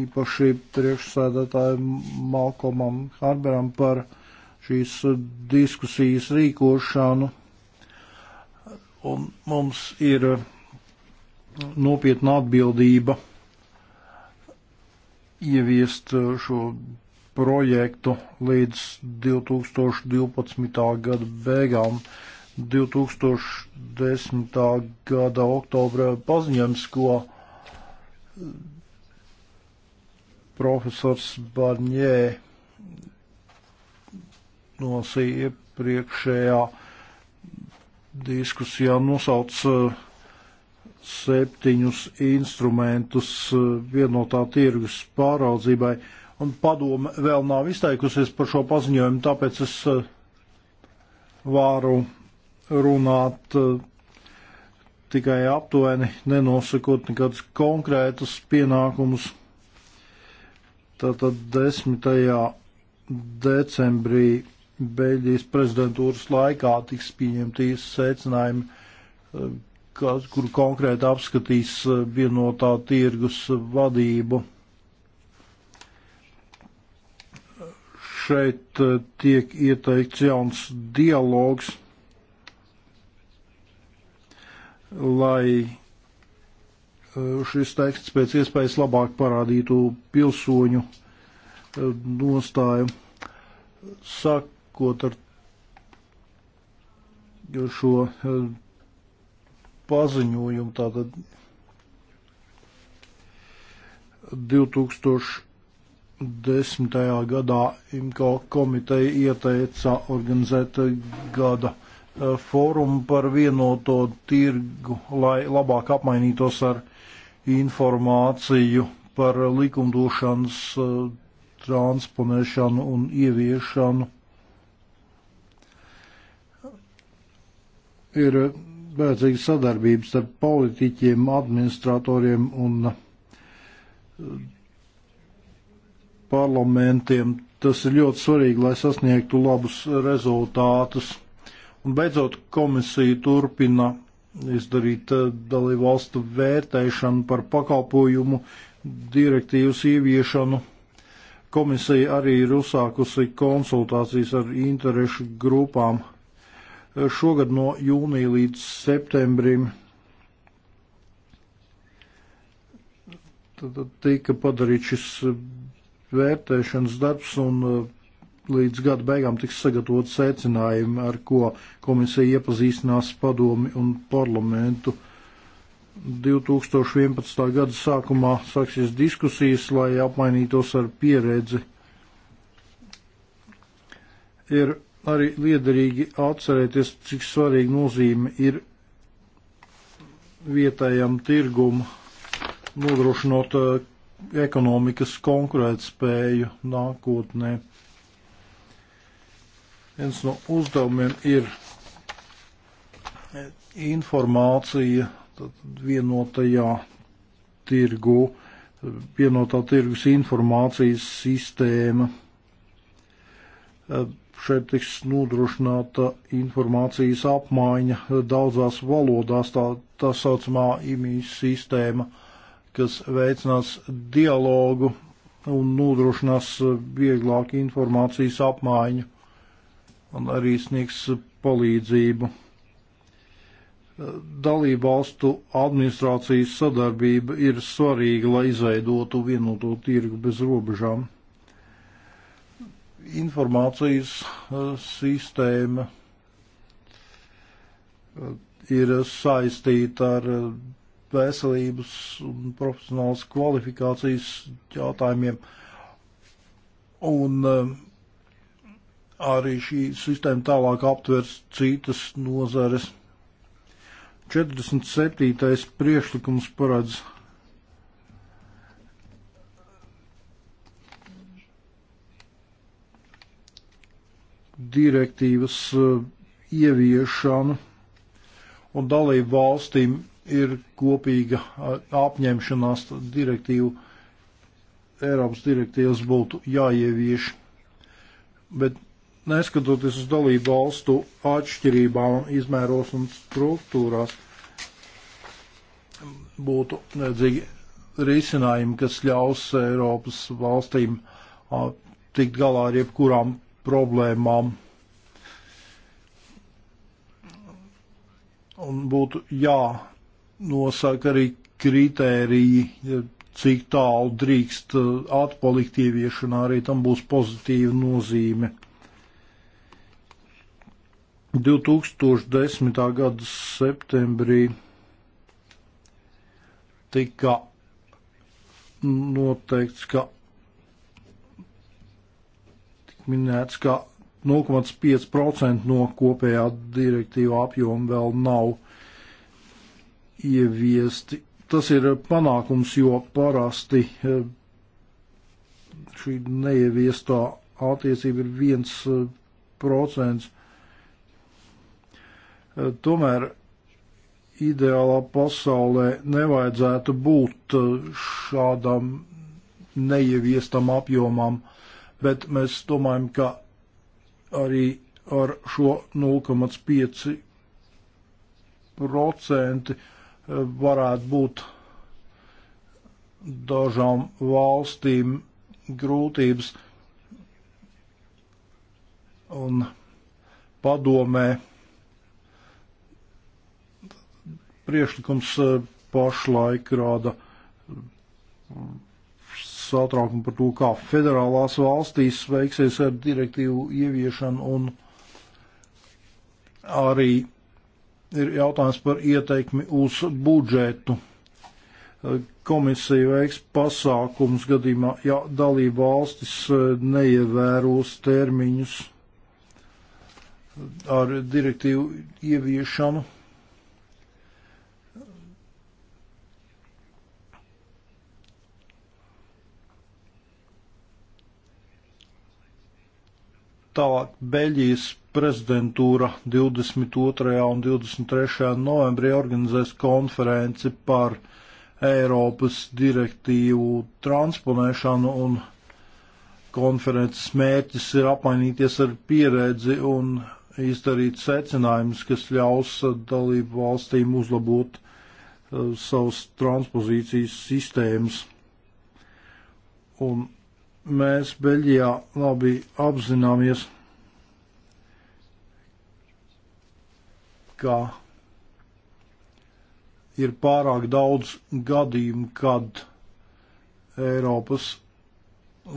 īpaši priekšsēdētājiem Malkomam Harberam par šīs diskusijas rīkošanu. Un mums ir nopietna atbildība ieviest uh, šo projektu līdz 2012. gada beigām. 2010. gada oktobra paziņojums, ko uh, profesors Barņē nosīja iepriekšējā diskusijā nosauca uh, septiņus instrumentus eh, vienotā tirgus pāraudzībai, un padome vēl nav izteikusies par šo paziņojumu, tāpēc es eh, varu runāt eh, tikai aptuveni, nenosakot nekādus konkrētus pienākumus. Tātad 10. decembrī Beļģijas prezidentūras laikā tiks pieņemti secinājumi kas, kur konkrēti apskatīs eh, vienotā tirgus vadību. Šeit eh, tiek ieteikts jauns dialogs, lai eh, šis teksts pēc iespējas labāk parādītu pilsoņu nostāju. Sakot ar šo paziņojumu. Tātad 2010. gadā IMCO komiteja ieteica organizēt gada e, fórumu par vienoto tirgu, lai labāk apmainītos ar informāciju par likumdošanas e, transponēšanu un ieviešanu. Ir vajadzīga sadarbība starp politiķiem, administratoriem un uh, parlamentiem. Tas ir ļoti svarīgi, lai sasniegtu labus rezultātus. Un beidzot, komisija turpina izdarīt uh, dalību valstu vērtēšanu par pakalpojumu direktīvas ieviešanu. Komisija arī ir uzsākusi konsultācijas ar interešu grupām šogad no jūnija līdz septembrim tika padarīts šis vērtēšanas darbs un eh, līdz gada beigām tiks sagatavot secinājumi, ar ko komisija iepazīstinās padomi un parlamentu. 2011. gada sākumā sāksies diskusijas, lai apmainītos ar pieredzi. Ir arī liederīgi atcerēties, cik svarīga nozīme ir vietējam tirgum nodrošinot eh, ekonomikas konkurētspēju nākotnē. Viens no uzdevumiem ir eh, informācija vienotajā tirgu, vienotā tirgus informācijas sistēma eh, Šeit tiks nodrošināta informācijas apmaiņa daudzās valodās, tā, tā saucamā IMI sistēma, kas veicinās dialogu un nodrošinās vieglāku informācijas apmaiņu un arī sniegs palīdzību. Dalībvalstu administrācijas sadarbība ir svarīga, lai izveidotu vienoto tirgu bez robežām informācijas eh, sistēma eh, ir saistīta ar eh, veselības un profesionālas kvalifikācijas jautājumiem. Un arī šī sistēma tālāk aptvers citas nozares. 47. priekšlikums paredz direktīvas e, ieviešanu, un dalību valstīm ir kopīga e, apņemšanās direktīvu, Eiropas direktīvas būtu jāievieš. Bet neskatoties uz dalību valstu atšķirībām, izmēros un struktūrās, būtu nedzīgi risinājumi, kas ļaus Eiropas valstīm tikt galā ar jebkurām problēmām. Un būtu jānosaka arī kritēriji, cik tālu drīkst uh, atpalikt ieviešanā, arī tam būs pozitīva nozīme. 2010. gada septembrī tika noteikts, ka minēts, ka 0,5% no kopējā direktīva apjoma vēl nav ieviesti. Tas ir panākums, jo parasti eh, šī neieviestā attiecība ir 1%. Eh, eh, tomēr ideālā pasaulē nevajadzētu būt šādam neieviestam apjomam bet mēs domājam, ka arī ar šo 0,5% eh, varētu būt dažām valstīm grūtības. Un padomē priekšlikums eh, pašlaik rāda satraukumu par to, kā federālās valstīs veiksies ar direktīvu ieviešanu un arī ir jautājums par ieteikmi uz budžetu. Komisija veiks pasākums gadījumā, ja dalība valstis e, neievēros termiņus ar direktīvu ieviešanu Tālāk Beļģijas prezidentūra 22. un 23. novembrī organizēs konferenci par Eiropas direktīvu transponēšanu un konferences mērķis ir apmainīties ar pieredzi un izdarīt secinājumus, kas ļaus dalību valstīm uzlabot uh, savas transpozīcijas sistēmas. Un mēs Beļģijā labi apzināmies, ka ir pārāk daudz gadījumu, kad Eiropas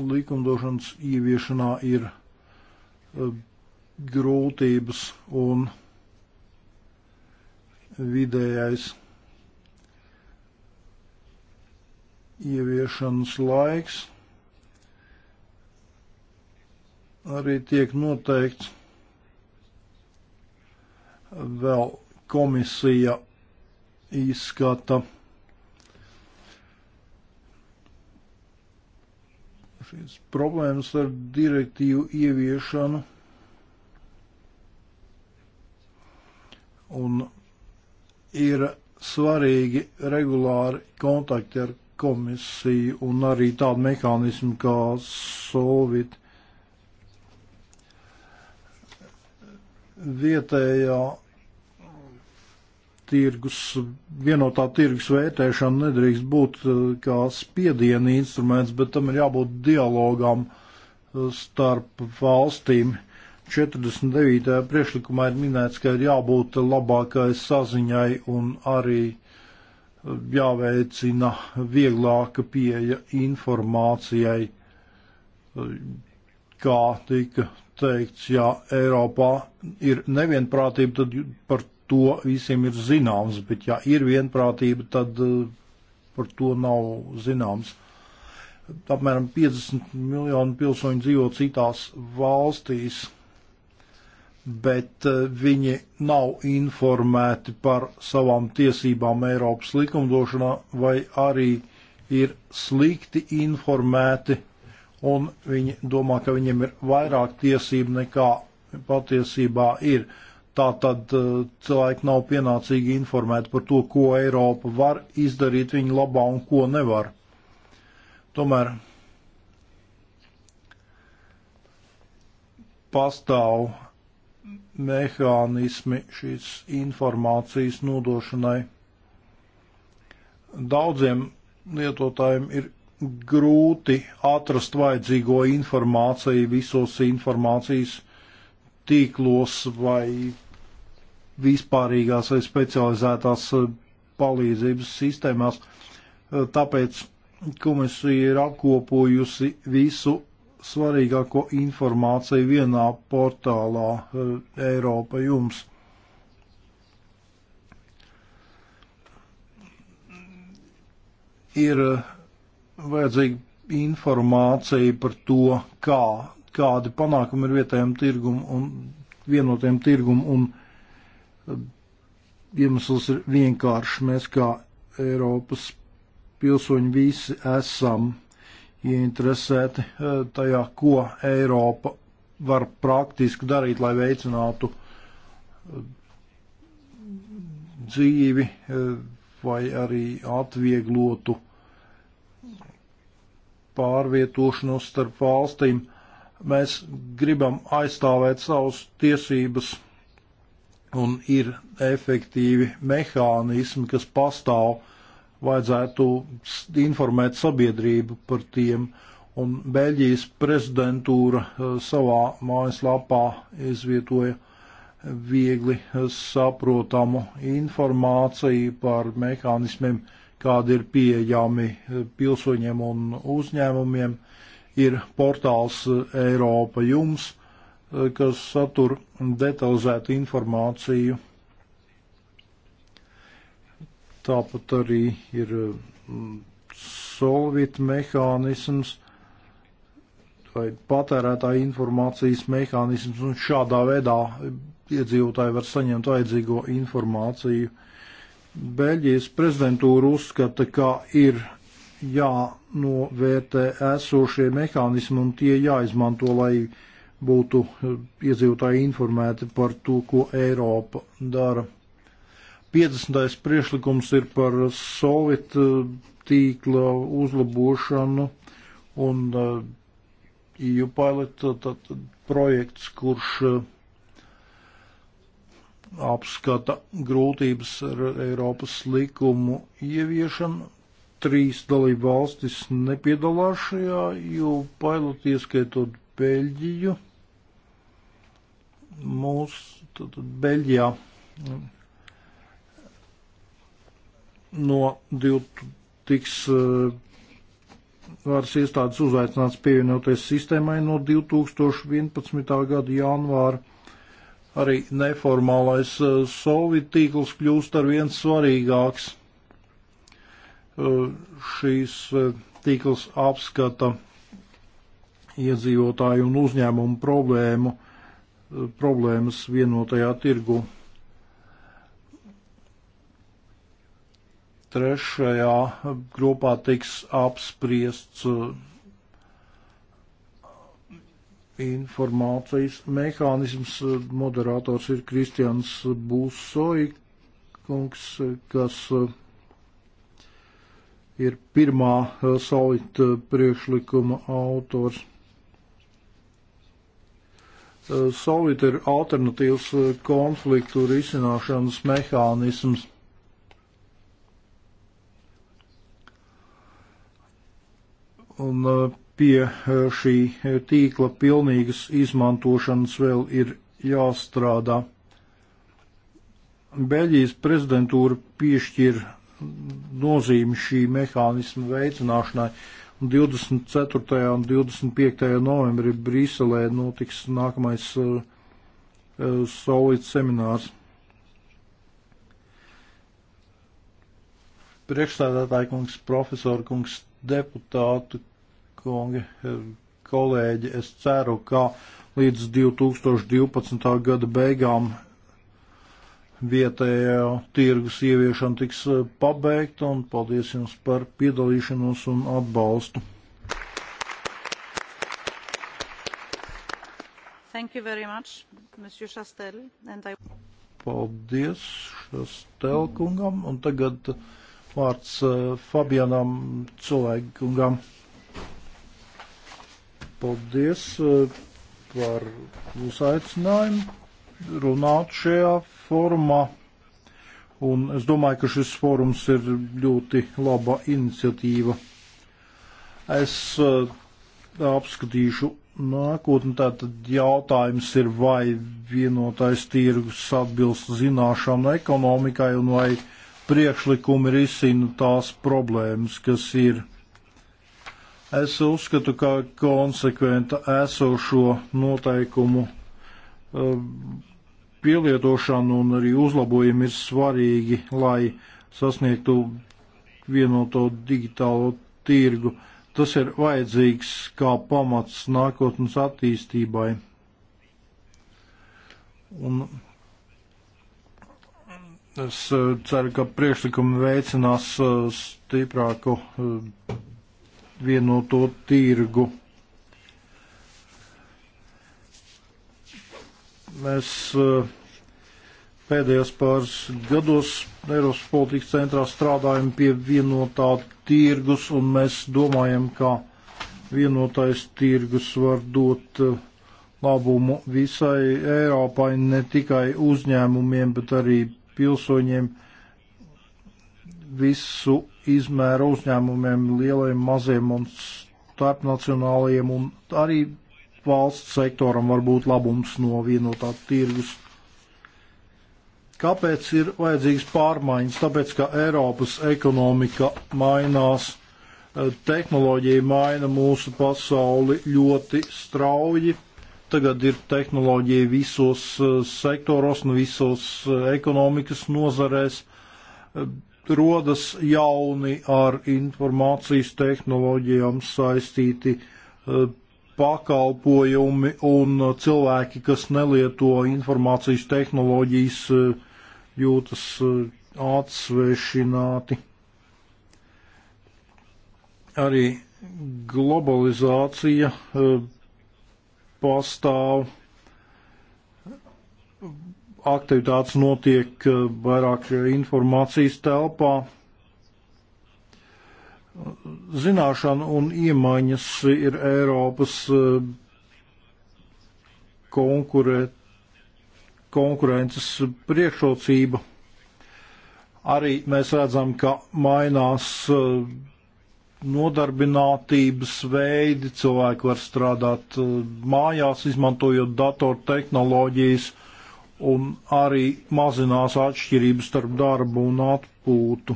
likumdošanas ieviešanā ir eh, grūtības un vidējais ieviešanas laiks arī tiek noteikts vēl komisija izskata šīs problēmas ar direktīvu ieviešanu un ir svarīgi regulāri kontakti ar komisiju un arī tādu mehānismu kā Solvit. vietējo tirgus, vienotā tirgus vērtēšana nedrīkst būt eh, kā spiediena instruments, bet tam ir jābūt dialogam eh, starp valstīm. 49. priekšlikumā ir minēts, ka ir jābūt labākai saziņai un arī eh, jāveicina vieglāka pieeja informācijai, kā tika teikts, ja Eiropā ir nevienprātība, tad par to visiem ir zināms, bet ja ir vienprātība, tad eh, par to nav zināms. Apmēram 50 miljonu pilsoņu dzīvo citās valstīs, bet eh, viņi nav informēti par savām tiesībām Eiropas likumdošanā vai arī ir slikti informēti un viņi domā, ka viņiem ir vairāk tiesību nekā patiesībā ir. Tātad eh, cilvēki nav pienācīgi informēti par to, ko Eiropa var izdarīt viņa labā un ko nevar. Tomēr pastāv mehānismi šīs informācijas nodošanai. Daudziem lietotājiem ir grūti atrast vajadzīgo informāciju visos informācijas tīklos vai vispārīgās vai specializētās eh, palīdzības sistēmās. Eh, tāpēc komisija ir apkopojusi visu svarīgāko informāciju vienā portālā eh, Eiropa jums. Ir vajadzīga informācija par to, kā, kādi panākumi ir vietējiem tirgumu un vienotiem tirgumu un um, iemesls ir vienkārši. Mēs kā Eiropas pilsoņi visi esam ieinteresēti uh, tajā, ko Eiropa var praktiski darīt, lai veicinātu uh, dzīvi uh, vai arī atvieglotu uh, pārvietošanos starp valstīm. Mēs gribam aizstāvēt savus tiesības un ir efektīvi mehānismi, kas pastāv, vajadzētu informēt sabiedrību par tiem. Un Beļģijas prezidentūra eh, savā mājaslapā izvietoja viegli eh, saprotamu informāciju par mehānismiem, kādi ir pieejami pilsoņiem un uzņēmumiem. Ir portāls Eiropa jums, kas satur detalizētu informāciju. Tāpat arī ir mm, solvit mehānisms vai patērētāja informācijas mehānisms, un šādā veidā iedzīvotāji var saņemt vajadzīgo informāciju. Beļģijas prezidentūra uzskata, ka ir jānovērtē esošie mehānismi un tie jāizmanto, lai būtu eh, iedzīvotāji informēti par to, ko Eiropa dara. 50. priešlikums ir par Sovietu eh, tīkla uzlabošanu un EU eh, e pilot projekts, kurš uh, apskata grūtības ar Eiropas likumu ieviešanu. Trīs dalību valstis nepiedalās šajā, jo pailot ieskaitot Beļģiju, mūs, tad Beļģijā mm, no div, tiks eh, varas iestādes uzaicināts pievienoties sistēmai no 2011. gada janvāra Arī neformālais eh, solvit tīkls kļūst ar viens svarīgāks. Eh, šīs eh, tīkls apskata iedzīvotāju un uzņēmumu problēmu, problēmas vienotajā tirgu. Trešajā grupā tiks apspriests informācijas mehānisms. Moderators ir Kristians Būsoikungs, kas eh, ir pirmā eh, solīta eh, priekšlikuma autors. Solīt ir alternatīvs konfliktu risināšanas mehānisms. Un pie eh, šī eh, tīkla pilnīgas izmantošanas vēl ir jāstrādā. Beļģijas prezidentūra piešķir nozīmi šī mehānisma veicināšanai. 24. un 25. novembrī Brīselē notiks nākamais uh, eh, solīts seminārs. Priekšstādātāji kungs, profesori kungs, deputāti kungi, kolēģi, es ceru, ka līdz 2012. gada beigām vietējā tirgus ieviešana tiks eh, pabeigta un paldies jums par piedalīšanos un atbalstu. Much, Chastel, I... Paldies Šastelkungam un tagad vārds eh, Fabianam Cilvēkungam. Paldies eh, par uzaicinājumu runāt šajā formā. Un es domāju, ka šis fórums ir ļoti laba iniciatīva. Es eh, apskatīšu nākotni. Tātad jautājums ir, vai vienotais tirgus atbilst zināšanu ekonomikai un vai priekšlikumi risina tās problēmas, kas ir Es uzskatu, ka konsekventa esošo noteikumu um, pielietošana un arī uzlabojumi ir svarīgi, lai sasniegtu vienoto digitālo tirgu. Tas ir vajadzīgs kā pamats nākotnes attīstībai. Un es uh, ceru, ka priekšlikumi veicinās uh, stiprāku uh, vienoto tirgu. Mēs eh, pēdējos pāris gados Eiropas politikas centrā strādājam pie vienotā tirgus, un mēs domājam, ka vienotais tirgus var dot eh, labumu visai Eiropai, ne tikai uzņēmumiem, bet arī pilsoņiem visu izmēra uzņēmumiem, lieliem, maziem un starpnacionāliem, un arī valsts sektoram var būt labums no vienotā tirgus. Kāpēc ir vajadzīgs pārmaiņas? Tāpēc, ka Eiropas ekonomika mainās, eh, tehnoloģija maina mūsu pasauli ļoti strauji. Tagad ir tehnoloģija visos eh, sektoros un visos eh, ekonomikas nozarēs rodas jauni ar informācijas tehnoloģijām saistīti eh, pakalpojumi un cilvēki, kas nelieto informācijas tehnoloģijas, eh, jūtas eh, atsvešināti. Arī globalizācija pastāv aktivitātes notiek vairāk informācijas telpā. Zināšana un iemaņas ir Eiropas eh, konkure, konkurences priekšrocība. Arī mēs redzam, ka mainās eh, nodarbinātības veidi, cilvēki var strādāt eh, mājās, izmantojot datortehnoloģijas tehnoloģijas un arī mazinās atšķirības starp darbu un atpūtu.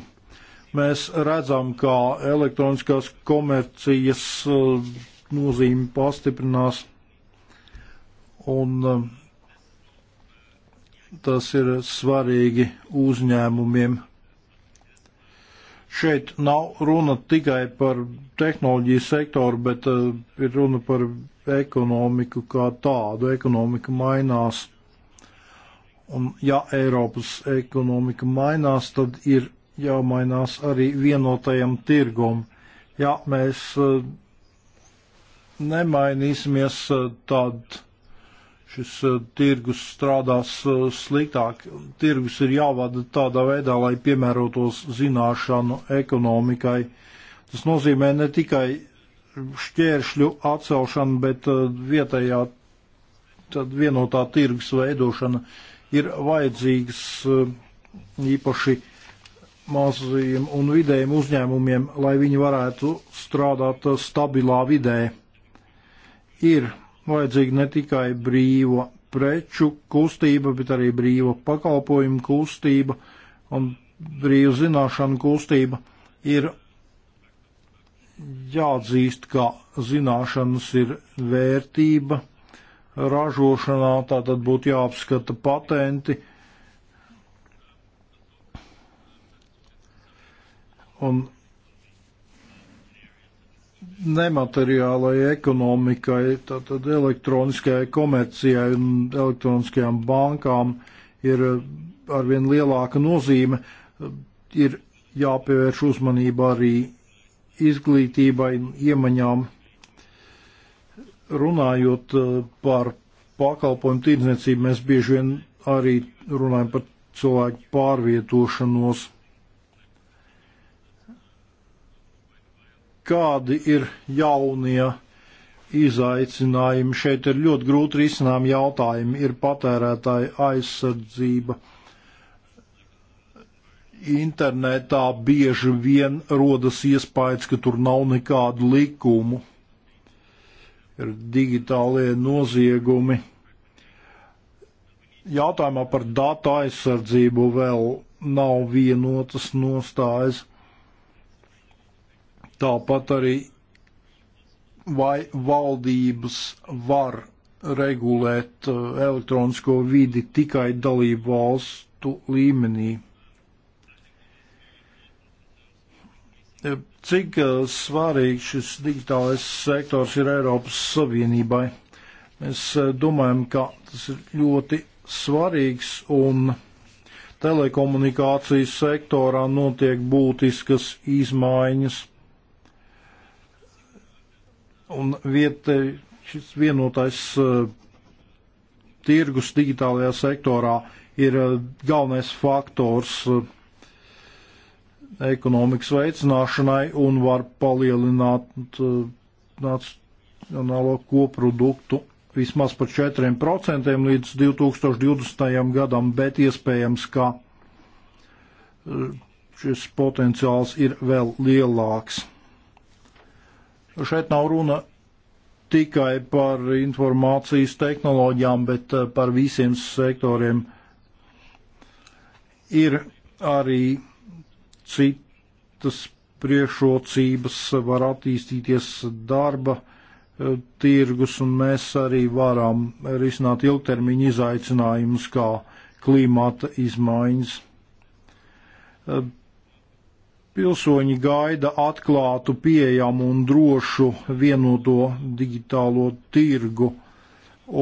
Mēs redzam, kā elektroniskās komercijas eh, nozīme pastiprinās, un eh, tas ir svarīgi uzņēmumiem šeit nav runa tikai par tehnoloģiju sektoru, bet uh, ir runa par ekonomiku kā tādu. Ekonomika mainās. Un ja Eiropas ekonomika mainās, tad ir jāmainās arī vienotajam tirgum. Ja mēs eh, nemainīsimies, eh, tad šis eh, tirgus strādās sliktāk. Tirgus ir jāvada tādā veidā, lai piemērotos zināšanu ekonomikai. Tas nozīmē ne tikai šķēršļu atcelšanu, bet vietējā, tad vienotā tirgus veidošana ir vajadzīgas eh, īpaši mazajiem un vidējiem uzņēmumiem, lai viņi varētu strādāt stabilā vidē. Ir vajadzīga ne tikai brīva preču kustība, bet arī brīva pakalpojumu kustība un brīva zināšanu kustība. Ir jāatzīst, ka zināšanas ir vērtība ražošanā, tā tad būtu jāapskata patenti. Un nemateriālajai ekonomikai, tātad elektroniskajai komercijai un elektroniskajām bankām ir arvien lielāka nozīme. Ir jāpievērš uzmanība arī izglītībai un iemaņām runājot eh, par pakalpojumu tirdzniecību, mēs bieži vien arī runājam par cilvēku pārvietošanos. Kādi ir jaunie izaicinājumi? Šeit ir ļoti grūti risinām jautājumi. Ir patērētāja aizsardzība. Internetā bieži vien rodas iespējas, ka tur nav nekādu likumu ir digitālie noziegumi. Jautājumā par datu aizsardzību vēl nav vienotas nostājas. Tāpat arī vai valdības var regulēt uh, elektronisko vidi tikai dalību valstu līmenī cik eh, svarīgs šis digitālais sektors ir Eiropas Savienībai. Mēs eh, domājam, ka tas ir ļoti svarīgs un telekomunikācijas sektorā notiek būtiskas izmaiņas. Un vieta, šis vienotais uh, tirgus digitālajā sektorā ir uh, galvenais faktors uh, ekonomikas veicināšanai un var palielināt eh, nacionālo koproduktu vismaz par 4% līdz 2020. gadam, bet iespējams, ka eh, šis potenciāls ir vēl lielāks. Šeit nav runa tikai par informācijas tehnoloģijām, bet eh, par visiem sektoriem. Ir arī citas priekšrocības, var attīstīties darba e, tirgus, un mēs arī varam risināt ilgtermiņa izaicinājumus kā klimata izmaiņas. E, pilsoņi gaida atklātu, pieejamu un drošu vienoto digitālo tirgu,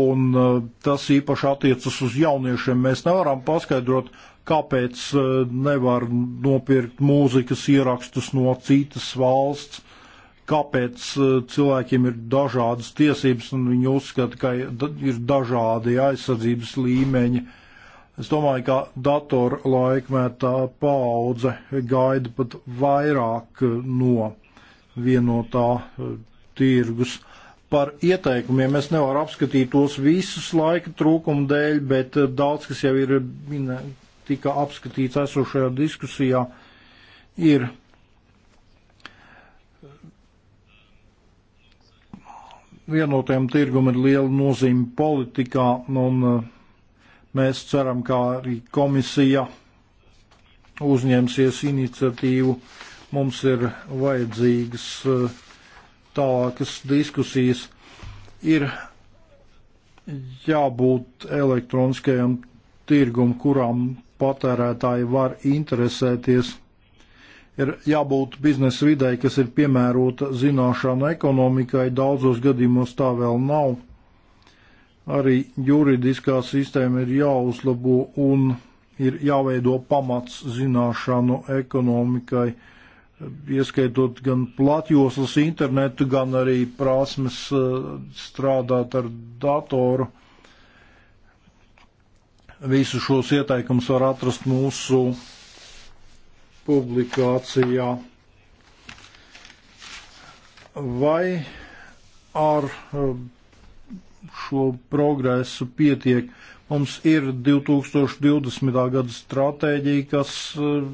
un e, tas īpaši attiecas uz jauniešiem. Mēs nevaram paskaidrot kāpēc eh, nevar nopirkt mūzikas ierakstus no citas valsts, kāpēc eh, cilvēkiem ir dažādas tiesības un viņi uzskata, ka ir dažādi aizsardzības līmeņi. Es domāju, ka datoru laikmetā paudze gaida pat vairāk eh, no vienotā tirgus par ieteikumiem. Es nevaru apskatīt tos visus laika trūkumu dēļ, bet daudz, kas jau ir minēts tika apskatīts esošajā diskusijā, ir vienotiem tirgum ir liela nozīme politikā, un uh, mēs ceram, ka arī komisija uzņemsies iniciatīvu. Mums ir vajadzīgas uh, tālākas diskusijas. Ir jābūt elektroniskajam tirgum, kurām patērētāji var interesēties. Ir jābūt biznesa vidē, kas ir piemērota zināšanu ekonomikai, daudzos gadījumos tā vēl nav. Arī juridiskā sistēma ir jāuzlabo un ir jāveido pamats zināšanu ekonomikai, ieskaitot gan platjoslas internetu, gan arī prasmes eh, strādāt ar datoru Visu šos ieteikumus var atrast mūsu publikācijā. Vai ar eh, šo progresu pietiek? Mums ir 2020. gada stratēģija, kas eh,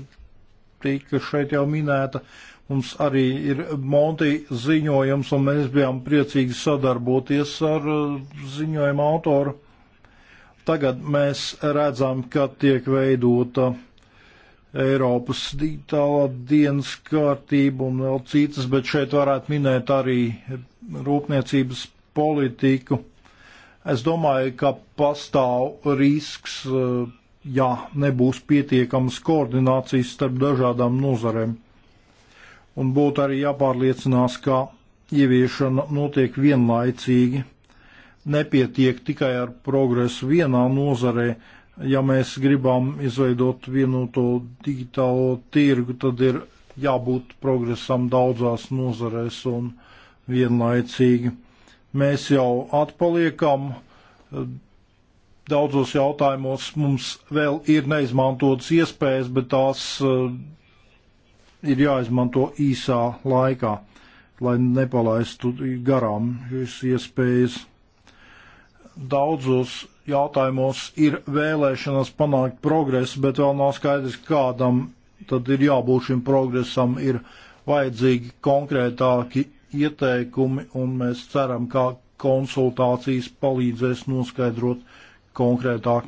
tika šeit jau minēta. Mums arī ir Monti ziņojums, un mēs bijām priecīgi sadarboties ar eh, ziņojuma autoru. Tagad mēs redzam, ka tiek veidota Eiropas digitālā dienas kārtība un vēl citas, bet šeit varētu minēt arī rūpniecības politiku. Es domāju, ka pastāv risks, eh, ja nebūs pietiekamas koordinācijas starp dažādām nozarēm. Un būtu arī jāpārliecinās, ka ieviešana notiek vienlaicīgi nepietiek tikai ar progresu vienā nozarē. Ja mēs gribam izveidot vienoto digitālo tirgu, tad ir jābūt progresam daudzās nozarēs un vienlaicīgi. Mēs jau atpaliekam daudzos jautājumos mums vēl ir neizmantotas iespējas, bet tās uh, ir jāizmanto īsā laikā, lai nepalaistu garām šīs iespējas daudzos jautājumos ir vēlēšanās panākt progresu, bet vēl nav skaidrs, kādam tad ir jābūt šim progresam, ir vajadzīgi konkrētāki ieteikumi, un mēs ceram, ka konsultācijas palīdzēs noskaidrot konkrētāk,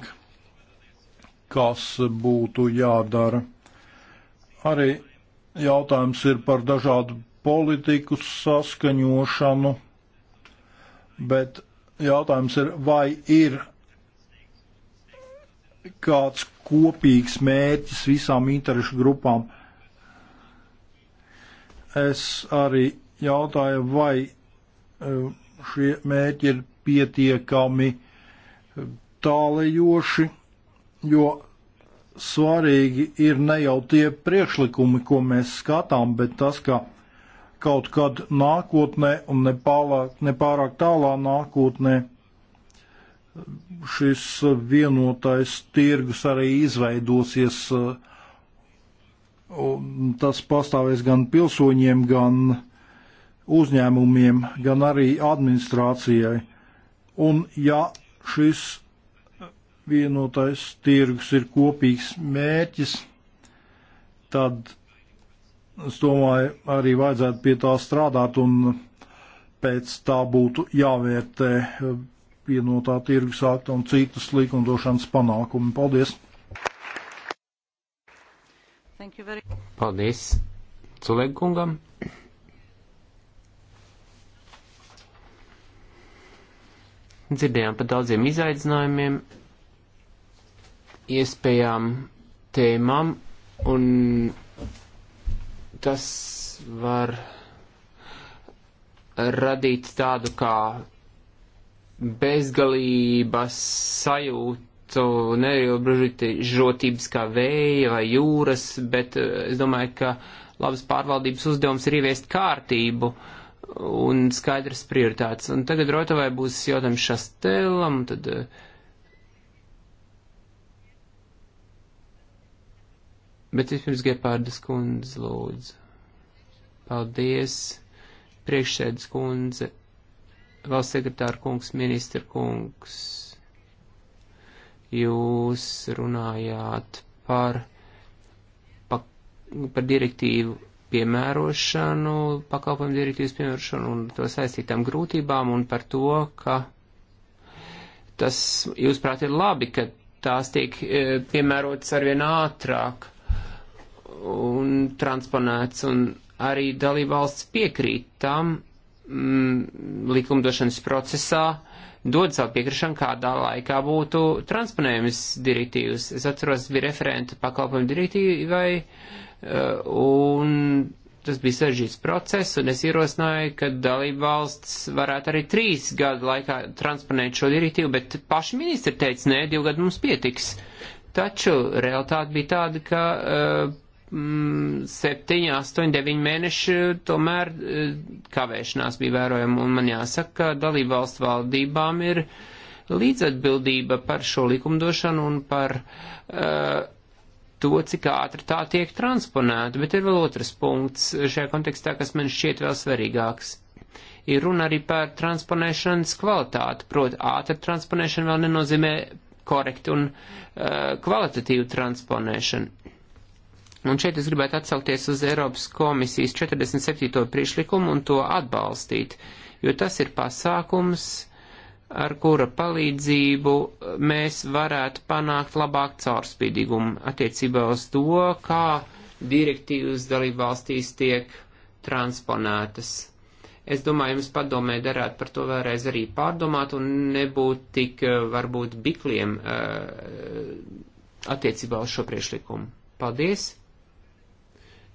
kas būtu jādara. Arī jautājums ir par dažādu politiku saskaņošanu, bet jautājums ir, vai ir kāds kopīgs mērķis visām interešu grupām. Es arī jautāju, vai e, šie mērķi ir pietiekami e, tālajoši, jo svarīgi ir ne jau tie priekšlikumi, ko mēs skatām, bet tas, ka kaut kad nākotnē un nepārāk, nepārāk tālā nākotnē šis vienotais tirgus arī izveidosies un tas pastāvēs gan pilsoņiem, gan uzņēmumiem, gan arī administrācijai. Un ja šis vienotais tirgus ir kopīgs mērķis, tad es domāju, arī vajadzētu pie tā strādāt un pēc tā būtu jāvērtē eh, vienotā tirgus akta un citas likumdošanas panākumi. Paldies! Very... Paldies Culegkungam! Dzirdējām par daudziem izaicinājumiem, iespējām, tēmām un Tas var radīt tādu kā bezgalības sajūtu, neierobežotības kā vēja vai jūras, bet eh, es domāju, ka labas pārvaldības uzdevums ir ieviest kārtību un skaidras prioritātes. Un tagad Rotovai būs jautājums Šastelam, tad uh, Bet vispirms Gepārdas kundze lūdzu. Paldies, priekšsēdas kundze, valsts sekretāra kungs, ministra kungs. Jūs runājāt par, pa, par direktīvu piemērošanu, pakalpojumu direktīvas piemērošanu un to saistītām grūtībām un par to, ka tas, jūs prāt, ir labi, ka tās tiek e, piemērotas arvien ātrāk un transponēts, un arī dalībvalsts piekrīt tam mm, likumdošanas procesā, dod savu piekrišanu, kādā laikā būtu transponējums direktīvas. Es atceros, bija referenta pakalpojumu direktīvai, uh, un tas bija sarežģīts process, un es ierosināju, ka dalībvalsts varētu arī trīs gadu laikā transponēt šo direktīvu, bet paši ministri teica, nē, divu gadu mums pietiks. Taču realitāte bija tāda, ka uh, 7, 8, 9 mēneši eh, tomēr eh, kavēšanās bija vērojama, un man jāsaka, ka dalībvalstu valdībām ir līdzatbildība par šo likumdošanu un par uh, to, cik ātri tā tiek transponēta, bet ir vēl otrs punkts šajā kontekstā, kas man šķiet vēl svarīgāks. Ir runa arī par transponēšanas kvalitāti, proti ātri transponēšana vēl nenozīmē korektu un uh, kvalitatīvu transponēšanu Un šeit es gribētu atsaukties uz Eiropas komisijas 47. priekšlikumu un to atbalstīt, jo tas ir pasākums, ar kura palīdzību mēs varētu panākt labāk caurspīdīgumu attiecībā uz to, kā direktīvas dalībvalstīs tiek transponētas. Es domāju, jums padomē darētu par to vēlreiz arī pārdomāt un nebūt tik eh, varbūt bikliem eh, attiecībā uz šo priešlikumu. Paldies!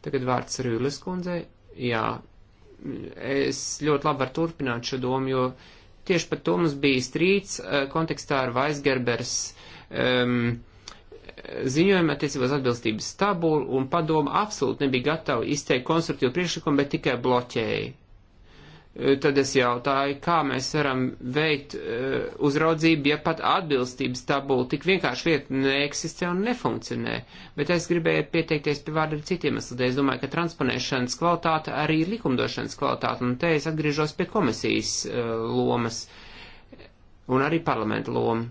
Tagad vārds Rīles kundzei. Jā, es ļoti labi varu turpināt šo domu, jo tieši par to mums bija strīds eh, kontekstā ar Vaisgerbers um, ehm, ziņojumu attiecībās atbilstības tabulu, un padoma absolūti nebija gatava izteikt konstruktīvu priekšlikumu, bet tikai bloķēja. Eh, tad es jautāju, kā mēs varam veikt eh, uzraudzību, ja pat atbilstības tabula tik vienkārši lieta neeksistē un nefunkcionē. Bet es gribēju pieteikties pie vārda ar citiem iemesliem. Es domāju, ka transponēšanas kvalitāte arī ir likumdošanas kvalitāte, un te es atgriežos pie komisijas eh, lomas un arī parlamenta loma.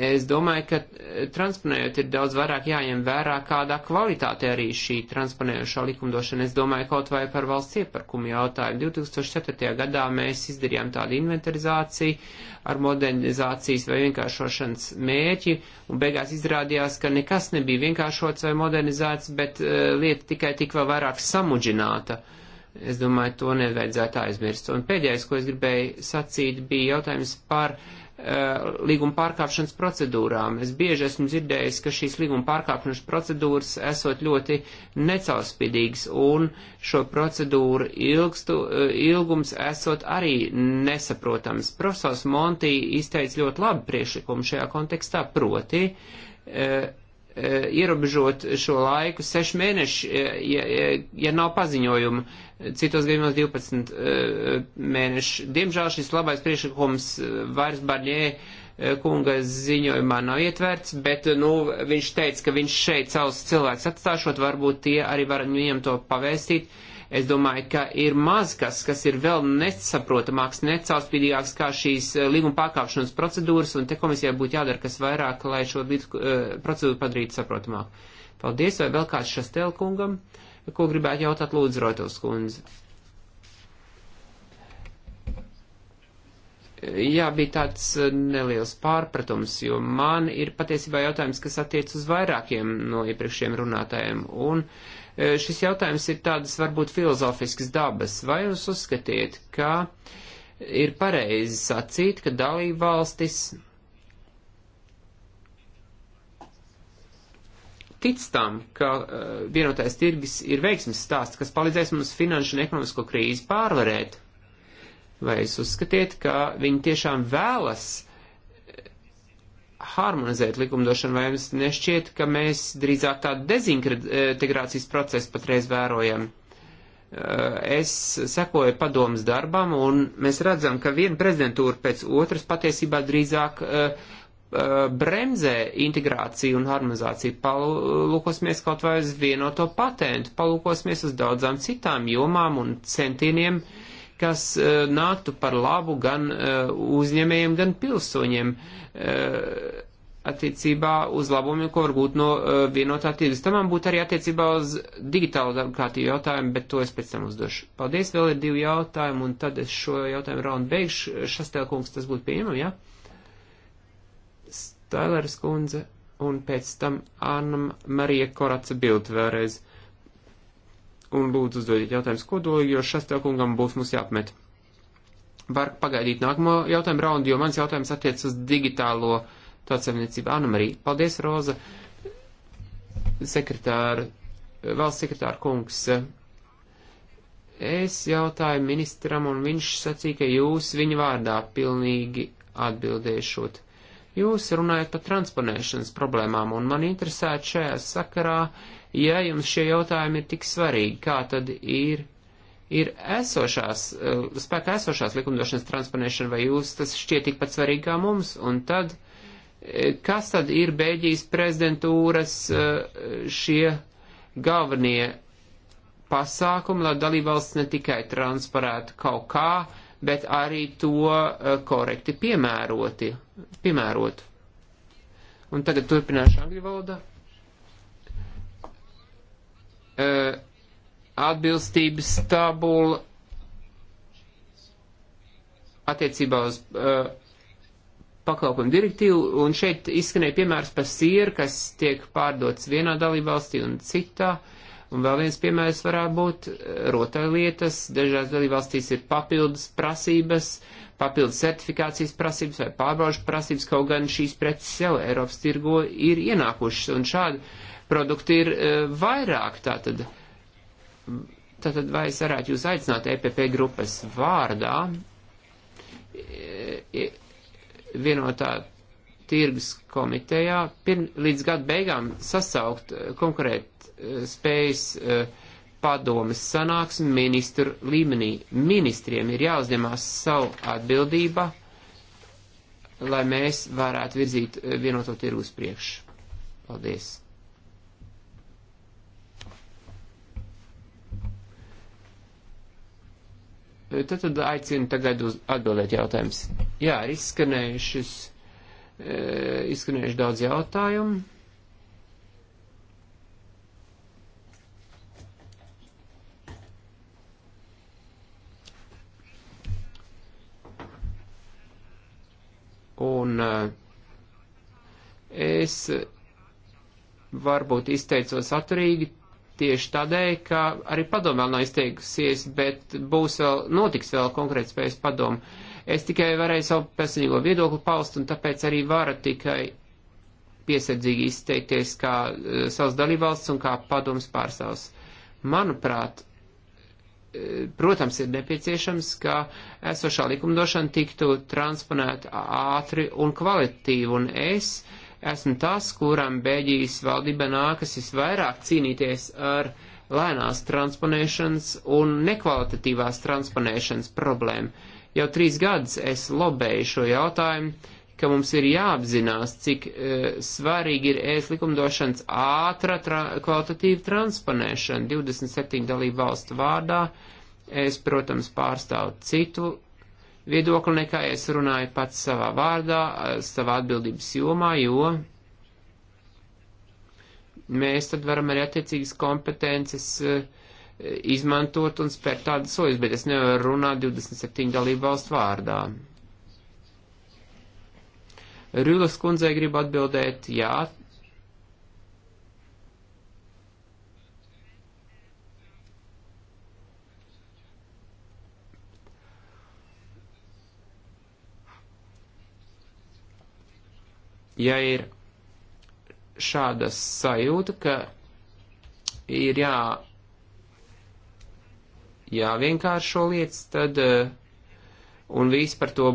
Es domāju, ka eh, transponējot ir daudz vairāk jāņem vērā, kādā kvalitātē arī šī transponējošā likumdošana. Es domāju, kaut vai par valsts iepirkumu jautājumu. 2004. gadā mēs izdarījām tādu inventarizāciju ar modernizācijas vai vienkāršošanas mērķi, un beigās izrādījās, ka nekas nebija vienkāršots vai modernizēts, bet uh, lieta tikai tik vēl vairāk samudžināta. Es domāju, to nevajadzētu aizmirst. Un pēdējais, ko es gribēju sacīt, bija jautājums par uh, Eh, līguma pārkāpšanas procedūrām. Es bieži esmu dzirdējis, ka šīs līguma pārkāpšanas procedūras esot ļoti necaurspīdīgas un šo procedūru ilgstu, eh, ilgums esot arī nesaprotams. Profesors Monti izteica ļoti labu priekšlikumu šajā kontekstā, proti e, e, ierobežot šo laiku sešu mēnešu, ja, ja, ja nav paziņojuma citos gadījumos 12 eh, mēneši. Diemžēl šis labais priekšlikums eh, vairs Barņē eh, kunga ziņojumā nav ietverts, bet nu, viņš teica, ka viņš šeit savus cilvēkus atstāšot, varbūt tie arī var nu viņam to pavēstīt. Es domāju, ka ir maz kas, kas ir vēl nesaprotamāks, necaurspīdīgāks kā šīs līguma pārkāpšanas procedūras, un te komisijai būtu jādara kas vairāk, lai šo līdz, uh, procedūru padarītu saprotamāku. Paldies, vai vēl kāds šastelkungam? Uh, ko gribētu jautāt Lūdzu Rotovs kundze. Jā, bija tāds eh, neliels pārpratums, jo man ir patiesībā jautājums, kas attiec uz vairākiem no iepriekšējiem runātājiem. Un eh, šis jautājums ir tādas varbūt filozofiskas dabas. Vai jūs uzskatiet, ka ir pareizi sacīt, ka dalība valstis tic tam, ka uh, vienotais tirgis ir veiksmes stāsts, kas palīdzēs mums finanšu un ekonomisko krīzi pārvarēt? Vai jūs uzskatiet, ka viņi tiešām vēlas eh, harmonizēt likumdošanu, vai jums nešķiet, ka mēs drīzāk tādu dezintegrācijas eh, procesu patreiz vērojam? Es sekoju padomas darbam, un mēs redzam, ka viena prezidentūra pēc otras patiesībā drīzāk uh, Uh, bremzē integrāciju un harmonizāciju. Palūkosimies kaut vai uz vienoto patentu, palūkosimies uz daudzām citām jomām un centieniem, kas uh, nāktu par labu gan uh, uzņēmējiem, gan pilsoņiem attiecībā uz labumiem, ko var būt no vienotā tirgus. Tam man būtu arī attiecībā uz digitālu darbu kārtību jautājumu, bet to es pēc tam uzdošu. Paldies, vēl ir divi jautājumi, un tad es šo jautājumu raundu beigšu. Šastēlkungs, tas būtu pieņemam, jā? Ja? Tailers kundze un pēc tam Anna Marija Koraca Bild vēlreiz. Un lūdzu uzdodiet jautājums kodolīgi, jo šas tev kungam būs mums jāapmet. Var pagaidīt nākamo jautājumu raundu, jo mans jautājums attiec uz digitālo tautsēmniecību. Anna Marija, paldies, Roza. Sekretāra, valsts sekretāra kungs. Es jautāju ministram, un viņš sacīja, ka jūs viņa vārdā pilnīgi atbildēšot Jūs runājat par transponēšanas problēmām, un man interesētu šajā sakarā, ja jums šie jautājumi ir tik svarīgi, kā tad ir, ir esošās, eh, spēkā esošās likumdošanas transponēšana, vai jūs tas šķiet tikpat svarīgi kā mums, un tad, eh, kas tad ir Bēļģijas prezidentūras eh, šie galvenie pasākumi, lai dalībvalsts ne tikai transparētu kaut kā, bet arī to korekti piemēroti piemērot. Un tagad turpināšu angļu valodā. Atbilstības tabula attiecībā uz pakalpojumu direktīvu, un šeit izskanēja piemērs par sieru, kas tiek pārdots vienā dalībvalstī un citā. Un vēl viens piemērs varētu būt rotaļlietas. Dažās dalībvalstīs ir papildus prasības uh, papildus certifikācijas prasības vai pārbaužu prasības, kaut gan šīs preces jau Eiropas tirgo ir ienākušas, un šādi produkti ir uh, vairāk. Tātad, tātad vai es varētu jūs aicināt EPP grupas vārdā e, e, vienotā tirgus komitejā pirm, līdz gadu beigām sasaukt konkurēt uh, spējas uh, padomas sanāksmi ministru līmenī. Ministriem ir jāuzņemās savu atbildība, lai mēs varētu virzīt eh, vienoto tirgus priekšu. Paldies! Eh, tad, tad aicinu tagad uz atbildēt jautājumus. Jā, izskanējušas, eh, izskanējuši daudz jautājumu. Un eh, es varbūt izteicos atturīgi tieši tādēļ, ka arī padomu vēl nav izteikusies, bet būs vēl, notiks vēl konkrēts spējas padomu. Es tikai varēju savu personīgo viedokli paust, un tāpēc arī varu tikai piesardzīgi izteikties kā uh, eh, savs dalībvalsts un kā padoms pārstāvs. Manuprāt, protams, ir nepieciešams, ka esošā likumdošana tiktu transponēta ātri un kvalitīvi, un es esmu tas, kuram Bēļģijas valdība nākas visvairāk cīnīties ar lēnās transponēšanas un nekvalitatīvās transponēšanas problēmu. Jau trīs gadus es lobēju šo jautājumu, ka mums ir jāapzinās, cik e, svarīgi ir ēst likumdošanas ātra tra, kvalitatīva transponēšana 27 dalību valstu vārdā. Es, protams, pārstāvu citu viedokli nekā es runāju pats savā vārdā, e, savā atbildības jomā, jo mēs tad varam arī attiecīgas kompetences e, izmantot un spērt tādas sojas, bet es nevaru runāt 27 dalību valstu vārdā. Rūlas kundzei grib atbildēt, jā. Ja ir šāda sajūta, ka ir jā, jāvienkāršo lietas, tad uh, un viss par to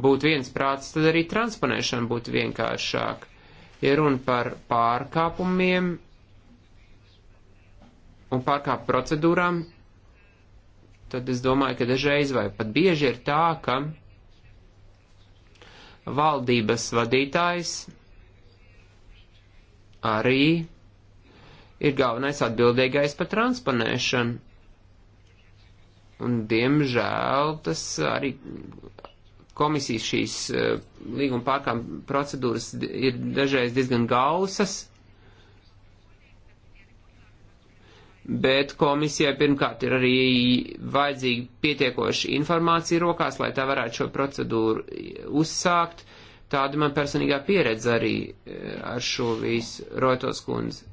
būtu viens prāts, tad arī transponēšana būtu vienkāršāk. Ja runa par pārkāpumiem un pārkāpu procedūrām, tad es domāju, ka dažreiz vai pat bieži ir tā, ka valdības vadītājs arī ir galvenais atbildīgais par transponēšanu. Un, diemžēl, tas arī komisijas šīs e, līguma pārkāpuma procedūras ir dažreiz diezgan gausas, bet komisijai pirmkārt ir arī vajadzīga pietiekoša informācija rokās, lai tā varētu šo procedūru uzsākt. Tāda man personīgā pieredze arī e, ar šo visu Rotos kundzi.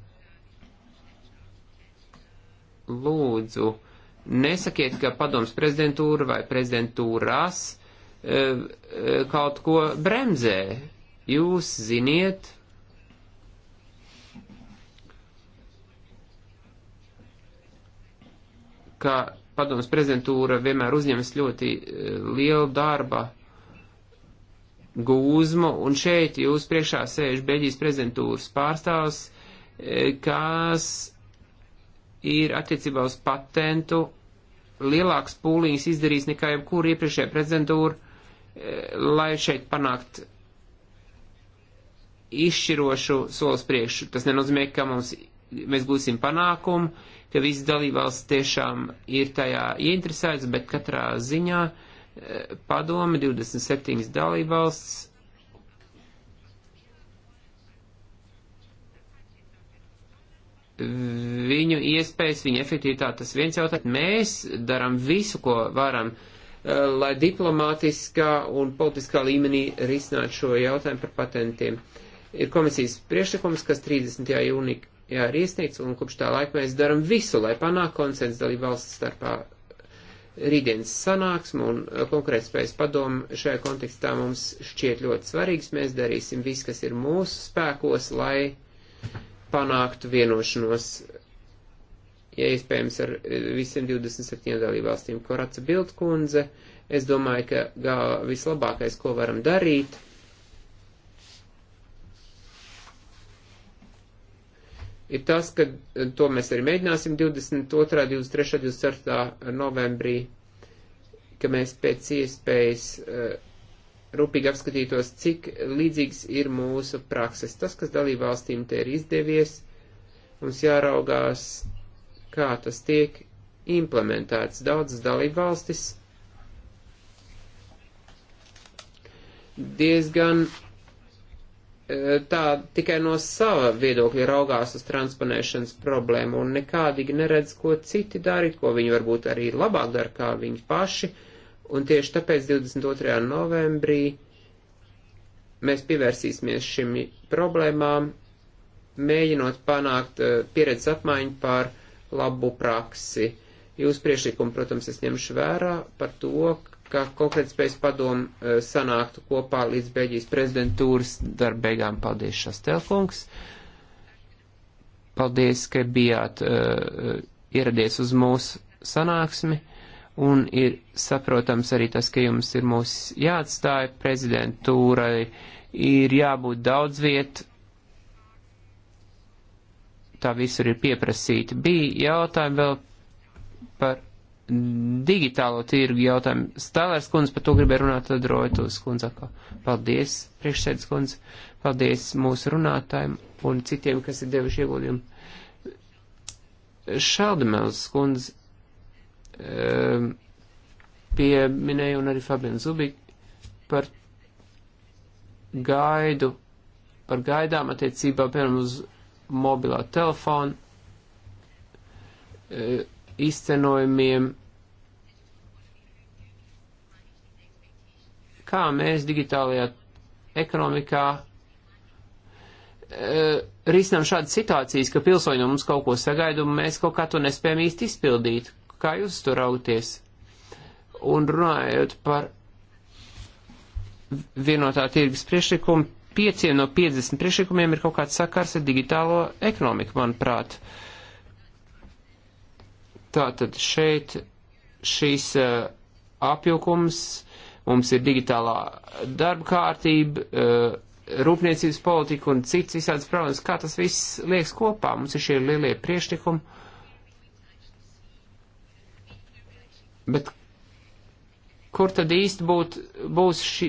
Lūdzu, Nesakiet, ka padoms prezidentūra vai prezidentūrās e, e, kaut ko bremzē. Jūs ziniet, ka padomas prezidentūra vienmēr uzņemas ļoti e, lielu darba gūzmu, un šeit jūs priekšā sēž Beļģijas prezidentūras pārstāvs, kas ir attiecībā uz patentu lielāks pūliņš izdarījis nekā jebkur iepriekšējā prezidentūra, eh, lai šeit panākt izšķirošu solis priekšu. Tas nenozīmē, ka mums, mēs gūsim panākumu, ka visas dalībvalsts tiešām ir tajā ieinteresētas, bet katrā ziņā eh, padome 27 dalībvalsts viņu iespējas, viņu efektivitāti, tas viens jautājums. Mēs darām visu, ko varam, eh, lai diplomātiskā un politiskā līmenī risinātu šo jautājumu par patentiem. Ir komisijas priekšlikums, kas 30. jūnijā ir iesniegts, un kopš tā laika mēs darām visu, lai panāktu konsensu dalību valsts starpā. Rītdienas sanāksme un eh, konkurētspējas padomu šajā kontekstā mums šķiet ļoti svarīgs. Mēs darīsim visu, kas ir mūsu spēkos, lai panākt vienošanos, ja iespējams, ar e, visiem 27 dalībvalstīm. Koraca Bildkundze, es domāju, ka gā, vislabākais, ko varam darīt, ir tas, ka e, to mēs arī mēģināsim 22., 23., 24. novembrī, ka mēs pēc iespējas. Uh, rūpīgi apskatītos, cik līdzīgs ir mūsu prakses. Tas, kas dalībvalstīm te ir izdevies, mums jāraugās, kā tas tiek implementēts. Daudzas dalībvalstis diezgan e, tā tikai no sava viedokļa raugās uz transponēšanas problēmu un nekādīgi neredz, ko citi dara, ko viņi varbūt arī labāk dara, kā viņi paši. Uh, Un tieši tāpēc 22. novembrī mēs pievērsīsimies šim problēmām, mēģinot panākt uh, pieredzes apmaiņu par labu praksi. Jūs priešlikumu, protams, es ņemšu vērā par to, ka konkrētspējas padomu uh, sanāktu kopā līdz Beļģijas prezidentūras darba beigām. Paldies, Šastelkungs! Paldies, ka bijāt uh, ieradies uz mūsu sanāksmi un ir saprotams arī tas, ka jums ir mūs jāatstāja prezidentūrai, ir jābūt daudz viet, tā visur ir pieprasīta. Bija jautājumi vēl par digitālo tirgu jautājumu. Stālērs kundze par to gribēja runāt, tad Roitovs kundze atkal. Paldies, priekšsēdus kundze, paldies mūsu runātājiem un citiem, kas ir devuši ieguldījumu. Šaldemēls kundze Ehm, pieminēja un arī Fabian Zubik par gaidu, par gaidām attiecībā, piemēram, uz mobilā telefonu e, izcenojumiem, kā mēs digitālajā ekonomikā e, risinām šādas situācijas, ka pilsoņi no mums kaut ko sagaida un mēs kaut kā to nespējam īsti izpildīt. Kā jūs tur augties? Un runājot par vienotā tirgus priešlikumu, pieciem no 50 priešlikumiem ir kaut kāds sakars ar digitālo ekonomiku, manuprāt. Tātad šeit šīs uh, apjukums, mums ir digitālā darba kārtība, uh, rūpniecības politika un cits visādas problēmas, kā tas viss liekas kopā. Mums ir šie lielie priešlikumi Bet kur tad īsti būt, būs šī,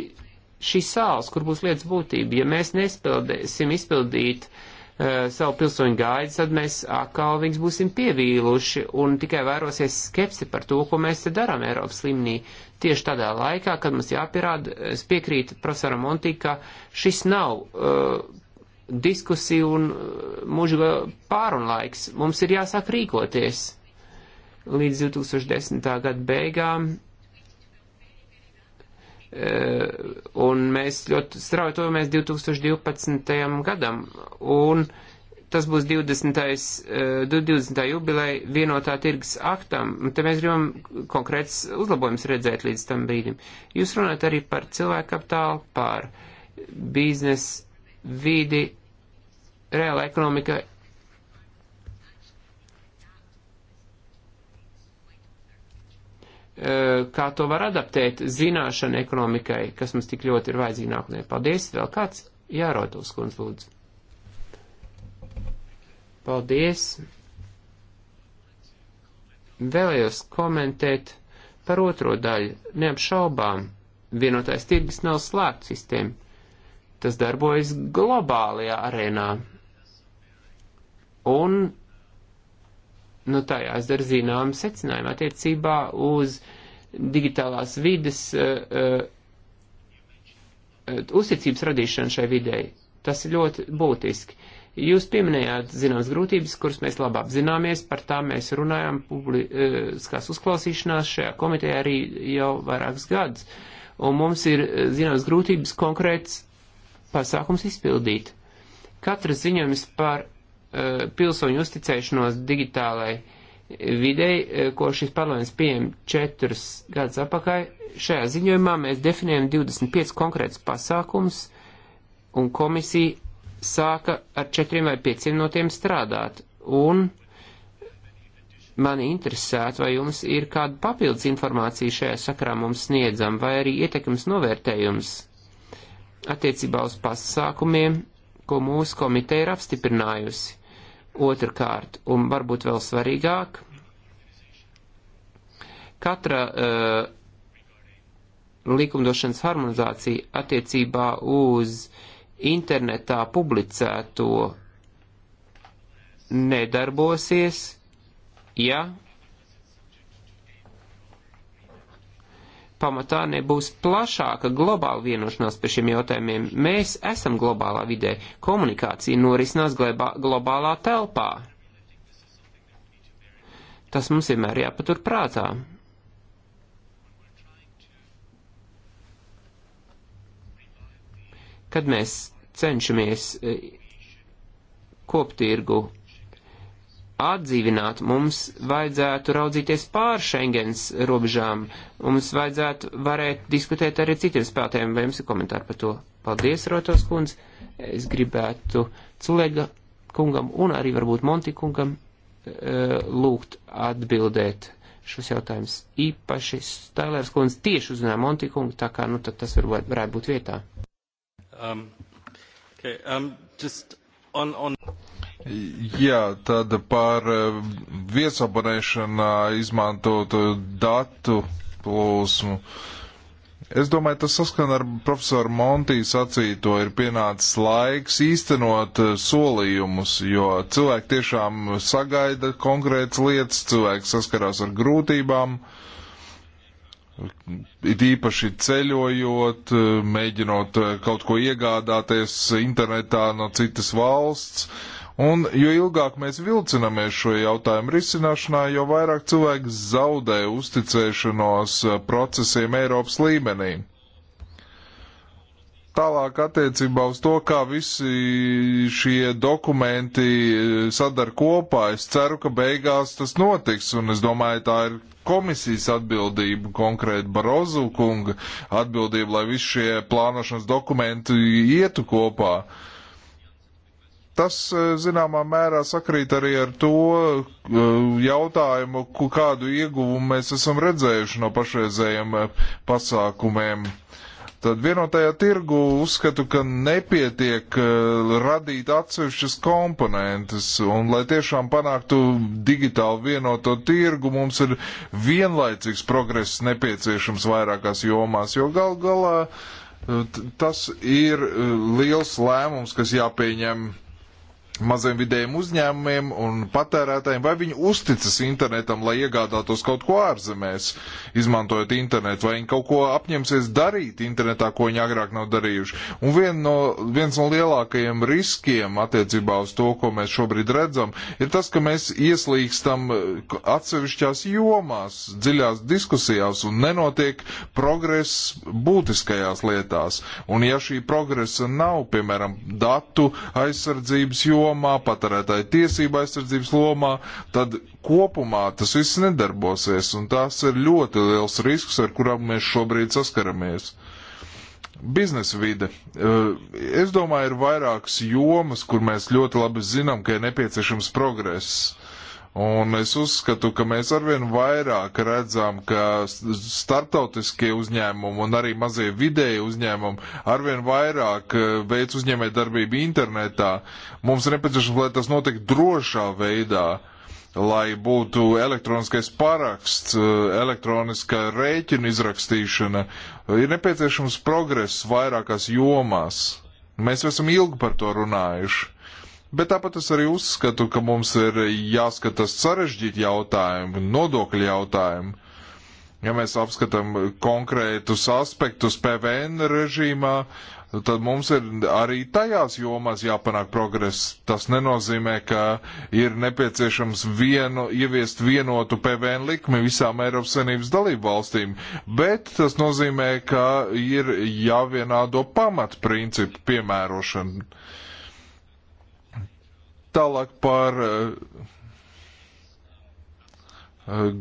šī sāls, kur būs lietas būtība? Ja mēs nespēlēsim izpildīt uh, savu pilsoņu gaidu, tad mēs atkal viņus būsim pievīluši un tikai vērosies skepsi par to, ko mēs te darām Eiropas līmenī. Tieši tādā laikā, kad mums jāpierāda, es piekrītu profesoram Montī, ka šis nav uh, eh, diskusiju un uh, eh, mūža pārunlaiks. Mums ir jāsāk rīkoties līdz 2010. gada beigām. E, un mēs ļoti strauji tojamies 2012. gadam. Un tas būs 20. 20. jubilei vienotā tirgus aktam. Un te mēs gribam konkrēts uzlabojums redzēt līdz tam brīdim. Jūs runājat arī par cilvēku kapitālu, par biznesu vidi, reāla ekonomika Eh, kā to var adaptēt zināšanu ekonomikai, kas mums tik ļoti ir vajadzīga nākotnē. Paldies, vēl kāds jārotos, kundz lūdzu. Paldies. Vēlējos komentēt par otro daļu. Neapšaubām, vienotais tirgus nav slēgts sistēma. Tas darbojas globālajā arēnā. Un nu tā jāizdara zinām secinājumu attiecībā uz digitālās vides uh, uh, uzticības radīšanu šai videi. Tas ir ļoti būtiski. Jūs pieminējāt zināmas grūtības, kuras mēs labi apzināmies, par tām mēs runājām publiskās eh, uzklausīšanās šajā komitejā arī jau vairākus gadus. Un mums ir zināmas grūtības konkrēts pasākums izpildīt. Katrs ziņojums par Eh, pilsoņu uzticēšanos digitālai videi, eh, ko šis parlaments pieņem četrus gadus apakaļ. Šajā ziņojumā mēs definējam 25 konkrētus pasākums, un komisija sāka ar četriem vai pieciem no tiem strādāt. Un mani interesētu, vai jums ir kāda papildus informācija šajā sakrā mums sniedzam, vai arī ietekmes novērtējums attiecībā uz pasākumiem, ko mūsu komiteja ir apstiprinājusi Otrakārt, un varbūt vēl svarīgāk, katra uh, likumdošanas harmonizācija attiecībā uz internetā publicēto nedarbosies, ja pamatā nebūs plašāka globāla vienošanās par šiem jautājumiem. Mēs esam globālā vidē. Komunikācija norisinās globālā telpā. Tas mums vienmēr jāpatur prātā. Kad mēs cenšamies eh, koptirgu atdzīvināt, mums vajadzētu raudzīties pār Schengens robežām. Mums vajadzētu varēt diskutēt arī citiem spēlētājiem, vai jums ir komentāri par to. Paldies, Rotos kundz. Es gribētu Culega kungam un arī varbūt Monti kungam eh, lūgt atbildēt šos jautājumus. Īpaši Stailers kundz tieši uzrunā Monti kungu, tā kā nu tad tas varbūt varētu būt vietā. Um, okay, um, just on, on... Jā, tad par eh, viesabonēšanā izmantotu eh, datu plūsmu. Es domāju, tas saskan ar profesoru Montiju sacīto, ir pienācis laiks īstenot eh, solījumus, jo cilvēki tiešām sagaida konkrētas lietas, cilvēki saskarās ar grūtībām, it īpaši ceļojot, mēģinot kaut ko iegādāties internetā no citas valsts. Uh, Un jo ilgāk mēs vilcinamies šo jautājumu risināšanā, jo vairāk cilvēki zaudē uzticēšanos eh, procesiem Eiropas līmenī. Tālāk attiecībā uz to, kā visi šie dokumenti eh, sadar kopā, es ceru, ka beigās tas notiks, un es domāju, tā ir komisijas atbildība, konkrēti Barozu kunga atbildība, lai visi šie plānošanas dokumenti ietu kopā. Uh, Tas, e, zināmā mērā, sakrīt arī ar to e, jautājumu, kādu ieguvumu mēs esam redzējuši no pašreizējiem e, pasākumiem. Tad vienotajā tirgu uzskatu, ka nepietiek radīt atsevišķas komponentes, un lai tiešām panāktu digitāli vienoto tirgu, mums ir vienlaicīgs progress nepieciešams vairākās jomās, jo gal galā tas ir liels lēmums, kas jāpieņem maziem vidējiem uzņēmumiem un patērētājiem, vai viņi uzticas internetam, lai iegādātos kaut ko ārzemēs, izmantojot internetu, vai viņi kaut ko apņemsies darīt internetā, ko viņi agrāk nav darījuši. Un vien no, viens no lielākajiem riskiem attiecībā uz to, ko mēs šobrīd redzam, ir tas, ka mēs ieslīgstam eh, atsevišķās jomās, dziļās diskusijās un nenotiek progress būtiskajās lietās. Un ja šī progresa nav, piemēram, datu aizsardzības jomā, lomā, patērētāju tiesība aizsardzības lomā, tad kopumā tas viss nedarbosies, un tas ir ļoti liels risks, ar kurām mēs šobrīd saskaramies. Biznesa vide. Eh, es domāju, ir vairākas jomas, kur mēs ļoti labi zinām, ka ir nepieciešams progress Un es uzskatu, ka mēs arvien vairāk redzam, ka starptautiskie uzņēmumi un arī mazie vidēji uzņēmumi arvien vairāk e, veic uzņēmē darbību internetā. Mums ir nepieciešams, lai tas notiek drošā veidā, lai būtu elektroniskais paraksts, e, elektroniska rēķina izrakstīšana. Ir nepieciešams progress vairākās jomās. Mēs esam ilgi par to runājuši Bet tāpat es arī uzskatu, ka mums ir jāskatās sarežģīti jautājumi, nodokļu jautājumi. Ja mēs apskatām konkrētus aspektus PVN režīmā, tad mums ir arī tajās jomās jāpanāk progress. Tas nenozīmē, ka ir nepieciešams vienu, ieviest vienotu PVN likmi visām Eiropas Savienības dalību valstīm, bet tas nozīmē, ka ir jāvienādo pamatprincipu piemērošana. Tālāk par eh, eh,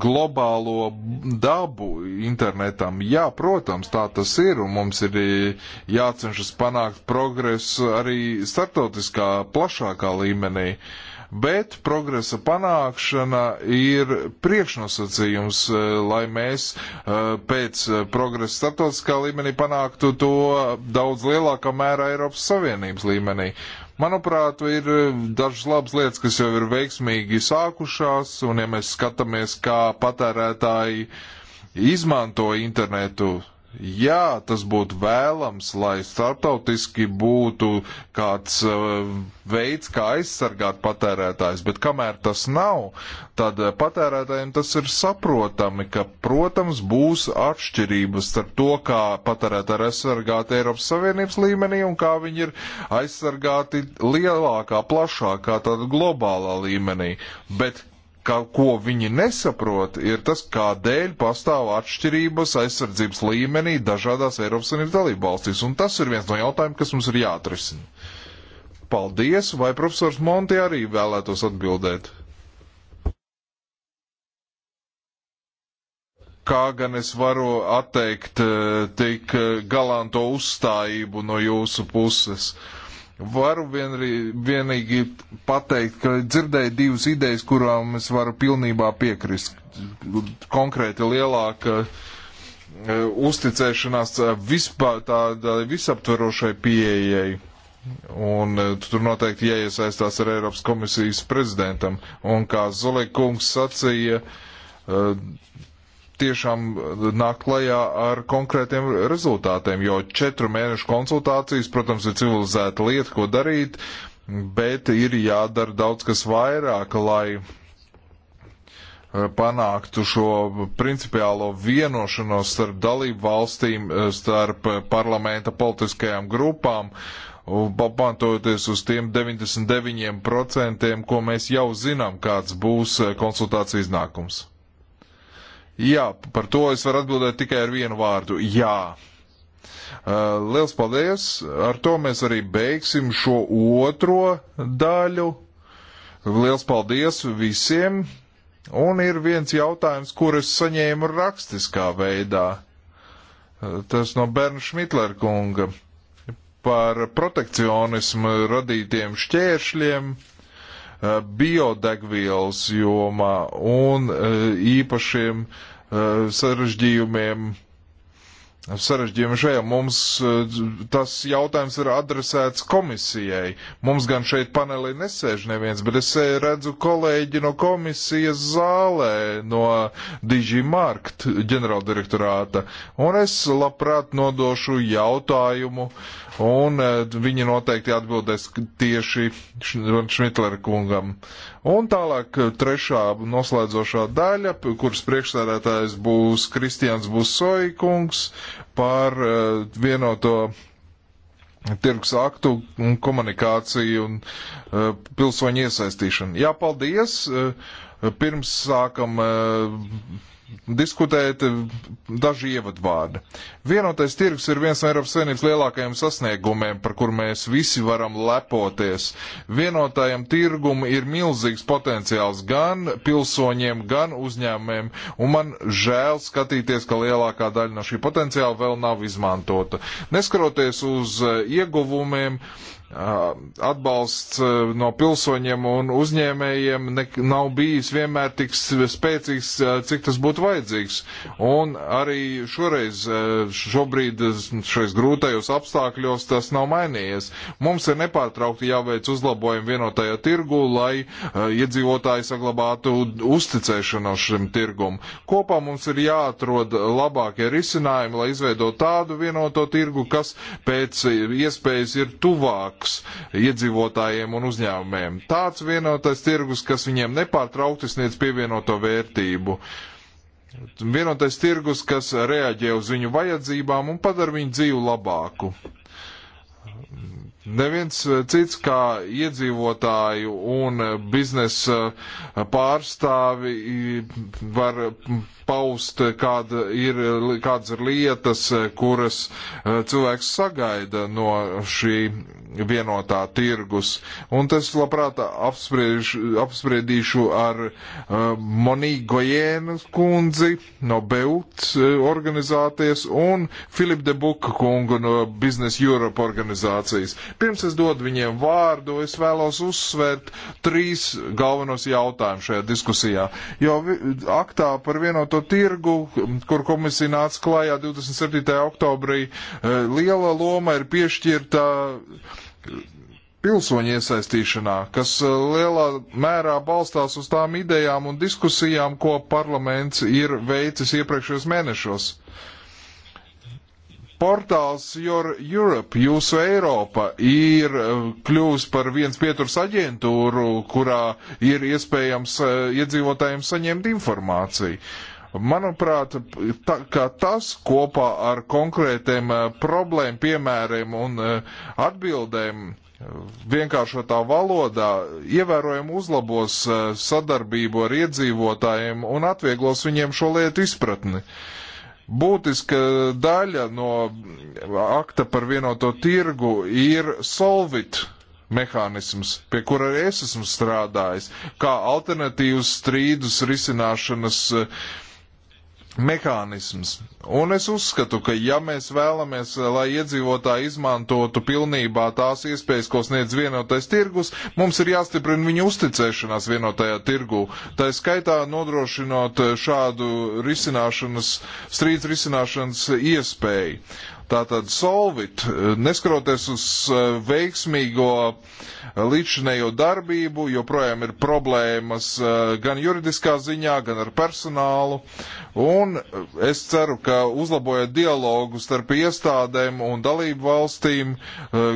globālo dabu internetam. Jā, protams, tā tas ir, un mums ir eh, jācenšas panākt progresu arī startautiskā plašākā līmenī. Bet progresa panākšana ir priekšnosacījums, lai mēs pēc progresa startautiskā līmenī panāktu to daudz lielākā mērā Eiropas Savienības līmenī. Manuprāt, ir eh, dažas labas lietas, kas jau ir veiksmīgi sākušās, un ja mēs skatāmies, kā patērētāji izmanto internetu, Jā, tas būtu vēlams, lai starptautiski būtu kāds uh, veids, kā aizsargāt patērētājs, bet kamēr tas nav, tad patērētājiem tas ir saprotami, ka, protams, būs atšķirības starp to, kā patērētāji ir aizsargāti Eiropas Savienības līmenī un kā viņi ir aizsargāti lielākā, plašākā, tāda globālā līmenī. Bet ka, ko viņi nesaprot, ir tas, kādēļ pastāv atšķirības aizsardzības līmenī dažādās Eiropas Savienības dalību valstīs. Un tas ir viens no jautājumiem, kas mums ir jāatrisina. Paldies, vai profesors Monti arī vēlētos atbildēt? Kā gan es varu atteikt eh, tik eh, galanto uzstājību no jūsu puses? Uh, Varu vienri, vienīgi pateikt, ka dzirdēju divas idejas, kurām es varu pilnībā piekrist. Konkrēti lielāka e, uzticēšanās e, vispār tādai visaptverošai pieejai. Un e, tur noteikti jāiesaistās ar Eiropas komisijas prezidentam. Un kā Zolekungs sacīja, tiešām eh, nāk klajā ar konkrētiem rezultātiem, jo četru mēnešu konsultācijas, protams, ir civilizēta lieta, ko darīt, bet ir jādara daudz kas vairāk, lai eh, panāktu šo principiālo vienošanos starp dalību valstīm, eh, starp parlamenta politiskajām grupām, pamatojoties uz tiem 99%, ko mēs jau zinām, kāds būs konsultācijas iznākums. Jā, par to es varu atbildēt tikai ar vienu vārdu - jā. Uh, liels paldies! Ar to mēs arī beigsim šo otro daļu. Liels paldies visiem! Un ir viens jautājums, kur es saņēmu rakstiskā veidā. Uh, tas no Berna Šmitlera kunga par protekcionismu radītiem šķēršļiem uh, biodegvielas jomā un īpašiem uh, Uh, sarežģījumiem sarežģījumi šajā. Mums eh, tas jautājums ir adresēts komisijai. Mums gan šeit panelī nesēž neviens, bet es redzu kolēģi no komisijas zālē, no Digimarkt ģenerāldirektorāta, un es labprāt nodošu jautājumu, un eh, viņi noteikti atbildēs tieši Šmitlera kungam. Un tālāk eh, trešā noslēdzošā daļa, kuras priekšsēdētājs būs Kristians Busoikungs. kungs par eh, vienoto tirgus aktu un komunikāciju un eh, pilsoņu iesaistīšanu. Jā, paldies! Eh, pirms sākam diskutēt eh, daži ievadvārdi. Vienotais tirgus ir viens no Eiropas Savienības lielākajiem sasniegumiem, par kur mēs visi varam lepoties. Vienotajam tirgum ir milzīgs potenciāls gan pilsoņiem, gan uzņēmumiem, un man žēl skatīties, ka lielākā daļa no šī potenciāla vēl nav izmantota. Neskaroties uz eh, ieguvumiem, uh, atbalsts no pilsoņiem un uzņēmējiem ne, nav bijis vienmēr tik spēcīgs, cik tas būtu vajadzīgs. Un arī šoreiz, šobrīd, šais grūtajos apstākļos tas nav mainījies. Mums ir nepārtraukti jāveic uzlabojumi vienotajā tirgu, lai iedzīvotāji saglabātu uzticēšanos šim tirgum. Kopā mums ir jāatrod labākie risinājumi, lai izveidot tādu vienoto tirgu, kas pēc iespējas ir tuvāk labāks iedzīvotājiem un uzņēmumiem. Tāds vienotais tirgus, kas viņiem nepārtraukti sniedz pievienoto vērtību. Vienotais tirgus, kas reaģē uz viņu vajadzībām un padara viņu dzīvi labāku. Neviens eh, cits kā iedzīvotāju un eh, biznesa eh, pārstāvi var paust, kāda ir, kādas ir lietas, kuras cilvēks sagaida no šī vienotā tirgus. Un tas labprāt apspriež, apspriedīšu ar Monīgo Jēnas kundzi no Beut organizācijas un Filipu de Buka kungu no Business Europe organizācijas. Pirms es dodu viņiem vārdu, es vēlos uzsvērt trīs galvenos jautājumus šajā diskusijā. Jo aktā par vienoto tirgu, kur komisija nāca klājā 27. oktobrī, eh, liela loma ir piešķirta pilsoņu iesaistīšanā, kas eh, lielā mērā balstās uz tām idejām un diskusijām, ko parlaments ir veicis iepriekšējos mēnešos. Uh, portāls Your Europe, jūsu Eiropa, ir eh, kļuvis par viens pieturs aģentūru, kurā ir iespējams eh, iedzīvotājiem saņemt informāciju. Manuprāt, tā, kā tas kopā ar konkrētiem eh, problēmu piemēriem un atbildēm vienkāršotā valodā ievērojami uzlabos sadarbību ar iedzīvotājiem un atvieglos viņiem šo lietu izpratni. Uh, Būtiska daļa no akta par vienoto tirgu ir solvit mehānisms, pie kura arī es esmu strādājis, kā alternatīvas strīdus risināšanas uh, mehānisms. Un es uzskatu, ka ja mēs vēlamies, lai iedzīvotāji izmantotu pilnībā tās iespējas, ko sniedz vienotais tirgus, mums ir jāstiprina viņu uzticēšanās vienotajā tirgu. Tā skaitā nodrošinot šādu risināšanas, strīdus risināšanas iespēju. Tātad Solvit, neskaroties uz eh, veiksmīgo eh, līdzinējo darbību, joprojām ir problēmas eh, gan juridiskā ziņā, gan ar personālu. Un es ceru, ka uzlabojot dialogu starp iestādēm un dalību valstīm,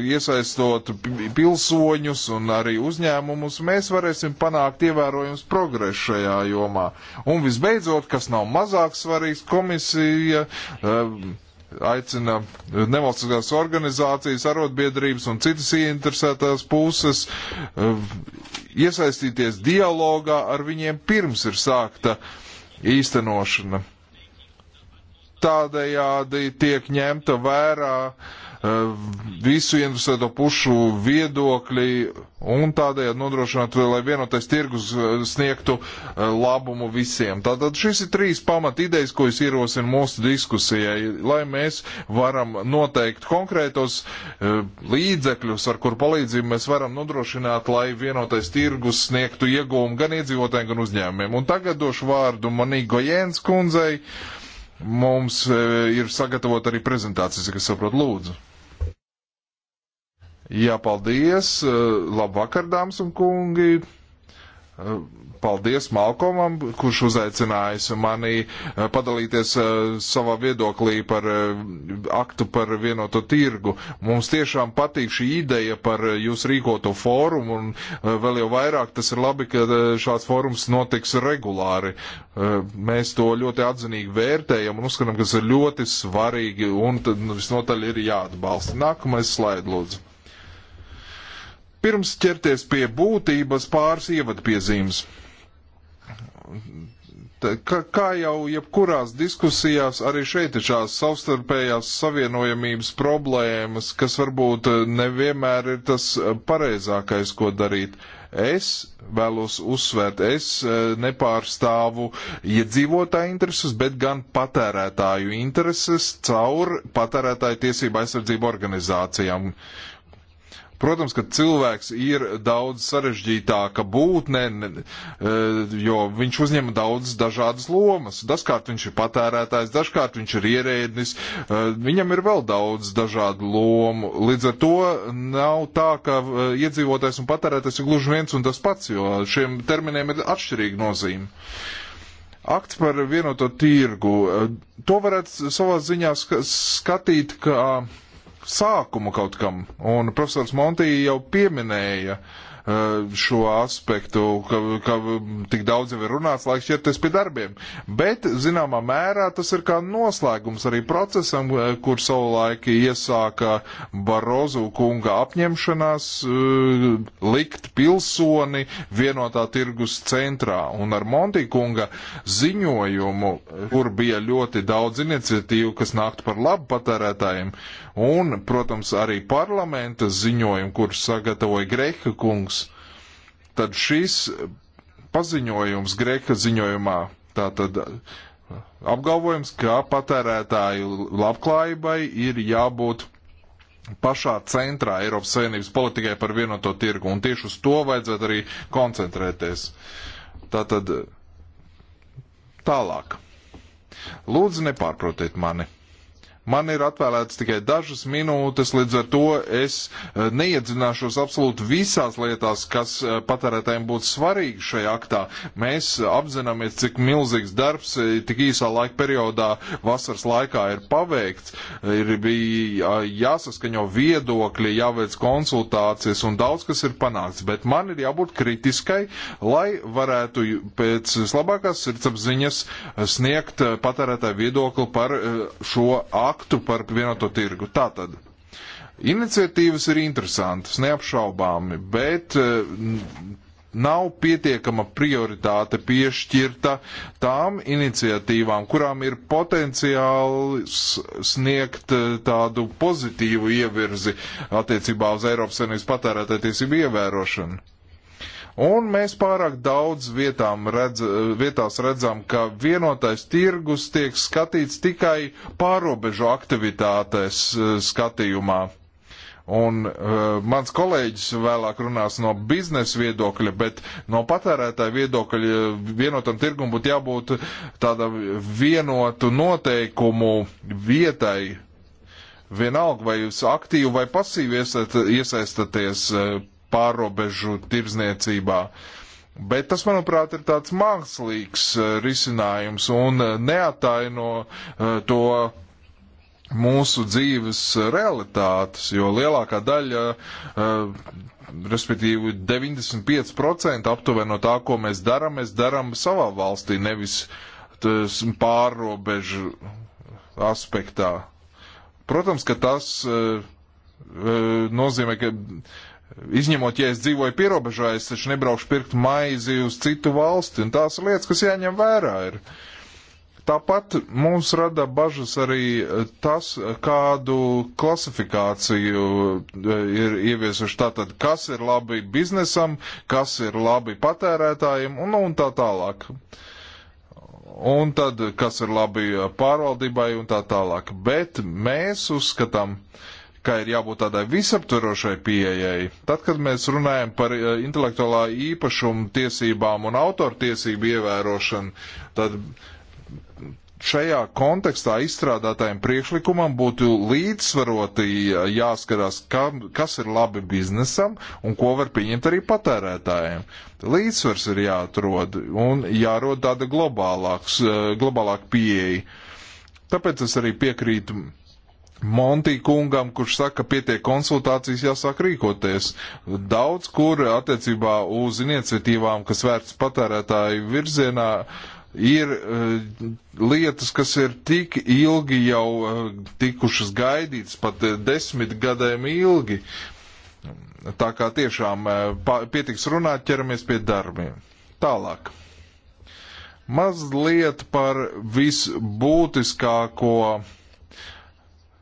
iesaistot pilsoņus un arī uzņēmumus, mēs varēsim panākt ievērojums progresu šajā jomā. Un visbeidzot, kas nav mazāk svarīgs, komisija. Um, aicina eh, nevalstiskās organizācijas, arotbiedrības un citas ieinteresētās puses eh, iesaistīties dialogā ar viņiem pirms ir sākta īstenošana. Tādējādi tiek ņemta vērā uh, Eh, visu interesēto pušu viedokļi un tādējādi nodrošināt, eh, lai vienotais tirgus eh, sniegtu labumu visiem. Tātad šis ir trīs pamat idejas, ko es ierosinu mūsu diskusijai, lai mēs varam noteikt konkrētos līdzekļus, ar kur palīdzību mēs varam nodrošināt, lai vienotais tirgus sniegtu iegūmu gan iedzīvotājiem, gan uzņēmumiem. Un tagad došu vārdu Manīgo Jēns kundzei. Mums ir sagatavot arī prezentācijas, kas saprot lūdzu. Jā, paldies. Eh, labvakar, dāmas un kungi. Eh, paldies Malkomam, kurš uzaicinājis mani eh, padalīties savā viedoklī par aktu par vienoto tirgu. Mums tiešām patīk šī ideja par jūs rīkoto fórumu, un vēl jau vairāk tas ir labi, ka šāds fórums notiks regulāri. Mēs to ļoti atzinīgi vērtējam un uzskatām, ka tas ir ļoti svarīgi, un tad nu, visnotaļ ir jāatbalsta. Nākamais slaid, lūdzu. Pirms ķerties pie būtības pāris ievadpiezīmes. Kā, kā jau jebkurās diskusijās, arī šeit ir šās savstarpējās savienojamības problēmas, kas varbūt nevienmēr ir tas pareizākais, ko darīt. Es vēlos uzsvērt, es e, nepārstāvu iedzīvotāju ja intereses, bet gan patērētāju intereses caur patērētāju tiesību aizsardzību organizācijām, Protams, ka cilvēks ir daudz sarežģītāka būtne, e, jo viņš uzņem daudz dažādas lomas. Dažkārt viņš ir patērētājs, dažkārt viņš ir ierēdnis, e, viņam ir vēl daudz dažādu lomu. Līdz ar to nav tā, ka e, iedzīvotājs un patērētājs ir gluži viens un tas pats, jo šiem terminiem ir atšķirīga nozīme. Akts par vienoto tirgu. To varētu savā ziņā skatīt, ka. Kā sākumu kaut kam. Un profesors Montī jau pieminēja uh, Eh, šo aspektu, ka, ka tik daudz jau ir runāts, laiks ķerties pie darbiem. Bet, zināmā mērā, tas ir kā noslēgums arī procesam, eh, kur savulaik iesāka Barozu kunga apņemšanās eh, likt pilsoni vienotā tirgus centrā. Un ar Monti kunga ziņojumu, kur bija ļoti daudz iniciatīvu, kas nāktu par labu patērētājiem, un, protams, arī parlamenta ziņojumu, kurus sagatavoja Greha kungs, tad šis paziņojums Greka ziņojumā tātad apgalvojums, ka patērētāju labklājībai ir jābūt pašā centrā Eiropas Savienības politikai par vienoto tirgu, un tieši uz to vajadzētu arī koncentrēties. Tātad tālāk. Lūdzu, nepārprotiet mani. Man ir atvēlēts tikai dažas minūtes, līdz ar to es eh, neiedzināšos absolūti visās lietās, kas eh, patērētājiem būtu svarīgi šajā aktā. Mēs eh, apzināmies, cik milzīgs darbs tik īsā laika periodā vasaras laikā ir paveikts. Ir bija jāsaskaņo viedokļi, jāveic konsultācijas un daudz kas ir panākts, bet man ir jābūt kritiskai, lai varētu pēc vislabākās sirdsapziņas sniegt patērētāju viedokli par šo aktu aktu par vienoto tirgu. Tātad. Iniciatīvas ir interesantas, neapšaubāmi, bet eh, nav pietiekama prioritāte piešķirta tām iniciatīvām, kurām ir potenciāls sniegt eh, tādu pozitīvu ievirzi attiecībā uz Eiropas Savienības patērētātiesību ievērošanu. Un mēs pārāk daudz vietām redz, vietās redzam, ka vienotais tirgus tiek skatīts tikai pārobežu aktivitātēs eh, skatījumā. Un uh, mans kolēģis vēlāk runās no biznesa viedokļa, bet no patērētāja viedokļa eh, vienotam tirgum būtu jābūt tāda vienotu noteikumu vietai. Vienalga, vai jūs aktīvi vai pasīvi iesaistat, iesaistaties uh, pārobežu tirzniecībā. Bet tas, manuprāt, ir tāds mākslīgs eh, risinājums un eh, neataino eh, to mūsu dzīves realitātes, jo lielākā daļa, respektīvi 95% aptuveni no tā, ko mēs darām, mēs darām savā valstī, nevis pārobežu aspektā. Protams, ka tas nozīmē, ka Izņemot, ja es dzīvoju pierobežā, es taču nebraukšu pirkt maizi uz citu valsti, un tās lietas, kas jāņem vērā, ir. Tāpat mums rada bažas arī eh, tas, kādu klasifikāciju eh, ir ieviesuši. Tātad, kas ir labi biznesam, kas ir labi patērētājiem, un, nu, un tā tālāk un tad, kas ir labi eh, pārvaldībai un tā tālāk. Bet mēs uzskatām, uh, ka ir jābūt tādai visaptverošai pieejai. Tad, kad mēs runājam par e, intelektuālā īpašuma tiesībām un autortiesību ievērošanu, tad šajā kontekstā izstrādātajam priekšlikumam būtu līdzsvaroti e, jāskarās, ka, kas ir labi biznesam un ko var pieņemt arī patērētājiem. Līdzsvars ir jāatrod un jārod tāda globālāks, e, globālāk pieeja. Tāpēc es arī piekrītu Monti kungam, kurš saka, pietiek konsultācijas, jāsāk rīkoties. Daudz kur attiecībā uz iniciatīvām, kas vērts patērētāju virzienā, ir uh, lietas, kas ir tik ilgi jau uh, tikušas gaidītas, pat uh, desmit gadiem ilgi. Tā kā tiešām pietiks runāt, ķeramies pie darbiem. Tālāk. Mazliet par visbūtiskāko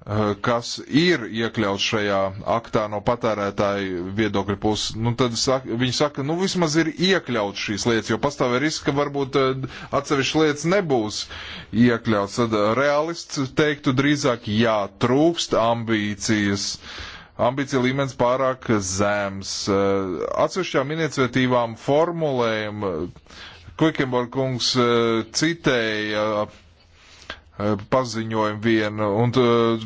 Eh, kas ir iekļauts šajā aktā no patērētāju viedokļa puses, nu tad saka, viņi saka, nu vismaz ir iekļauts šīs lietas, jo pastāv risks, ka varbūt eh, atsevišķas lietas nebūs iekļauts. Tad eh, realists teiktu drīzāk, jā, trūkst ambīcijas. Ambīcija līmenis pārāk zems. Atsevišķām iniciatīvām formulējumu Kvikenborg kungs citēja Eh, paziņojumu vienu, un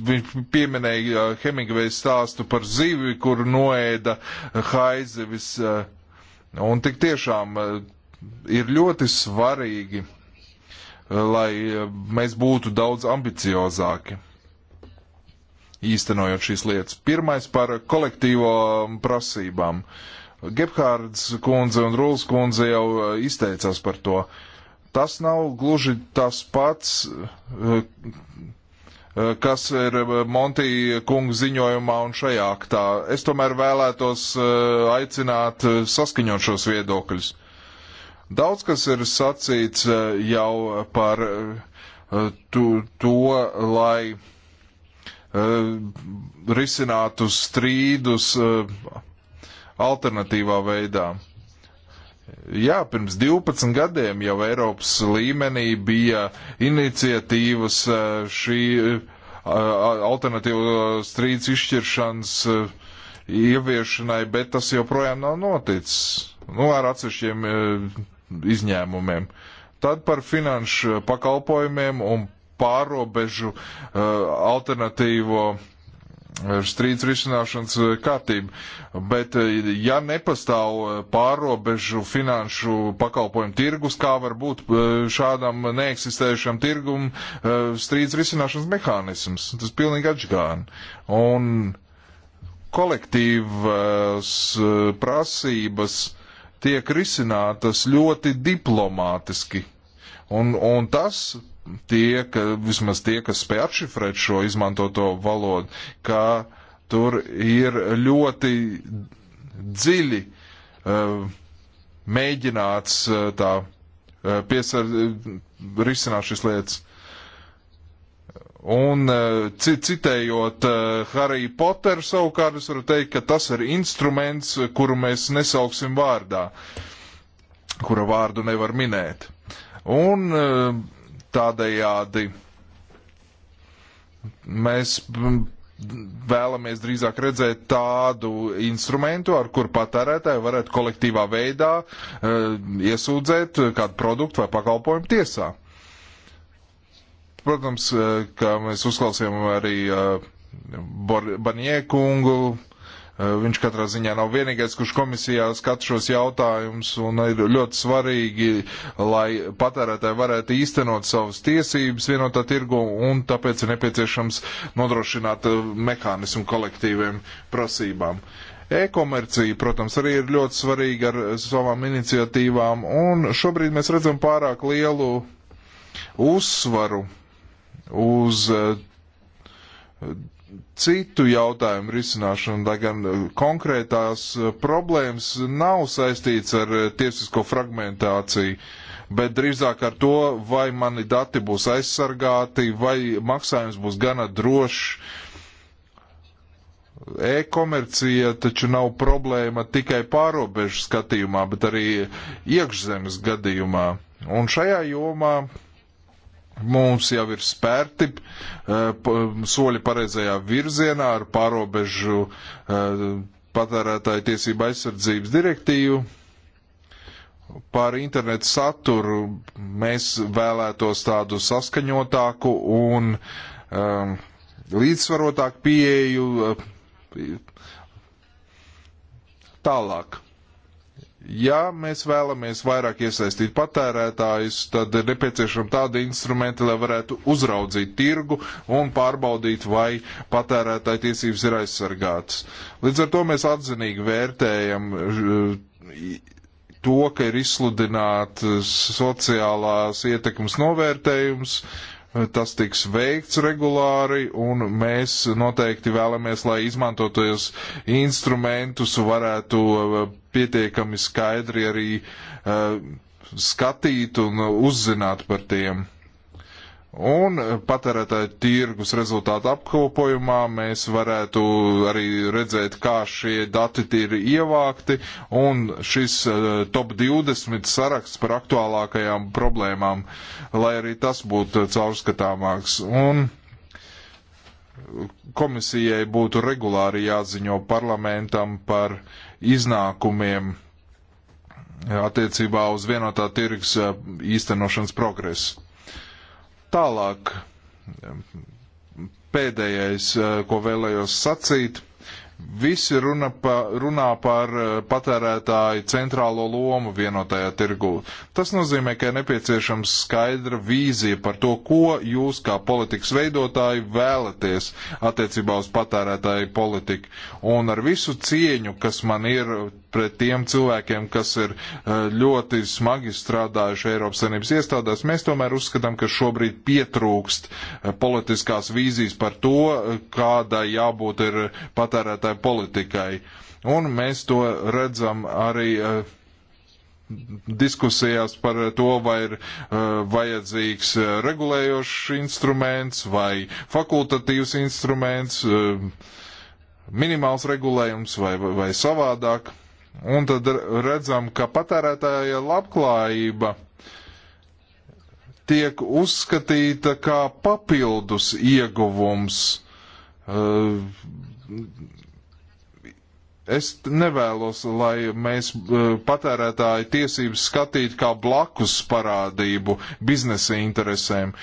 viņš pieminēja eh, Hemingvejas stāstu par zivi, kur noēda eh, haizivis, un tik tiešām ir ļoti svarīgi, lai mēs būtu daudz ambiciozāki īstenojot šīs lietas. Pirmais par kolektīvo mm, prasībām. Gebhārds kundze un Rūls kundze jau izteicās par to. Uh, Tas nav gluži tas pats, eh, eh, kas ir eh, Montija kunga ziņojumā un šajā aktā. Es tomēr vēlētos aicināt saskaņot šos viedokļus. Daudz kas ir sacīts jau par tu, to, lai risinātu strīdus alternatīvā veidā. Jā, pirms 12 gadiem jau Eiropas līmenī bija iniciatīvas eh, šī eh, alternatīva strīdus izšķiršanas eh, ieviešanai, bet tas joprojām nav noticis. Nu, ar atsevišķiem izņēmumiem. Tad par finanšu pakalpojumiem un pārobežu alternatīvo uh, strīdus risināšanas eh, kārtību. Bet, eh, ja nepastāv eh, pārobežu finanšu pakalpojumu tirgus, kā var būt šādam neeksistējušam tirgum strīdus risināšanas mehānisms? Tas pilnīgi atžgāni. Un kolektīvas prasības tiek risinātas ļoti diplomātiski. Un, un tas tie, ka vismaz tie, kas spēj apšifrēt šo izmantoto valodu, ka tur ir ļoti dziļi uh, mēģināts uh, tā uh, piesar, risināt šis lietas. Un citējot Harry Potteru savukārt, es varu teikt, ka tas ir instruments, kuru mēs nesauksim vārdā, kura vārdu nevar minēt. Un uh, Tādējādi mēs vēlamies drīzāk redzēt tādu instrumentu, ar kur patērētāji varētu kolektīvā veidā e, iesūdzēt kādu produktu vai pakalpojumu tiesā. Protams, e, ka mēs uzklausījām arī e, Barņē kungu, Eh, viņš katrā ziņā nav vienīgais, kurš komisijā skat šos jautājumus, un ir ļoti svarīgi, lai patērētāji varētu īstenot savas tiesības vienotā tirgu, un tāpēc ir nepieciešams nodrošināt eh, mehānismu kolektīviem prasībām. E-komercija, protams, arī ir ļoti svarīga ar savām iniciatīvām, un šobrīd mēs redzam pārāk lielu uzsvaru uz eh, citu jautājumu risināšanu, lai gan uh, konkrētās uh, problēmas nav saistīts ar uh, tiesisko fragmentāciju, bet drīzāk ar to, vai mani dati būs aizsargāti, vai maksājums būs gana drošs. E-komercija taču nav problēma tikai pārobežu skatījumā, bet arī iekšzemes gadījumā. Un šajā jomā Mums jau ir spērti eh, soļi pareizajā virzienā ar pārobežu eh, patērētāju tiesību aizsardzības direktīvu. Par internetu saturu mēs vēlētos tādu saskaņotāku un um, līdzsvarotāku pieeju tālāk. Ja mēs vēlamies vairāk iesaistīt patērētājus, tad ir nepieciešama tāda instrumenta, lai varētu uzraudzīt tirgu un pārbaudīt, vai patērētāja tiesības ir aizsargātas. Līdz ar to mēs atzinīgi vērtējam eh, to, ka ir izsludināts sociālās ietekmes novērtējums, eh, tas tiks veikts regulāri, un mēs noteikti vēlamies, lai izmantotajos instrumentus varētu eh, pietiekami skaidri arī uh, skatīt un uzzināt par tiem. Un eh, patērētāju tirgus rezultātu apkopojumā mēs varētu arī redzēt, kā šie dati ir ievākti, un šis uh, top 20 saraksts par aktuālākajām problēmām, lai arī tas būtu caurskatāmāks. Un komisijai būtu regulāri jāziņo parlamentam par uh, iznākumiem eh, attiecībā uz vienotā tirgus eh, īstenošanas progresu. Tālāk, eh, pēdējais, ko vēlējos sacīt, Visi runa pa, runā par eh, patērētāju centrālo lomu vienotajā tirgū. Tas nozīmē, ka ir nepieciešams skaidra vīzija par to, ko jūs kā politikas veidotāji vēlaties attiecībā uz patērētāju politiku. Un ar visu cieņu, kas man ir pret tiem cilvēkiem, kas ir eh, ļoti smagi strādājuši Eiropas Savienības iestādēs, mēs tomēr uzskatām, ka šobrīd pietrūkst eh, politiskās vīzijas par to, eh, kādai jābūt ir patērētāju politikai. Un mēs to redzam arī diskusijās par to, vai ir uh, vajadzīgs regulējošs instruments vai fakultatīvs instruments. Uh, minimāls regulējums vai, vai, vai savādāk. Un tad redzam, ka patērētāja labklājība tiek uzskatīta kā papildus ieguvums. Eh, es nevēlos, lai mēs eh, patērētāju tiesības skatītu kā blakus parādību biznesa interesēm.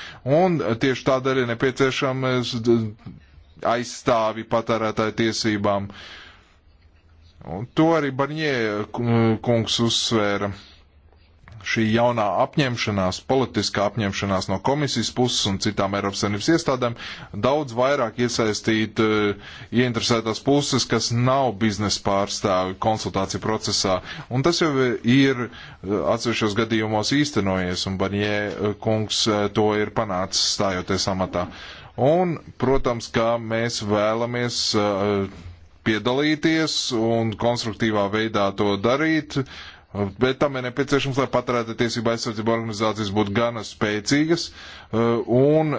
Un tieši tādēļ ir nepieciešams aizstāvi patērētāju tiesībām. Uh, Un to arī Barņē kungs uzsvēra. Šī jaunā apņemšanās, politiskā apņemšanās no komisijas puses un citām Eiropas Savienības iestādēm daudz vairāk iesaistīt uh, ieinteresētās puses, kas nav biznesa pārstāvi konsultāciju procesā. Un tas jau ir uh, atsevišķos gadījumos īstenojies, un Barņē uh, kungs to ir panācis stājoties amatā. Un, protams, kā mēs vēlamies. Uh, piedalīties un konstruktīvā veidā to darīt, bet tam ir nepieciešams, lai patērētāja tiesība aizsardzība organizācijas būtu gana spēcīgas eh, un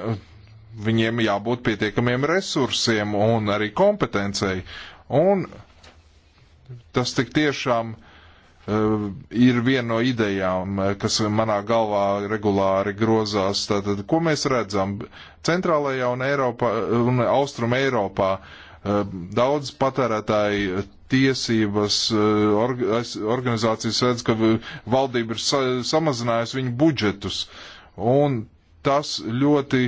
viņiem jābūt pietiekamiem resursiem un arī kompetencei. Un tas tik tiešām uh, ir viena no idejām, eh, kas manā galvā regulāri grozās. Tātad, ko mēs redzam? Centrālajā un, Eiropā, un Austrum Eiropā uh, Eh, daudz patērētāji eh, tiesības eh, organizācijas redz, ka valdība ir sa samazinājusi viņu budžetus. Un tas ļoti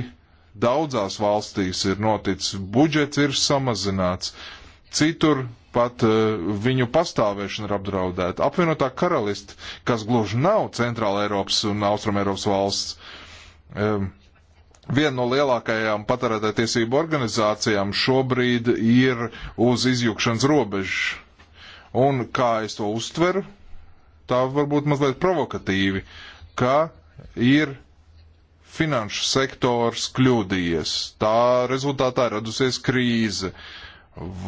daudzās valstīs ir noticis. Budžets ir samazināts. Citur pat uh, viņu pastāvēšana ir apdraudēta. Apvienotā karaliste, kas gluži nav Centrāla Eiropas un Austrum Eiropas valsts, um, Viena no lielākajām patērētāju tiesību organizācijām šobrīd ir uz izjūkšanas robežas. Un kā es to uztveru, tā varbūt mazliet provokatīvi, ka ir finanšu sektors kļūdījies. Tā rezultātā ir radusies krīze.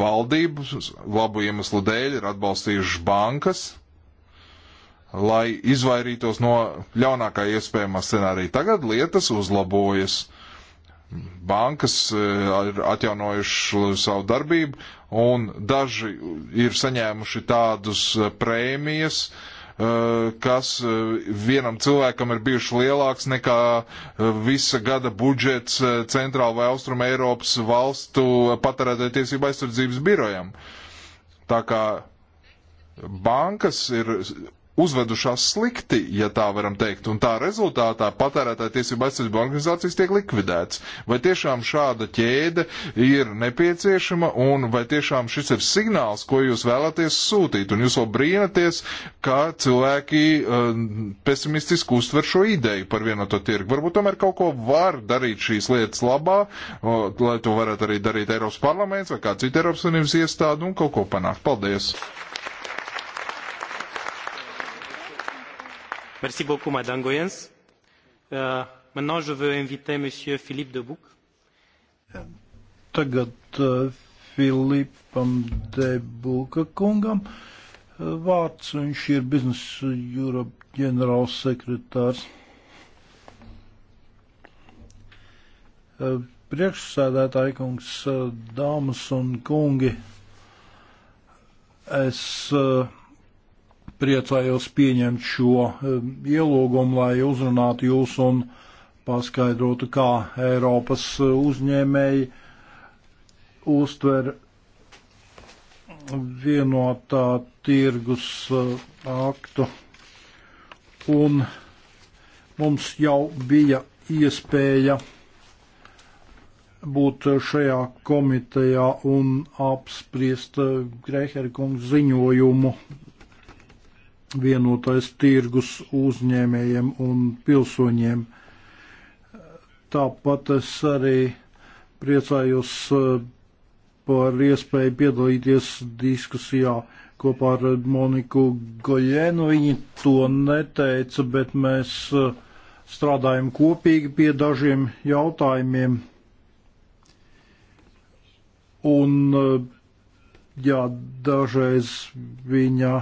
Valdības labu iemeslu dēļ ir atbalstījušas bankas, lai izvairītos no ļaunākā iespējamā scenārija. Tagad lietas uzlabojas. Bankas e, ir atjaunojuši savu darbību, un daži ir saņēmuši tādus e, prēmijas, e, kas vienam cilvēkam ir bijuši lielāks nekā visa gada budžets Centrāla vai Austruma Eiropas valstu patērētāju tiesību aizsardzības birojam. Tā kā bankas ir uzvedušās slikti, ja tā varam teikt, un tā rezultātā patērētāja tiesība aizsardzība organizācijas tiek likvidētas. Vai tiešām šāda ķēde ir nepieciešama, un vai tiešām šis ir signāls, ko jūs vēlaties sūtīt, un jūs vēl brīnaties, kā cilvēki uh, pesimistiski uztver šo ideju par vienoto tirgu. Varbūt tomēr kaut ko var darīt šīs lietas labā, uh, lai to varētu arī darīt Eiropas parlaments vai kāds cits Eiropas Savienības iestāde un kaut ko panākt. Paldies! Merci beaucoup, Madame Goyens. Euh, maintenant, je veux inviter Monsieur Philippe Debouc. Tagad uh, Filipam Debuka kungam uh, vārds, viņš ir Business Europe ģenerālsekretārs. Uh, Priekšsēdētāji kungs, uh, dāmas un kungi, es uh, priecājos pieņemt šo um, ielūgumu, lai uzrunātu jūs un paskaidrotu, kā Eiropas uh, uzņēmēji uztver vienotā tirgus uh, aktu. Un mums jau bija iespēja būt šajā komitejā un apspriest uh, Greherikungs ziņojumu vienotais tirgus uzņēmējiem un pilsoņiem. Tāpat es arī priecājos eh, par iespēju piedalīties diskusijā kopā ar Moniku Goļēnu. Viņa to neteica, bet mēs eh, strādājam kopīgi pie dažiem jautājumiem. Un, eh, jā, dažreiz viņa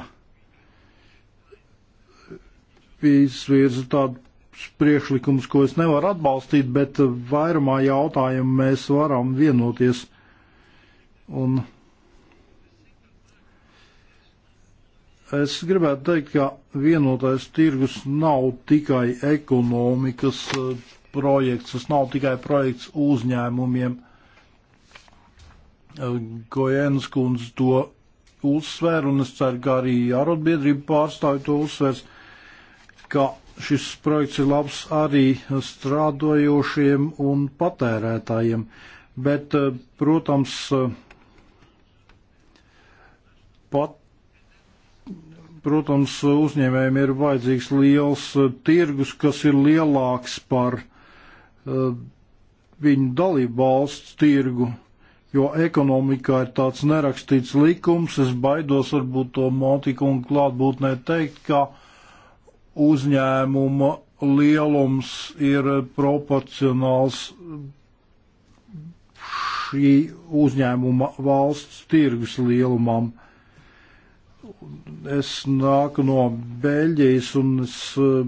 izvirza tādus priekšlikumus, ko es nevaru atbalstīt, bet eh, vairumā jautājumu mēs varam vienoties. Un es gribētu teikt, ka vienotais tirgus nav tikai ekonomikas eh, projekts, tas nav tikai projekts uzņēmumiem. Eh, Gojēnas kundze to uzsver, un es ceru, ka arī arotbiedrību pārstāvi to uzsvers. Uh, ka šis projekts ir labs arī strādojošiem un patērētājiem, bet, eh, protams, eh, pat, protams uzņēmējiem ir vajadzīgs liels eh, tirgus, kas ir lielāks par viņu dalību valsts tirgu, jo ekonomikā ir tāds nerakstīts likums, es baidos varbūt to Montikungu klātbūtnē teikt, ka uzņēmuma lielums ir proporcionāls šī uzņēmuma valsts tirgus lielumam. Es nāku no Beļģijas un es eh,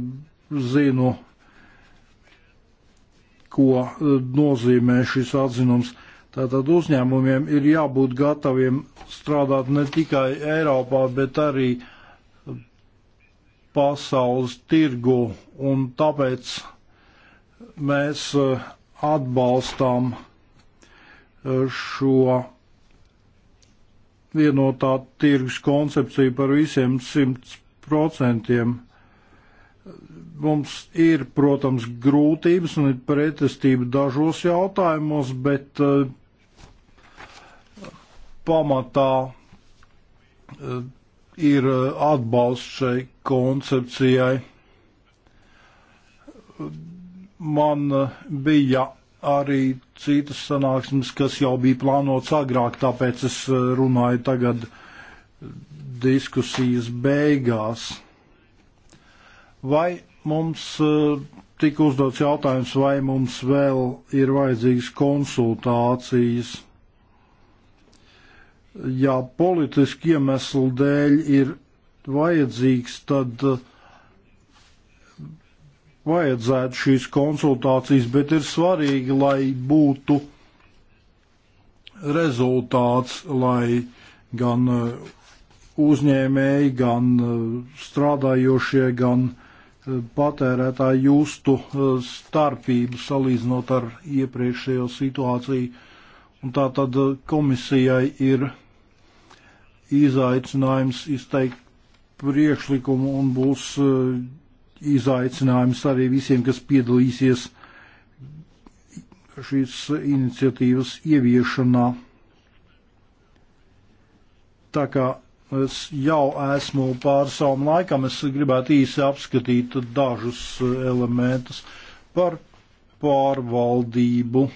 zinu, ko eh, nozīmē šis atzinums. Tātad uzņēmumiem ir jābūt gataviem strādāt ne tikai Eiropā, bet arī uh, pasaules tirgu, un tāpēc mēs eh, atbalstām eh, šo vienotā tirgus koncepciju par visiem simts procentiem. Mums ir, protams, grūtības un ir pretestība dažos jautājumos, bet uh, pamatā uh, ir uh, atbalsts šai koncepcijai. Man uh, bija arī citas sanāksmes, kas jau bija plānotas agrāk, tāpēc es uh, runāju tagad diskusijas beigās. Vai mums tika uzdots jautājums, vai mums vēl ir vajadzīgas konsultācijas? ja politiski iemeslu dēļ ir vajadzīgs, tad eh, vajadzētu šīs konsultācijas, bet ir svarīgi, lai būtu rezultāts, lai gan eh, uzņēmēji, gan eh, strādājošie, gan patērētāji justu starpību salīdzinot ar iepriekšējo situāciju. Un tā tad uh, komisijai ir izaicinājums izteikt priekšlikumu un būs uh, izaicinājums arī visiem, kas piedalīsies šīs iniciatīvas ieviešanā. Tā kā es jau esmu pār savam laikam, es gribētu īsi apskatīt dažus uh, elementus par pārvaldību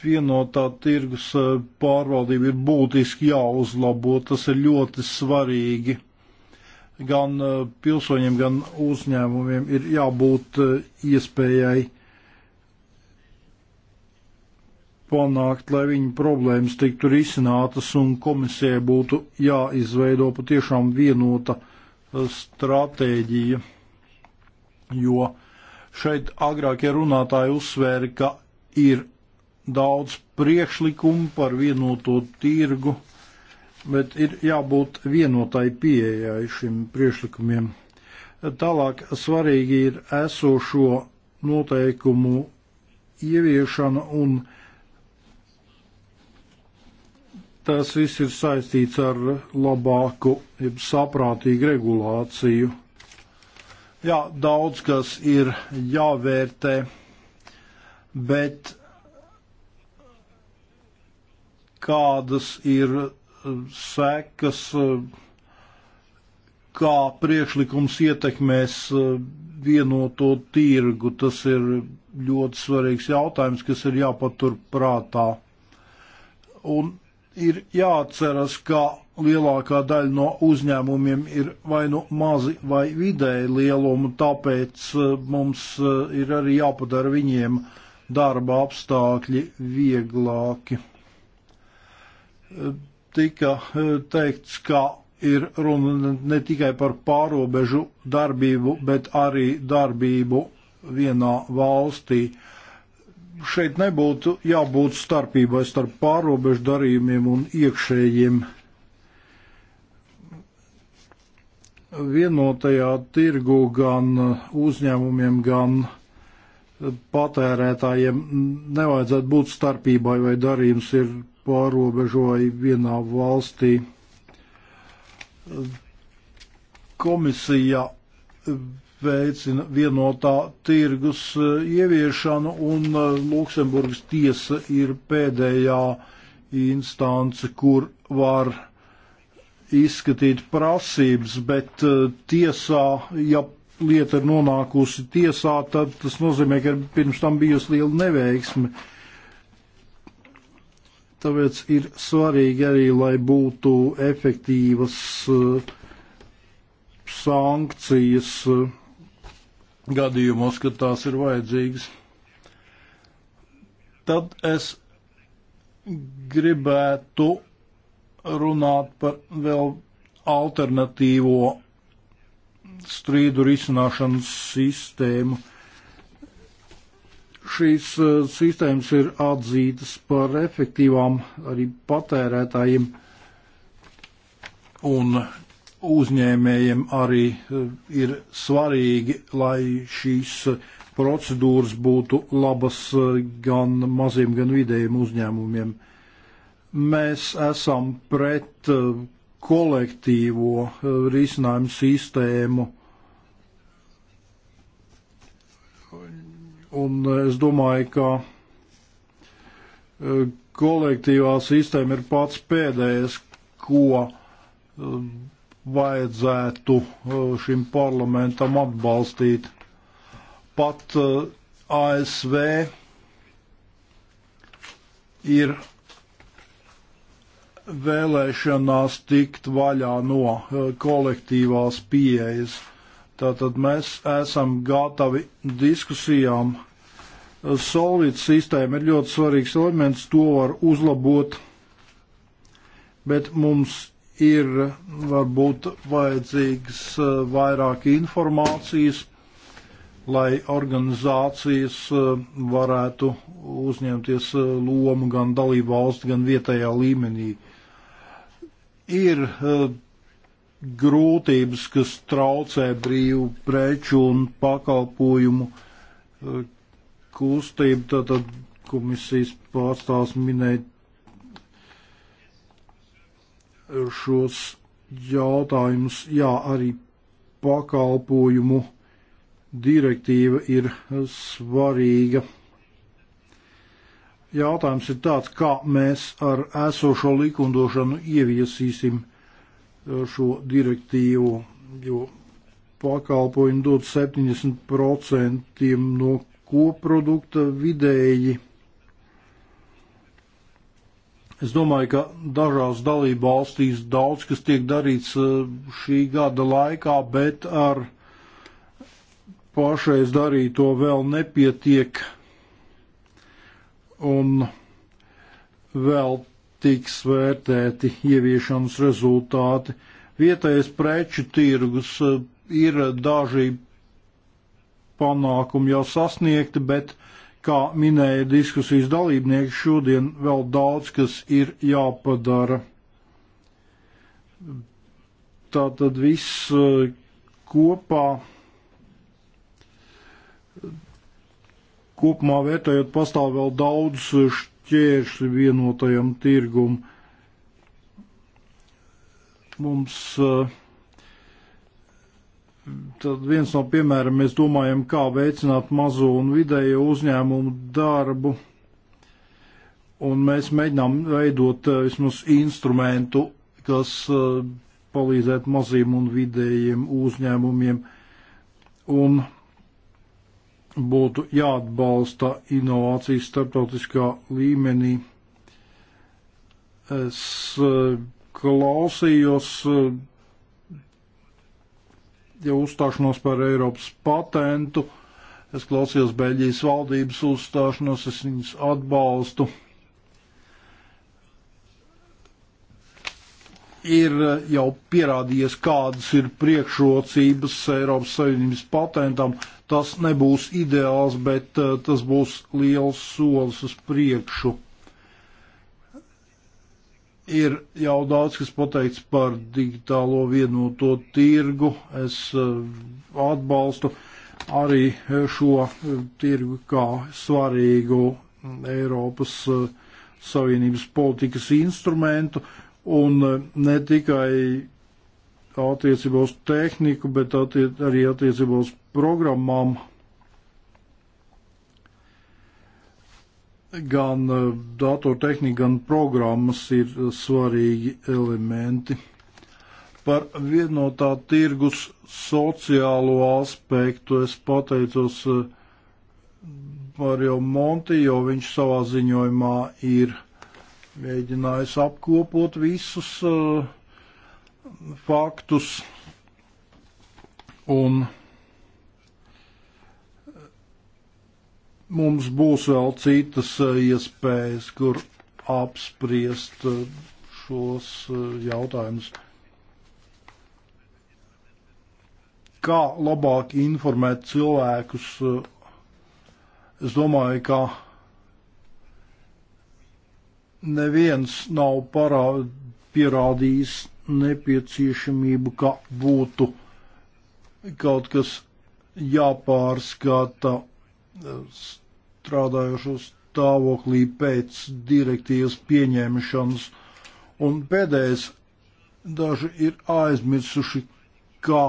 vienotā tirgus eh, pārvaldība ir būtiski jāuzlabo. Tas ir ļoti svarīgi. Gan eh, pilsoņiem, gan uzņēmumiem ir jābūt eh, iespējai panākt, lai viņu problēmas tiktu risinātas un komisijai būtu jāizveido patiešām vienota stratēģija, jo šeit agrākie runātāji uzsvēra, ka ir daudz priekšlikumu par vienoto tirgu, bet ir jābūt vienotai pieejai šim priekšlikumiem. Tālāk svarīgi ir esošo noteikumu ieviešana un tas viss ir saistīts ar labāku, jeb saprātīgu regulāciju. Jā, daudz kas ir jāvērtē, bet kādas ir eh, sekas, eh, kā priekšlikums ietekmēs eh, vienoto tirgu. Tas ir ļoti svarīgs jautājums, kas ir jāpatur prātā. Un ir jāatceras, ka lielākā daļa no uzņēmumiem ir vai nu no mazi vai vidēji lielumi, tāpēc mums ir arī jāpadara viņiem darba apstākļi vieglāki tika eh, teikts, ka ir runa ne tikai par pārobežu darbību, bet arī darbību vienā valstī. Šeit nebūtu jābūt starpībai starp pārobežu darījumiem un iekšējiem. Vienotajā tirgu gan uzņēmumiem, gan patērētājiem nevajadzētu būt starpībai, vai darījums ir pārobežoji vienā valstī. Komisija veicina vienotā tirgus ieviešanu, un eh, Luksemburgas tiesa ir pēdējā instance, kur var izskatīt prasības, bet eh, tiesā, ja lieta ir nonākusi tiesā, tad tas nozīmē, ka pirms tam bijusi liela neveiksme. Uh, Tāpēc ir svarīgi arī, lai būtu efektīvas eh, sankcijas eh, gadījumos, kad tās ir vajadzīgas. Tad es gribētu runāt par vēl alternatīvo strīdu risināšanas sistēmu. Uh, šīs e, sistēmas ir atzītas par efektīvām arī patērētājiem un uzņēmējiem arī e, ir svarīgi, lai šīs procedūras būtu labas e, gan maziem, gan vidējiem uzņēmumiem. Mēs esam pret kolektīvo risinājumu sistēmu Un eh, es domāju, ka eh, kolektīvā sistēma ir pats pēdējais, ko eh, vajadzētu šim parlamentam atbalstīt. Pat ASV ir vēlēšanās tikt vaļā no kolektīvās pieejas. Tātad mēs esam gatavi diskusijām. Solīts sistēma ir ļoti svarīgs elements, to var uzlabot, bet mums ir varbūt vajadzīgs eh, vairāk informācijas, lai organizācijas eh, varētu uzņemties eh, lomu gan dalību valsts, gan vietējā līmenī. Ir grūtības, kas traucē brīvu preču un pakalpojumu e, kustību. Tātad komisijas pārstāvs minēja šos jautājumus. Jā, arī pakalpojumu direktīva ir svarīga. Jautājums ir tāds, kā mēs ar esošo likumdošanu ieviesīsim uh, šo direktīvu, jo pakalpojumi dod 70% no koprodukta vidēji. Es domāju, ka dažās dalība valstīs daudz kas tiek darīts eh, šī gada laikā, bet ar pašreiz darīto vēl nepietiek. Un vēl tiks vērtēti ieviešanas rezultāti. Vietējais preču tirgus eh, ir daži panākumi jau sasniegti, bet, kā minēja diskusijas dalībnieki, šodien vēl daudz, kas ir jāpadara. Tā tad viss eh, kopā, kopumā vērtējot, pastāv vēl daudz šķiet šķēršļi vienotajam tirgum. Mums eh, tad viens no piemēram, mēs domājam, kā veicināt mazo un vidējo uzņēmumu darbu, un mēs mēģinām veidot eh, vismaz instrumentu, kas eh, palīdzētu maziem un vidējiem uzņēmumiem. Un būtu jāatbalsta inovācijas starptautiskā līmenī. Es eh, klausījos eh, jau uzstāšanos par Eiropas patentu, es klausījos Beļģijas valdības uzstāšanos, es viņus atbalstu. ir eh, jau pierādījies, kādas ir priekšrocības Eiropas Savienības patentam. Tas nebūs ideāls, bet eh, tas būs liels solis uz priekšu. Ir jau daudz, kas pateikts par digitālo vienoto tirgu. Es eh, atbalstu arī eh, šo tirgu kā svarīgu mm, Eiropas Savienības politikas instrumentu un ne tikai attiecībā uz tehniku, bet attie arī attiecībā uz programmām gan eh, datortehnika, gan programmas ir svarīgi elementi. Par vienotā tirgus sociālo aspektu es pateicos eh, Mario Monti, jo viņš savā ziņojumā ir mēģinājis apkopot visus uh, faktus un mums būs vēl citas eh, iespējas, kur apspriest eh, šos eh, jautājumus. Kā labāk informēt cilvēkus? Es domāju, ka neviens nav parā, pierādījis nepieciešamību, ka būtu kaut kas jāpārskata strādājošo stāvoklī pēc direktīvas pieņemšanas. Un pēdējais daži ir aizmirsuši, ka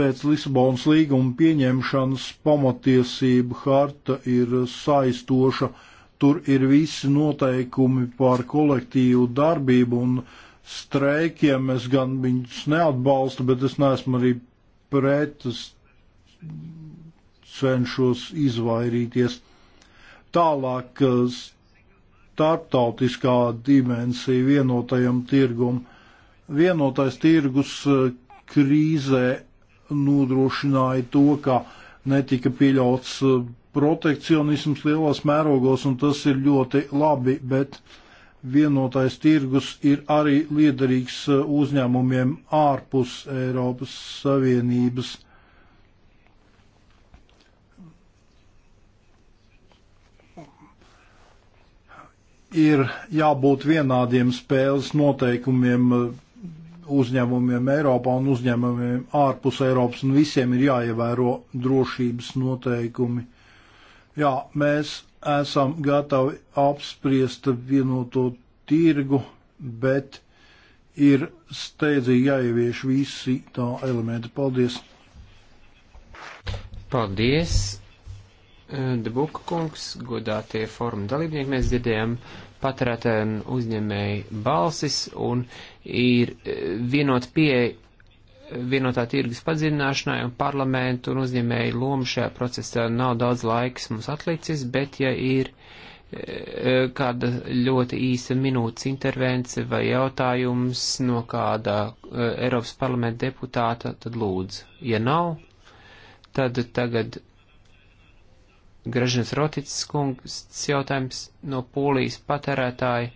pēc Lisabonas līguma pieņemšanas pamatiesība harta ir saistoša. Tur ir visi noteikumi par kolektīvu darbību un streikiem. Es gan viņus neatbalstu, bet es neesmu arī pret. Es cenšos izvairīties. Tālāk eh, starptautiskā dimensija vienotajam tirgum. Vienotais tirgus eh, krīzē nodrošināja to, ka netika pieļauts eh, protekcionisms lielos mērogos, un tas ir ļoti labi, bet vienotais tirgus ir arī liederīgs uzņēmumiem ārpus Eiropas Savienības. ir jābūt vienādiem spēles noteikumiem uzņēmumiem Eiropā un uzņēmumiem ārpus Eiropas, un visiem ir jāievēro drošības noteikumi. Jā, mēs esam gatavi apspriest vienoto tirgu, bet ir steidzīgi jāievieš visi tā elementi. Paldies! Paldies! Debuka kungs, godātie foruma dalībnieki, mēs dzirdējām patērētāju un uzņēmēju balsis un ir eh, vienot pieeja vienotā tirgus padziļināšanai un parlamentu un uzņēmēju lomu šajā procesā nav daudz laiks mums atlicis, bet ja ir eh, kāda ļoti īsa minūtes intervence vai jautājums no kāda eh, Eiropas parlamenta deputāta, tad lūdzu. Ja nav, tad tagad Gražinas Roticis kungs jautājums no Polijas patērētāja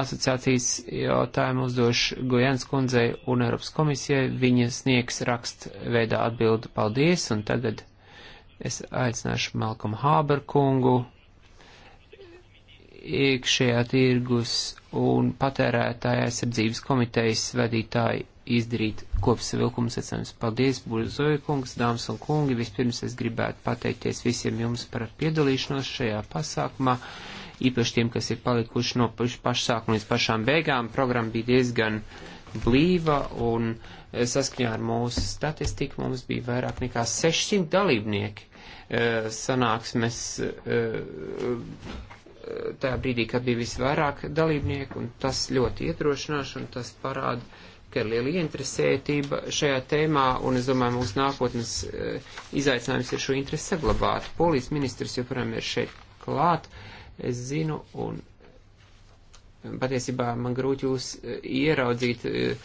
asociācijas jautājumu uzdošu Gojans kundzei un Eiropas komisijai. Viņa sniegs rakst veidā atbildu paldies, un tagad es aicināšu Malcolm Haber kungu iekšējā tirgus un patērētāja aizsardzības komitejas vadītāju izdarīt kopsavilkumu secinājumus. Paldies, Buļzoja kungs, dāmas un kungi. Vispirms es gribētu pateikties visiem jums par piedalīšanos šajā pasākumā, īpaši tiem, kas ir palikuši no pašsākuma līdz pašām beigām. Programma bija diezgan blīva un e, saskaņā ar mūsu statistiku mums bija vairāk nekā 600 dalībnieki e, sanāksmes e, tajā brīdī, kad bija visvairāk dalībnieku, un tas ļoti iedrošināšu, un tas parāda, ka ir liela interesētība šajā tēmā, un es domāju, mūsu nākotnes eh, izaicinājums ir šo interesi saglabāt. Polijas ministrs joprojām ir šeit klāt, es zinu, un patiesībā man grūti jūs eh, ieraudzīt eh,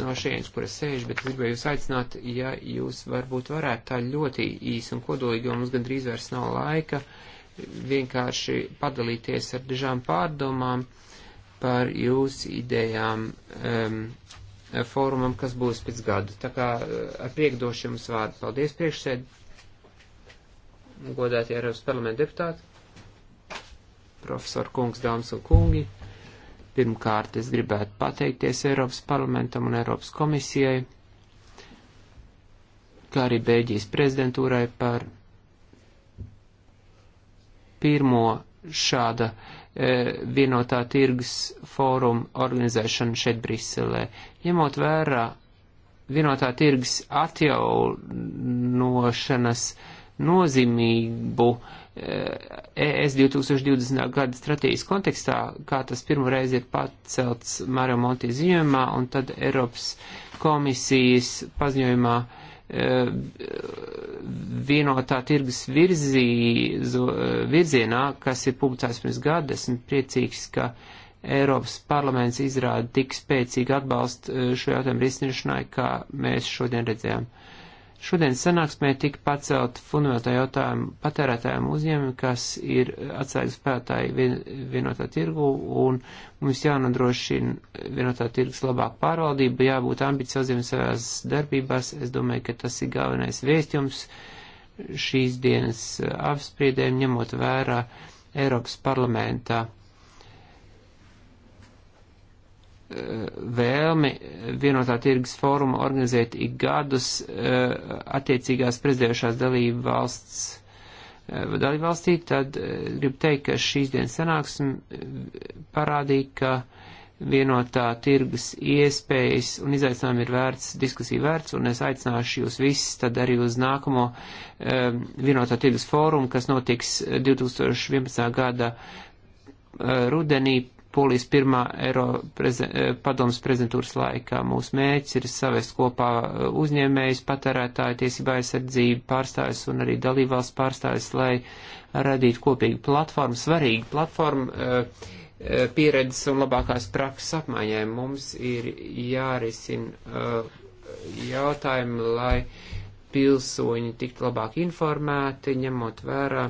no šeit, kur es sēžu, bet es gribēju jūs aicināt, ja jūs varbūt varētu tā ļoti īsi un kodolīgi, jo mums gandrīz vairs nav laika, vienkārši padalīties ar dažām pārdomām. Uh, par jūsu idejām um, fórumam, kas būs pēc gadu. Tā kā eh, ar prieku došu jums vārdu. Paldies priekšsēd, godētie Eiropas parlamenta deputāti, profesor kungs, dāmas un kungi. Pirmkārt, es gribētu pateikties Eiropas parlamentam un Eiropas komisijai, kā arī Bēļģijas prezidentūrai par pirmo šāda uh, E, vienotā tirgus fórumu organizēšanu šeit Briselē. Ņemot vērā vienotā tirgus atjaunošanas nozīmību e, e ES 2020. gada stratēģijas kontekstā, kā tas pirmoreiz ir pacelts Mario Monti ziņojumā un tad Eiropas komisijas paziņojumā uh, vienotā tirgus virzīzu, virzienā, kas ir publicēts pirms gada. Esmu priecīgs, ka Eiropas parlaments izrāda tik spēcīgu atbalstu eh, šo jautājumu risināšanai, kā mēs šodien redzējām. Uh, Šodien sanāksmē tika pacelt fundamentā jautājumu patērētājiem uzņēmumi, kas ir atsaigas spēlētāji vien, vienotā tirgu, un mums jānodrošina vienotā tirgus labāk pārvaldība, jābūt ambicioziem savās darbībās. Es domāju, ka tas ir galvenais vēstījums šīs dienas apspriedēm, ņemot vērā Eiropas parlamentā Eh, vēlmi vienotā tirgus fóruma organizēt ik gadus eh, attiecīgās prezidējušās dalību valsts eh, dalību valstī, tad gribu teikt, ka šīs dienas sanāksme parādīja, ka vienotā tirgus iespējas un izaicinājumi ir vērts, diskusija vērts, un es aicināšu jūs visus tad arī uz nākamo um, vienotā tirgus fórumu, kas notiks 2011. gada uh, rudenī Polijas pirmā Eiro prezen, eh, padomas prezentūras laikā. Mūsu mēķis ir savest kopā eh, uzņēmējus, patērētāju tiesību aizsardzību pārstāvis un arī dalībvalsts pārstāvis, lai radītu kopīgu platformu, svarīgu platformu eh, pieredzes un labākās prakses apmaiņai. Mums ir jārisina jautājumi, lai pilsoņi tiktu labāk informēti, ņemot vērā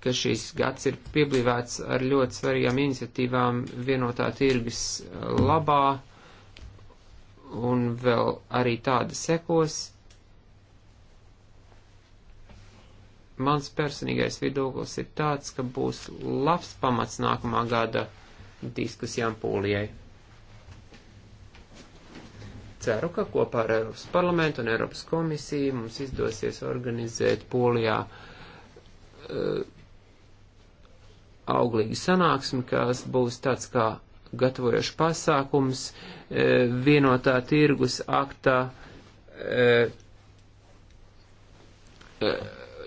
ka šis gads ir pieblīvēts ar ļoti svarīgām iniciatīvām vienotā tirgus eh, labā, un vēl arī tāda sekos. Mans personīgais viedoklis ir tāds, ka būs labs pamats nākamā gada diskusijām pūlijai. Ceru, ka kopā ar Eiropas parlamentu un Eiropas komisiju mums izdosies organizēt pūlijā uh, eh, auglīgu sanāksmi, kas būs tāds kā gatavojošs pasākums e, vienotā tirgus aktā e, e,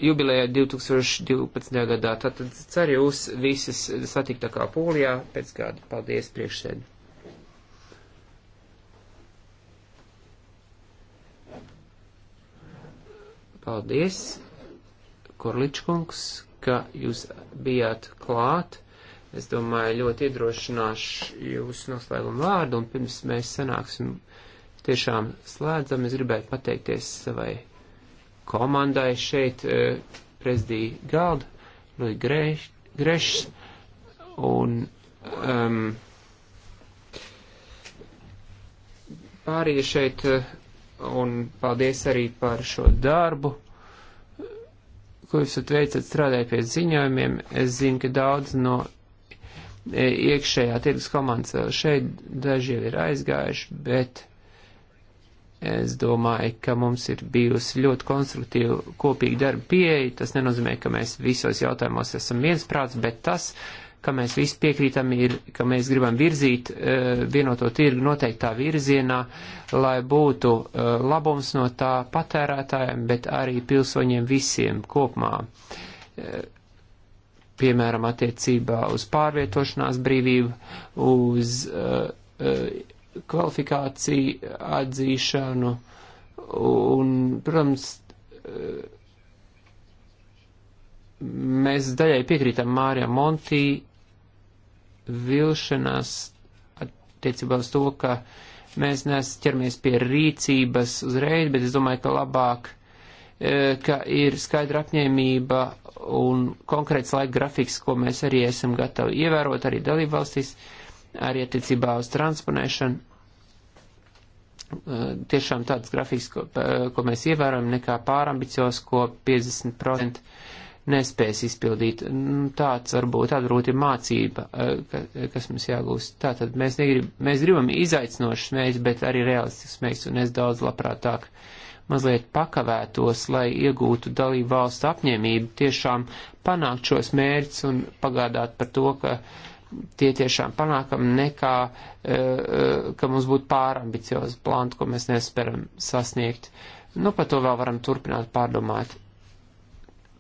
jubilējā 2012. gadā. Tātad ceru jūs visas satikt tā kā pūlijā pēc kāda. Paldies priekšsēdi. Paldies, Korličkungs, ka jūs bijāt klāt. Es domāju, ļoti iedrošināšu jūs noslēgumu vārdu, un pirms mēs sanāksim tiešām slēdzam, es gribēju pateikties savai komandai šeit, e, prezidija Galda, Lui Grešs, un um, pārējie šeit, e, un paldies arī par šo darbu ko jūs veicat strādājot pie ziņojumiem. Es zinu, ka daudz no e, iekšējā tirgus komandas vēl šeit daži jau ir aizgājuši, bet es domāju, ka mums ir bijusi ļoti konstruktīva kopīga darba pieeja. Tas nenozīmē, ka mēs visos jautājumos esam viensprāts, bet tas, uh, ka mēs visi piekrītam, ir, ka mēs gribam virzīt uh, vienoto tirgu noteiktā virzienā, lai būtu uh, labums no tā patērētājiem, bet arī pilsoņiem visiem kopumā. Uh, piemēram, attiecībā uz pārvietošanās brīvību, uz uh, uh, kvalifikāciju atzīšanu un, protams, uh, mēs daļai piekrītam Mārijam Montī vilšanās attiecībā uz to, ka mēs nesķermies pie rīcības uzreiz, bet es domāju, ka labāk, e, ka ir skaidra apņēmība un konkrēts laika grafiks, ko mēs arī esam gatavi ievērot arī dalībvalstīs, arī attiecībā uz transponēšanu. E, tiešām tāds grafiks, ko, e, ko mēs ievērojam, nekā pārambicios, ko 50% nespēs izpildīt. Nu, tāds varbūt atgrūti ir mācība, eh, kas mums jāgūst. Tātad mēs, negrib, mēs gribam izaicinošus mērķus, bet arī realistiskus mērķus, un es daudz labprātāk mazliet pakavētos, lai iegūtu dalību valstu apņēmību tiešām panākt šos mērķus un pagādāt par to, ka tie tiešām panākam nekā, eh, eh, ka mums būtu pārambiciozi plāni, ko mēs nesperam sasniegt. Nu, par to vēl varam turpināt pārdomāt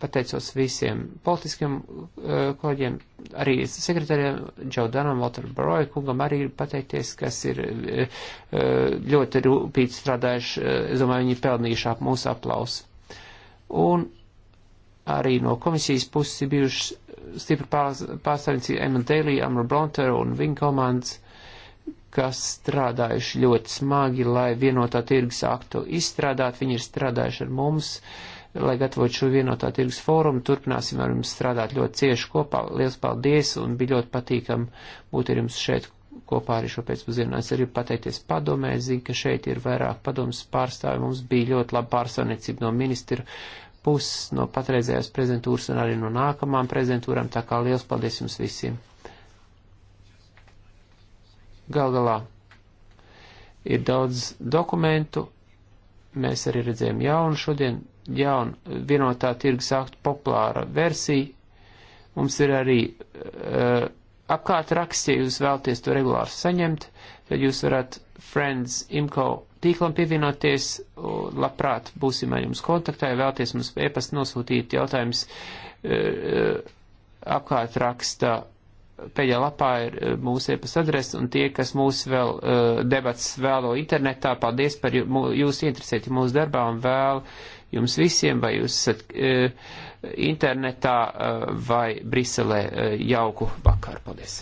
pateicos visiem politiskiem eh, kolēģiem, arī sekretāriem Džaudanam, Walter Baroja kungam arī pateikties, kas ir eh, eh, ļoti rūpīgi strādājuši. Es domāju, viņi pelnījuši ap mūsu aplausu. Un arī no komisijas puses ir bijuši stipri pārstāvnieci Emma Daly, Amra Bronter un viņa komandas kas strādājuši ļoti smagi, lai vienotā tirgus aktu izstrādāt. Viņi ir strādājuši ar mums, uh, lai gatavotu šo vienotā tirgus fórumu. Turpināsim ar jums strādāt ļoti cieši kopā. Lielas paldies un bija ļoti patīkam būt ar jums šeit kopā arī šo pēcpusdienu. Es arī pateikties padomē, es zinu, ka šeit ir vairāk padomas pārstāvi. Mums bija ļoti laba pārstāvniecība no ministra puses, no patreizējās prezentūras un arī no nākamām prezentūram. Tā kā liels paldies jums visiem. Gal galā ir daudz dokumentu. Mēs arī redzējām jaunu šodien jauna vienotā tirgus aktu populāra versija. Mums ir arī uh, apkārt raksts, ja jūs vēlties to regulāri saņemt, tad jūs varat Friends Imco tīklam pievienoties, labprāt būsim ar jums kontaktā, ja vēlties mums e-pasta nosūtīt jautājums uh, eh, apkārt raksta pēdējā lapā ir eh, mūsu e-pasta adrese, un tie, kas mūsu vēl, uh, debats vēlo internetā, paldies par jūsu interesēti mūsu darbā un vēl jums visiem, vai jūs esat e, internetā e, vai Briselē. E, jauku vakaru! Paldies!